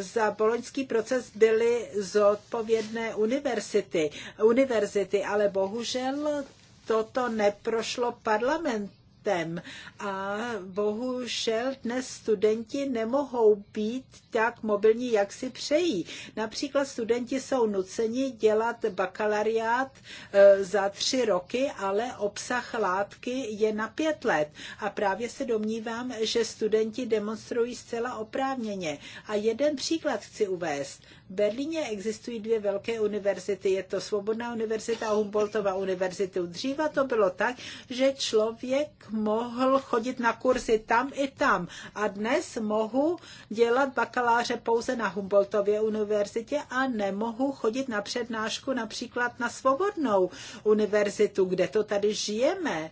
za boloňský proces byly zodpovědné univerzity, univerzity ale bohužel toto neprošlo parlament sportem. A bohužel dnes studenti nemohou být tak mobilní, jak si přejí. Například studenti jsou nuceni dělat bakalariát e, za tři roky, ale obsah látky je na pět let. A právě se domnívám, že studenti demonstrují zcela oprávněně. A jeden příklad chci uvést. Berlíně existují dvě velké univerzity. Je to Svobodná univerzita a Humboldtova univerzita. Dříve to bylo tak, že člověk mohl chodit na kurzy tam i tam. A dnes mohu dělat bakaláře pouze na Humboldtově univerzitě a nemohu chodit na přednášku například na Svobodnou univerzitu, kde to tady žijeme.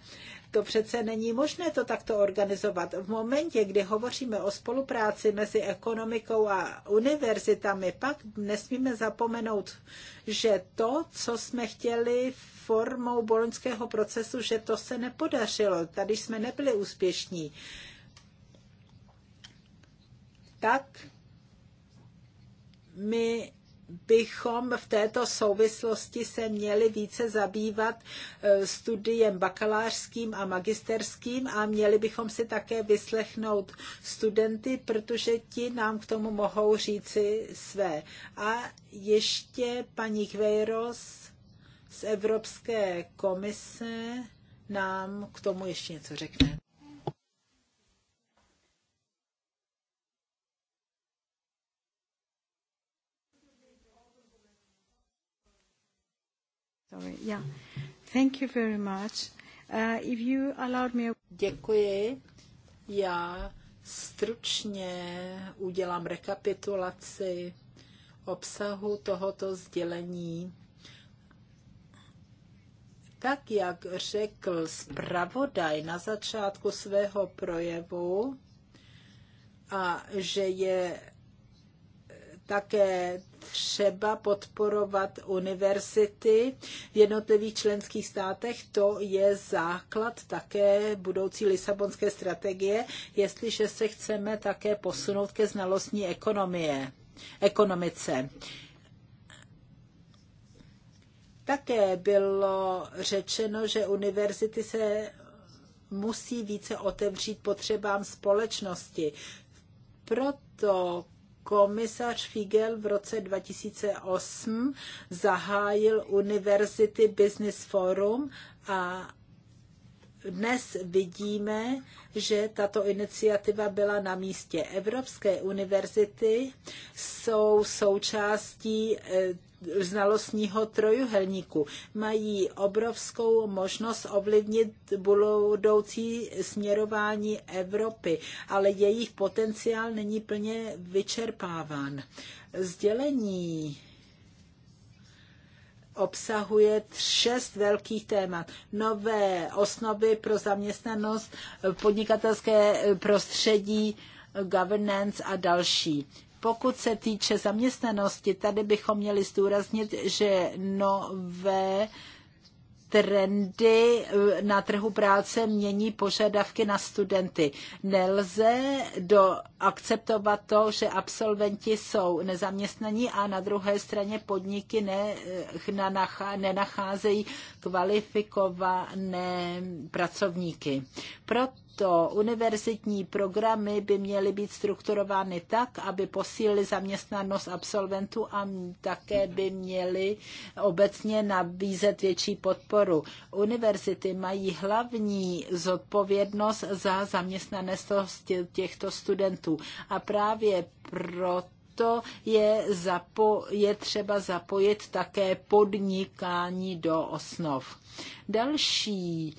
To přece není možné to takto organizovat. V momentě, kdy hovoříme o spolupráci mezi ekonomikou a univerzitami, pak nesmíme zapomenout, že to, co jsme chtěli formou boloňského procesu, že to se nepodařilo. Tady jsme nebyli úspěšní. Tak my bychom v této souvislosti se měli více zabývat e, studiem bakalářským a magisterským a měli bychom si také vyslechnout studenty, protože ti nám k tomu mohou říci své. A ještě paní Kvejros z Evropské komise nám k tomu ještě něco řekne. Uh, Děkuji. Já stručně udělám rekapitulaci obsahu tohoto sdělení. Tak, jak řekl zpravodaj na začátku svého projevu, a že je také třeba podporovat univerzity v jednotlivých členských státech. To je základ také budoucí Lisabonské strategie, jestliže se chceme také posunout ke znalostní ekonomie, ekonomice. Také bylo řečeno, že univerzity se musí více otevřít potřebám společnosti. Proto komisař Figel v roce 2008 zahájil University Business Forum a dnes vidíme, že tato iniciativa byla na místě. Evropské univerzity jsou součástí eh, znalostního trojuhelníku. Mají obrovskou možnost ovlivnit budoucí směrování Evropy, ale jejich potenciál není plně vyčerpáván. Sdělení obsahuje šest velkých témat. Nové osnovy pro zaměstnanost, podnikatelské prostředí, governance a další. Pokud se týče zaměstnanosti, tady bychom měli zdůraznit, že nové trendy eh, na trhu práce mění požadavky na studenty. Nelze do, akceptovat to, že absolventi jsou nezaměstnaní a na druhé straně podniky ne, eh, nanachá, nenacházejí kvalifikované pracovníky. Proto tyto univerzitní programy by měly být strukturovány tak, aby posílily zaměstnanost absolventů a také by měly obecně nabízet větší podporu. Univerzity mají hlavní zodpovědnost za zaměstnanost těchto studentů a právě proto to je, zapo, je třeba zapojit také podnikání do osnov. Další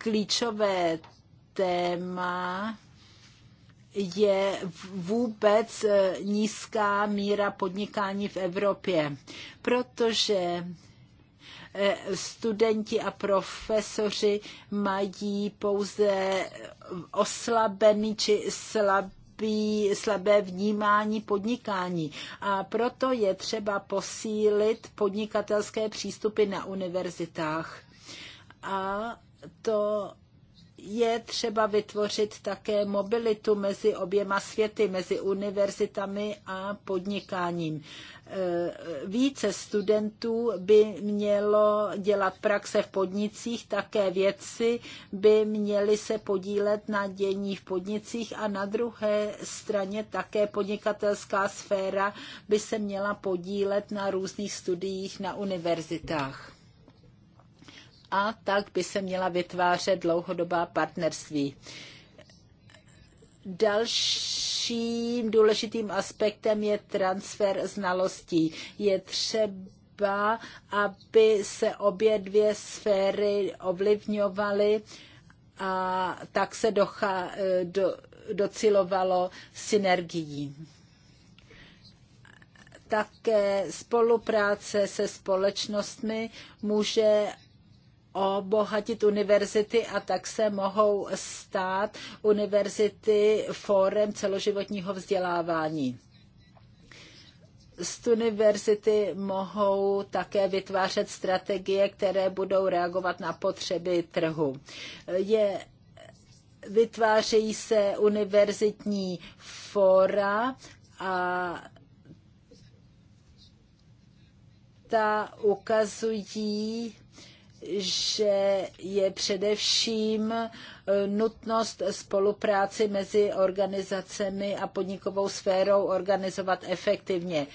klíčové téma je vůbec eh, nízká míra podnikání v Evropě, protože eh, studenti a profesoři mají pouze oslabený či slabý, slabé vnímání podnikání. A proto je třeba posílit podnikatelské přístupy na univerzitách. A to je třeba vytvořit také mobilitu mezi oběma světy, mezi univerzitami a podnikáním. E, více studentů by mělo dělat praxe v podnicích, také věci by měli se podílet na dění v podnicích a na druhé straně také podnikatelská sféra by se měla podílet na různých studiích na univerzitách a tak by se měla vytvářet dlouhodobá partnerství. Dalším důležitým aspektem je transfer znalostí. Je třeba, aby se obě dvě sféry ovlivňovaly a tak se docha, do, docilovalo synergií. Také spolupráce se společnostmi může obohatit univerzity a tak se mohou stát univerzity fórem celoživotního vzdělávání. Z univerzity mohou také vytvářet strategie, které budou reagovat na potřeby trhu. Je vytvářejí se univerzitní fóra a ta ukazují že je především eh, nutnost spolupráci mezi organizacemi a podnikovou sférou organizovat efektivně.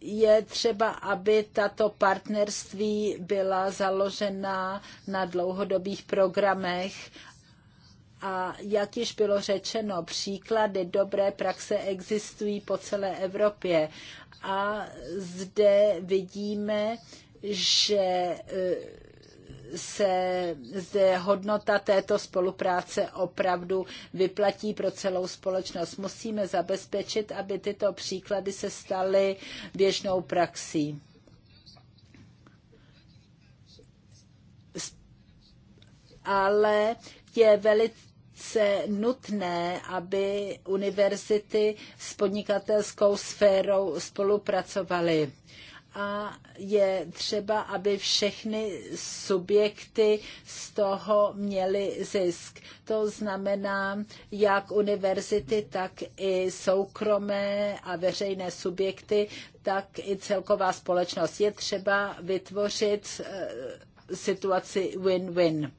Je třeba, aby tato partnerství byla založena na dlouhodobých programech a jak již bylo řečeno, příklady dobré praxe existují po celé Evropě. A zde vidíme, že e, se zde hodnota této spolupráce opravdu vyplatí pro celou společnost. Musíme zabezpečit, aby tyto příklady se staly běžnou praxí. Ale je velice velice nutné, aby univerzity s podnikatelskou sférou spolupracovaly a je třeba, aby všechny subjekty z toho měly zisk. To znamená, jak univerzity, tak i soukromé a veřejné subjekty, tak i celková společnost. Je třeba vytvořit eh, situaci win-win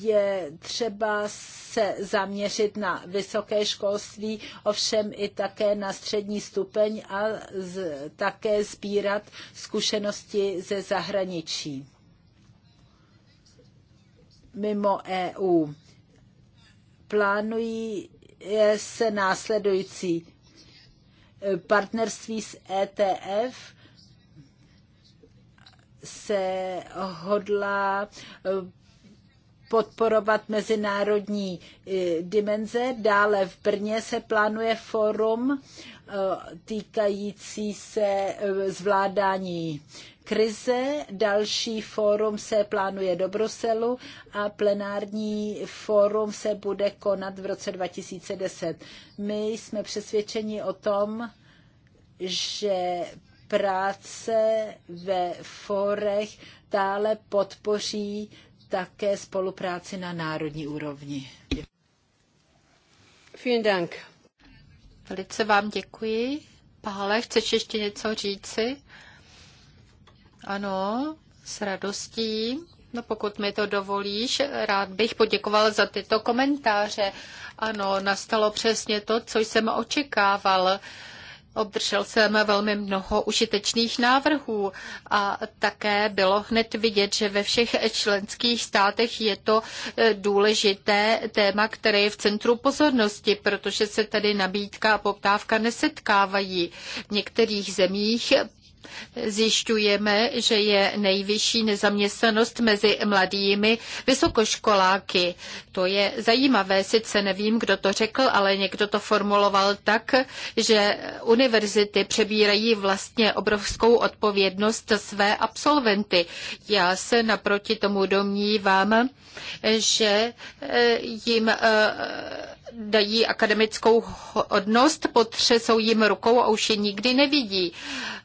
je třeba se zaměřit na vysoké školství, ovšem i také na střední stupeň a z, také sbírat zkušenosti ze zahraničí mimo EU. Plánují se následující partnerství s ETF, se hodlá podporovat mezinárodní eh, dimenze. Dále v Brně se plánuje forum eh, týkající se eh, zvládání krize. Další fórum se plánuje do Bruselu a plenární fórum se bude konat v roce 2010. My jsme přesvědčeni o tom, že práce ve fórech dále podpoří také spolupráci na národní úrovni. Vielen Dank. Velice vám děkuji. Pále, chceš ještě něco říci? Ano, s radostí. No pokud mi to dovolíš, rád bych poděkoval za tyto komentáře. Ano, nastalo přesně to, co jsem očekával. Obdržel jsem velmi mnoho užitečných návrhů a také bylo hned vidět, že ve všech členských státech je to e, důležité téma, které je v centru pozornosti, protože se tady nabídka a poptávka nesetkávají. V některých zemích Zjišťujeme, že je nejvyšší nezaměstnanost mezi mladými vysokoškoláky. To je zajímavé, sice nevím, kdo to řekl, ale někdo to formuloval tak, že univerzity přebírají vlastně obrovskou odpovědnost své absolventy. Já se naproti tomu domnívám, že eh, jim eh, dají akademickou hodnost, potřesou jim rukou a už je nikdy nevidí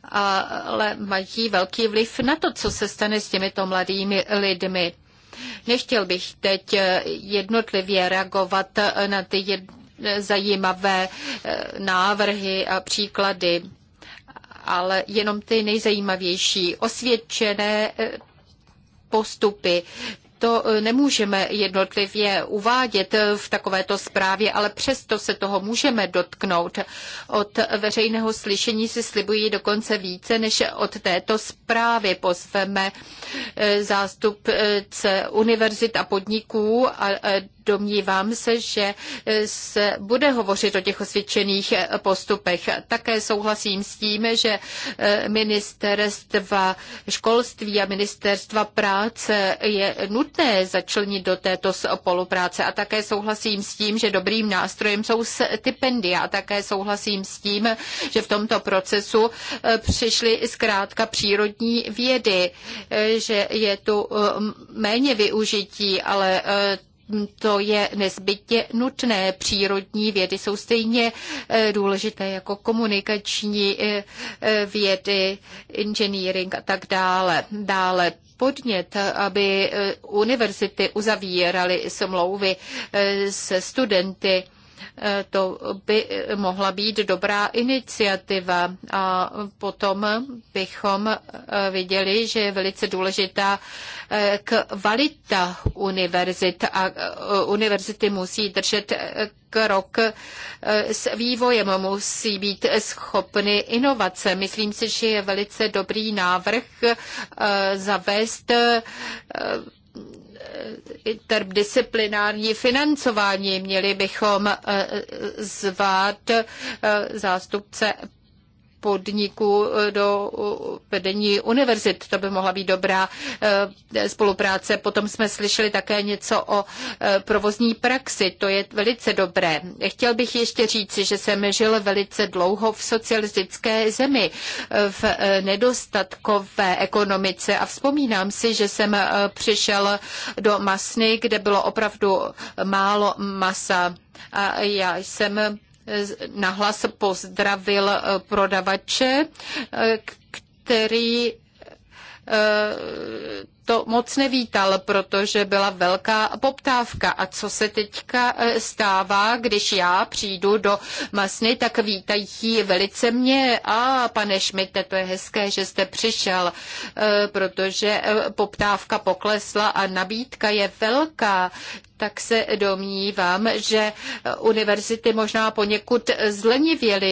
ale mají velký vliv na to, co se stane s těmito mladými lidmi. Nechtěl bych teď jednotlivě reagovat na ty jed... zajímavé eh, návrhy a příklady, ale jenom ty nejzajímavější osvědčené eh, postupy, to eh, nemůžeme jednotlivě uvádět eh, v takovéto zprávě, ale přesto se toho můžeme dotknout. Od veřejného slyšení si slibují dokonce více, než od této zprávy. Pozveme eh, zástupce univerzit a podniků a Domnívám se, že se bude hovořit o těch osvědčených postupech. Také souhlasím s tím, že ministerstva školství a ministerstva práce je nutné začlenit do této spolupráce. A také souhlasím s tím, že dobrým nástrojem jsou stipendia. A také souhlasím s tím, že v tomto procesu přišly zkrátka přírodní vědy, že je tu méně využití, ale to je nezbytně nutné. Přírodní vědy jsou stejně eh, důležité jako komunikační eh, eh, vědy, engineering a tak dále. Dále podnět, aby univerzity uzavíraly smlouvy se studenty Eh, to by eh, mohla být dobrá iniciativa a potom bychom eh, viděli, že je velice důležitá kvalita univerzit a univerzity musí držet krok s vývojem, musí být schopny inovace. Myslím si, že je velice dobrý návrh zavést Eh, interdisciplinární financování. Měli bychom eh, eh, zvát zástupce podniku eh, do eh, vedení univerzit. To by mohla být dobrá eh, spolupráce. Potom jsme slyšeli také něco o provozní praxi. To je velice dobré. Chtěl bych ještě říci, že jsem žil velice dlouho v socialistické zemi, v nedostatkové ekonomice a vzpomínám si, že jsem přišel do masny, kde bylo opravdu málo masa. A já jsem nahlas pozdravil eh, prodavače, eh, který eh, to moc nevítal, protože byla velká poptávka. A co se teďka e, stává, když já přijdu do Masny, tak vítají velice mě. A pane Šmite, to je hezké, že jste přišel, e, protože e, poptávka poklesla a nabídka je velká tak se domnívám, že univerzity možná poněkud zlenivěly